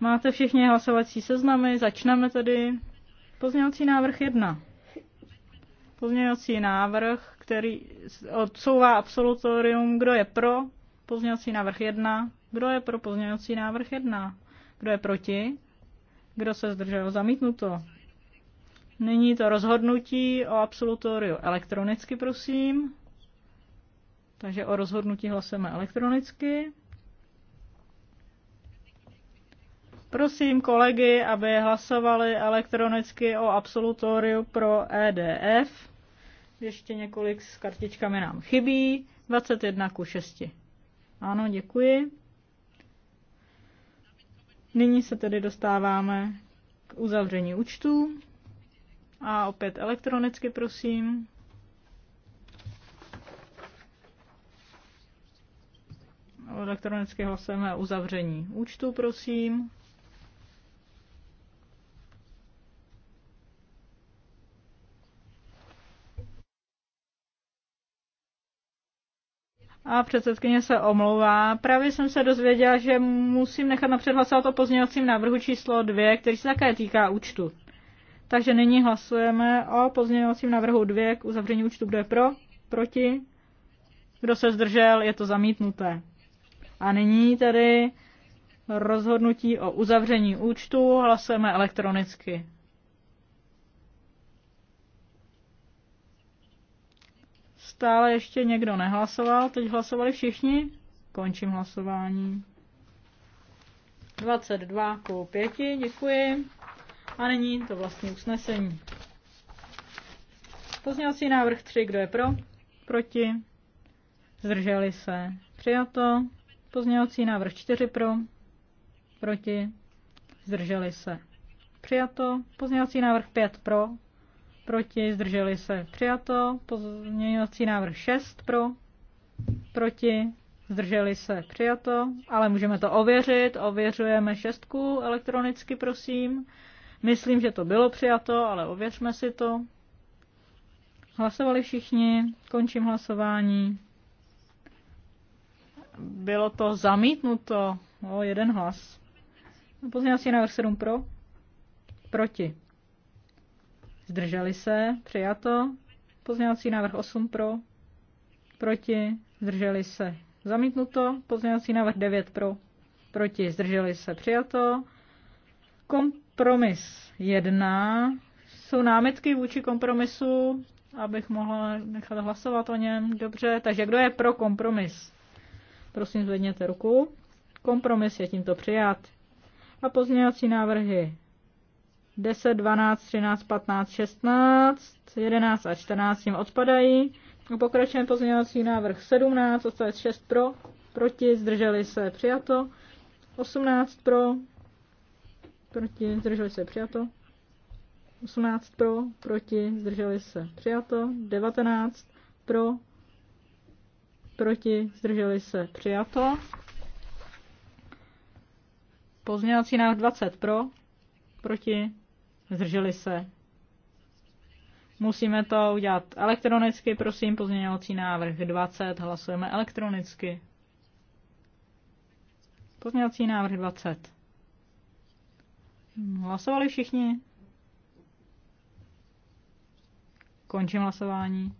Speaker 1: Máte všichni hlasovací seznamy, začneme tedy pozměňovací návrh 1. Pozměňovací návrh, který odsouvá absolutorium, kdo je pro pozměňovací návrh 1, kdo je pro pozměňovací návrh 1, kdo je proti, kdo se zdržel zamítnuto. Nyní to rozhodnutí o absolutoriu elektronicky, prosím. Takže o rozhodnutí hlasujeme elektronicky. Prosím kolegy, aby hlasovali elektronicky o absolutoriu pro EDF. Ještě několik s kartičkami nám chybí. 21 ku 6. Ano, děkuji. Nyní se tedy dostáváme k uzavření účtů. A opět elektronicky, prosím. Elektronicky hlasujeme uzavření účtu, prosím. A předsedkyně se omlouvá. Právě jsem se dozvěděla, že musím nechat napřed hlasovat o pozměňovacím návrhu číslo 2, který se také týká účtu. Takže nyní hlasujeme o pozměňovacím návrhu 2 k uzavření účtu. Kdo je pro? Proti? Kdo se zdržel? Je to zamítnuté. A nyní tedy rozhodnutí o uzavření účtu hlasujeme elektronicky. Stále ještě někdo nehlasoval, teď hlasovali všichni. Končím hlasování. 22 ku 5, děkuji. A nyní to vlastní usnesení. Pozměňovací návrh 3, kdo je pro? Proti? Zdrželi se? Přijato. Pozněvací návrh 4 pro? Proti? Zdrželi se? Přijato. Pozněvací návrh 5 pro? Proti? Zdrželi se? Přijato. Pozměňovací návrh 6 pro? Proti? Zdrželi se? Přijato. Ale můžeme to ověřit. Ověřujeme šestku elektronicky, prosím. Myslím, že to bylo přijato, ale ověřme si to. Hlasovali všichni, končím hlasování. Bylo to zamítnuto o jeden hlas. Pozměňovací návrh 7 pro, proti. Zdrželi se, přijato. Pozměňovací návrh 8 pro, proti, zdrželi se. Zamítnuto, pozměňovací návrh 9 pro, proti, zdrželi se, přijato. Kom- kompromis 1. Jsou námitky vůči kompromisu, abych mohla nechat hlasovat o něm. Dobře, takže kdo je pro kompromis? Prosím, zvedněte ruku. Kompromis je tímto přijat. A pozměňovací návrhy 10, 12, 13, 15, 16, 11 a 14 tím odpadají. Pokračujeme pozměňovací návrh 17, odstavec 6 pro, proti, zdrželi se, přijato. 18 pro, proti, zdrželi se přijato. 18 pro, proti, zdrželi se přijato. 19 pro, proti, zdrželi se přijato. Pozměňovací návrh 20 pro, proti, zdrželi se. Musíme to udělat elektronicky, prosím, pozměňovací návrh 20, hlasujeme elektronicky. Pozměňovací návrh 20. Hlasovali všichni? Končím hlasování.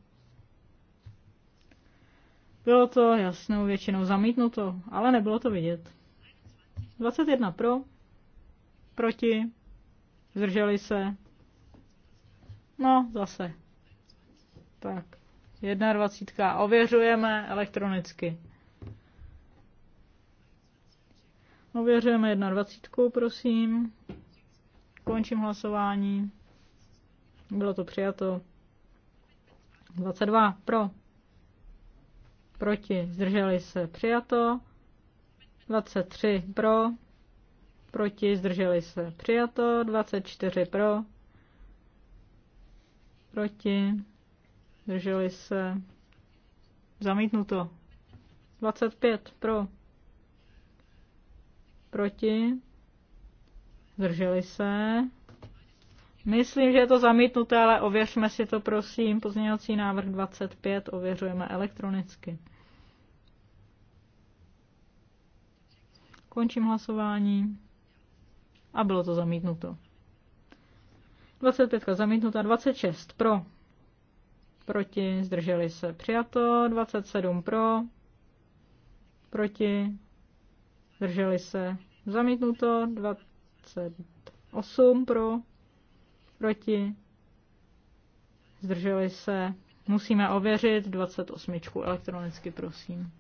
Speaker 1: Bylo to jasnou většinou zamítnuto, ale nebylo to vidět. 21 pro, proti, zdrželi se. No, zase. Tak, 21. Ověřujeme elektronicky. Ověřujeme 21, prosím. Končím hlasování. Bylo to přijato. 22 pro. Proti. Zdrželi se. Přijato. 23 pro. Proti. Zdrželi se. Přijato. 24 pro. Proti. Zdrželi se. Zamítnuto. 25 pro. Proti. Zdrželi se. Myslím, že je to zamítnuté, ale ověřme si to, prosím. Pozměňovací návrh 25 ověřujeme elektronicky. Končím hlasování. A bylo to zamítnuto. 25 zamítnuta, 26 pro. Proti, zdrželi se, přijato, 27 pro. Proti, zdrželi se, zamítnuto, 20 28 pro, proti, zdrželi se. Musíme ověřit 28 elektronicky, prosím.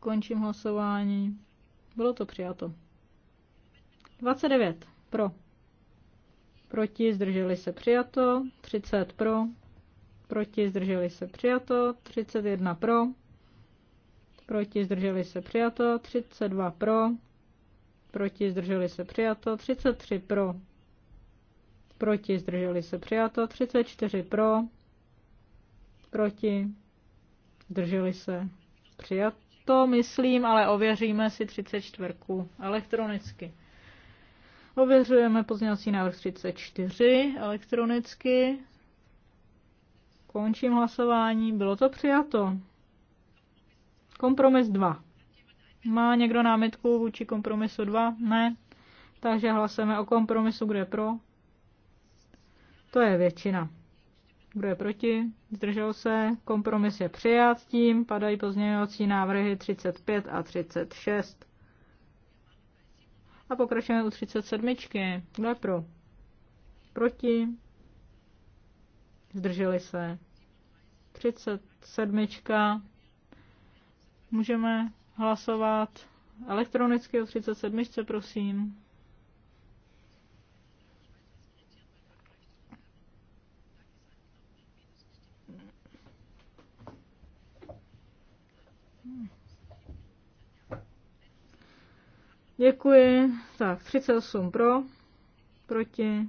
Speaker 1: Končím hlasování. Bylo to přijato. 29 pro. Proti zdrželi se přijato. 30 pro. Proti zdrželi se přijato. 31 pro proti zdrželi se přijato, 32 pro, proti zdrželi se přijato, 33 pro, proti zdrželi se přijato, 34 pro, proti zdrželi se přijato, myslím, ale ověříme si 34 elektronicky. Ověřujeme pozměňovací návrh 34 elektronicky. Končím hlasování. Bylo to přijato. Kompromis 2. Má někdo námitku vůči kompromisu 2? Ne. Takže hlasujeme o kompromisu, kdo je pro. To je většina. Kdo je proti? Zdržel se. Kompromis je přijat. Tím padají pozměňovací návrhy 35 a 36. A pokračujeme u 37. Kdo je pro? Proti? Zdrželi se. 37. Můžeme hlasovat elektronicky o 37, prosím. Děkuji. Tak, 38 pro, proti.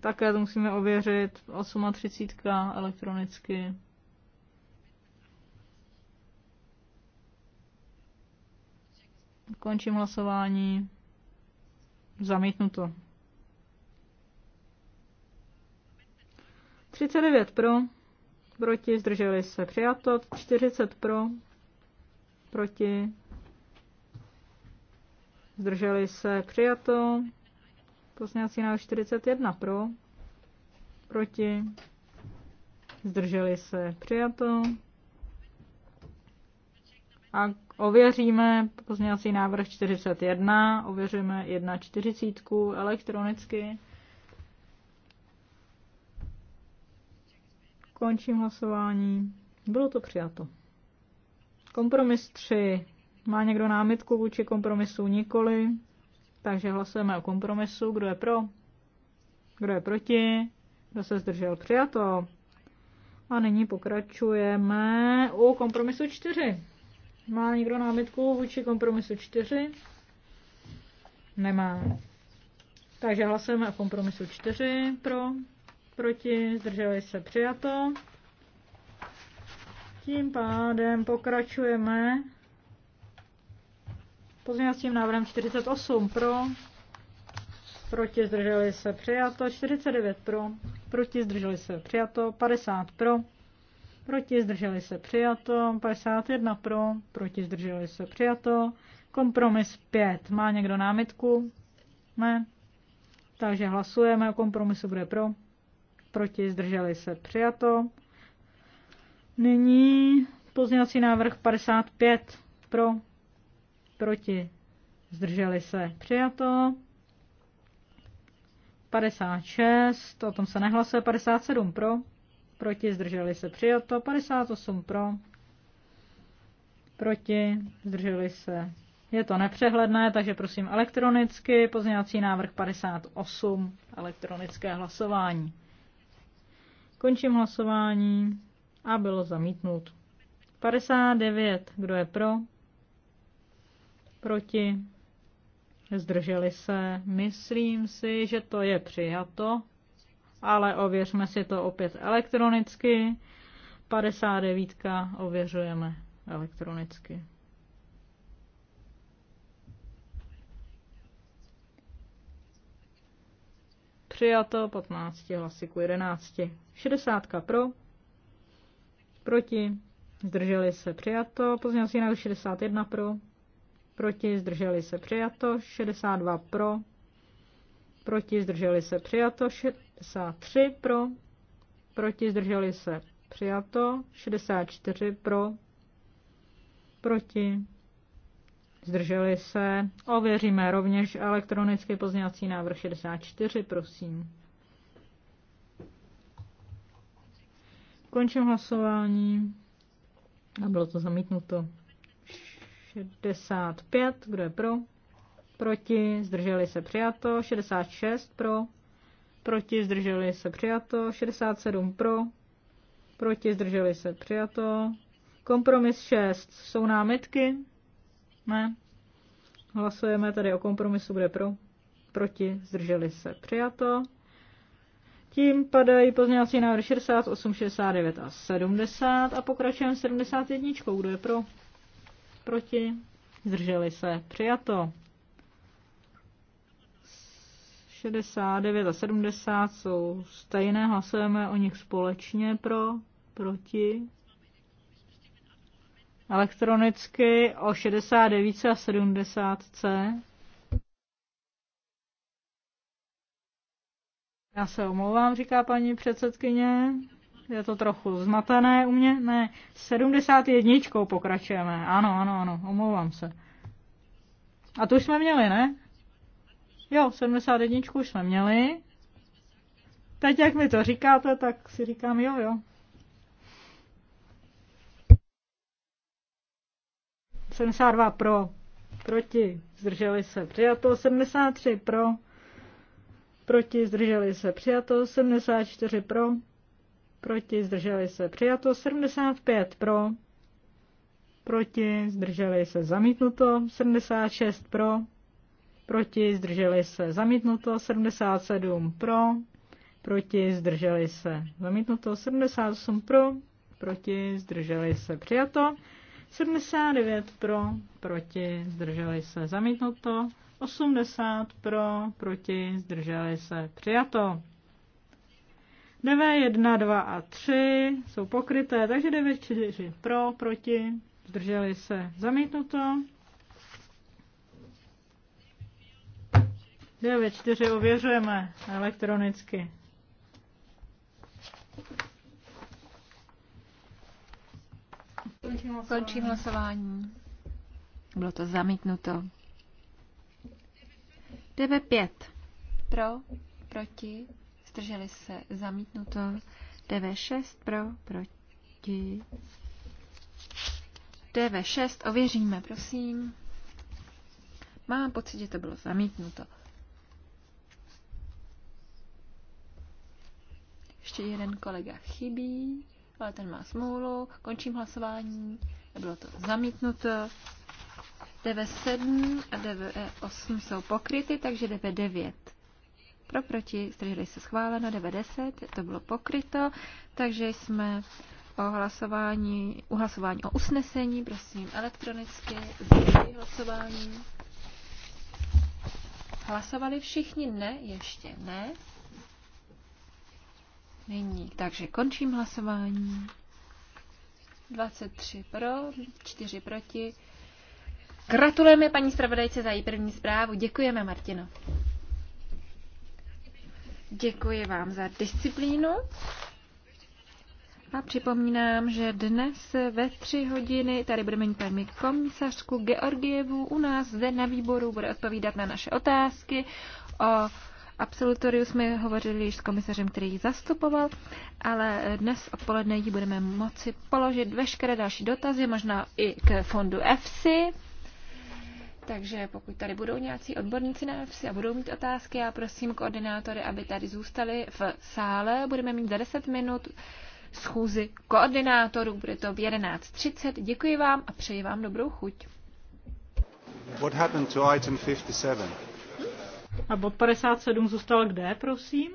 Speaker 1: Také to musíme ověřit. 38 elektronicky. Končím hlasování. Zamítnuto. 39 pro, proti, zdrželi se přijato, 40 pro, proti, zdrželi se přijato, pozměňovací návrh 41 pro, proti, zdrželi se přijato. A ověříme pozměňovací návrh 41, ověříme 1,40 elektronicky. Končím hlasování. Bylo to přijato. Kompromis 3. Má někdo námitku vůči kompromisu? Nikoli. Takže hlasujeme o kompromisu. Kdo je pro? Kdo je proti? Kdo se zdržel? Přijato. A nyní pokračujeme u kompromisu 4. Má někdo námitku vůči kompromisu 4? Nemá. Takže hlasujeme o kompromisu 4 pro, proti, zdrželi se přijato. Tím pádem pokračujeme pozměňovacím návrhem 48 pro, proti zdrželi se přijato, 49 pro, proti zdrželi se přijato, 50 pro, proti zdrželi se přijato, 51 pro, proti zdrželi se přijato, kompromis 5. Má někdo námitku? Ne. Takže hlasujeme o kompromisu, bude pro, proti zdrželi se přijato. Nyní pozměňovací návrh 55 pro, proti zdrželi se přijato. 56, o tom se nehlasuje, 57 pro, proti, zdrželi se přijato, 58 pro, proti, zdrželi se. Je to nepřehledné, takže prosím elektronicky, pozměňovací návrh 58, elektronické hlasování. Končím hlasování a bylo zamítnut. 59, kdo je pro? Proti? Zdrželi se. Myslím si, že to je přijato ale ověřme si to opět elektronicky. 59 ověřujeme elektronicky. Přijato 15 hlasy ku 11. 60 pro, proti, zdrželi se přijato, pozměňovací jinak 61 pro, proti, zdrželi se přijato, 62 pro, proti, zdrželi se přijato, 63 pro, proti zdrželi se přijato, 64 pro, proti zdrželi se. Ověříme rovněž elektronický pozněvací návrh 64, prosím. Končím hlasování a bylo to zamítnuto. 65, kdo je pro? Proti, zdrželi se přijato, 66 pro, proti, zdrželi se přijato, 67 pro, proti, zdrželi se přijato, kompromis 6, jsou námitky? Ne. Hlasujeme tady o kompromisu, bude pro, proti, zdrželi se přijato. Tím padají pozměňovací návrhy 68, 69 a 70 a pokračujeme 71. Kdo je pro? Proti? Zdrželi se. Přijato. 69 a 70 jsou stejné, hlasujeme o nich společně pro, proti. Elektronicky o 69 a 70 C. Já se omlouvám, říká paní předsedkyně. Je to trochu zmatené u mě. Ne, 71 pokračujeme. Ano, ano, ano, omlouvám se. A to už jsme měli, ne? Jo, 71 už jsme měli. Teď, jak mi to říkáte, tak si říkám jo, jo. 72 pro, proti, zdrželi se, přijato, 73 pro, proti, zdrželi se, přijato, 74 pro, proti, zdrželi se, přijato, 75 pro, proti, zdrželi se, zamítnuto, 76 pro, proti, zdrželi se, zamítnuto, 77 pro, proti, zdrželi se, zamítnuto, 78 pro, proti, zdrželi se, přijato, 79 pro, proti, zdrželi se, zamítnuto, 80 pro, proti, zdrželi se, přijato. 9, 1, 2 a 3 jsou pokryté, takže 9, 4 pro, proti, zdrželi se, zamítnuto. 2 ve 4 ověřujeme elektronicky.
Speaker 3: Končím hlasování. Bylo to zamítnuto. DV5. Pro, proti, zdrželi se, zamítnuto. DV6 pro, proti. DV6 ověříme, prosím. Mám pocit, že to bylo zamítnuto. Ještě jeden kolega chybí, ale ten má smůlu. Končím hlasování. Bylo to zamítnuto. DV7 a DV8 jsou pokryty, takže DV9 pro, proti, zdrželi se schváleno, DV10, to bylo pokryto, takže jsme o hlasování, u hlasování o usnesení, prosím, elektronicky, hlasování. Hlasovali všichni? Ne, ještě ne. Nyní, takže končím hlasování. 23 pro, 4 proti. Gratulujeme paní zpravodajce za její první zprávu. Děkujeme, Martino. Děkuji vám za disciplínu. A připomínám, že dnes ve tři hodiny tady budeme mít paní komisařku Georgievu u nás zde na výboru, bude odpovídat na naše otázky o absolutoriu jsme hovořili již s komisařem, který ji zastupoval, ale dnes odpoledne ji budeme moci položit veškeré další dotazy, možná i k fondu EFSI. Takže pokud tady budou nějací odborníci na EFSI a budou mít otázky, já prosím koordinátory, aby tady zůstali v sále. Budeme mít za 10 minut schůzi koordinátorů, bude to v 11.30. Děkuji vám a přeji vám dobrou chuť.
Speaker 1: What happened to item 57? A bod 57 zůstal kde, prosím?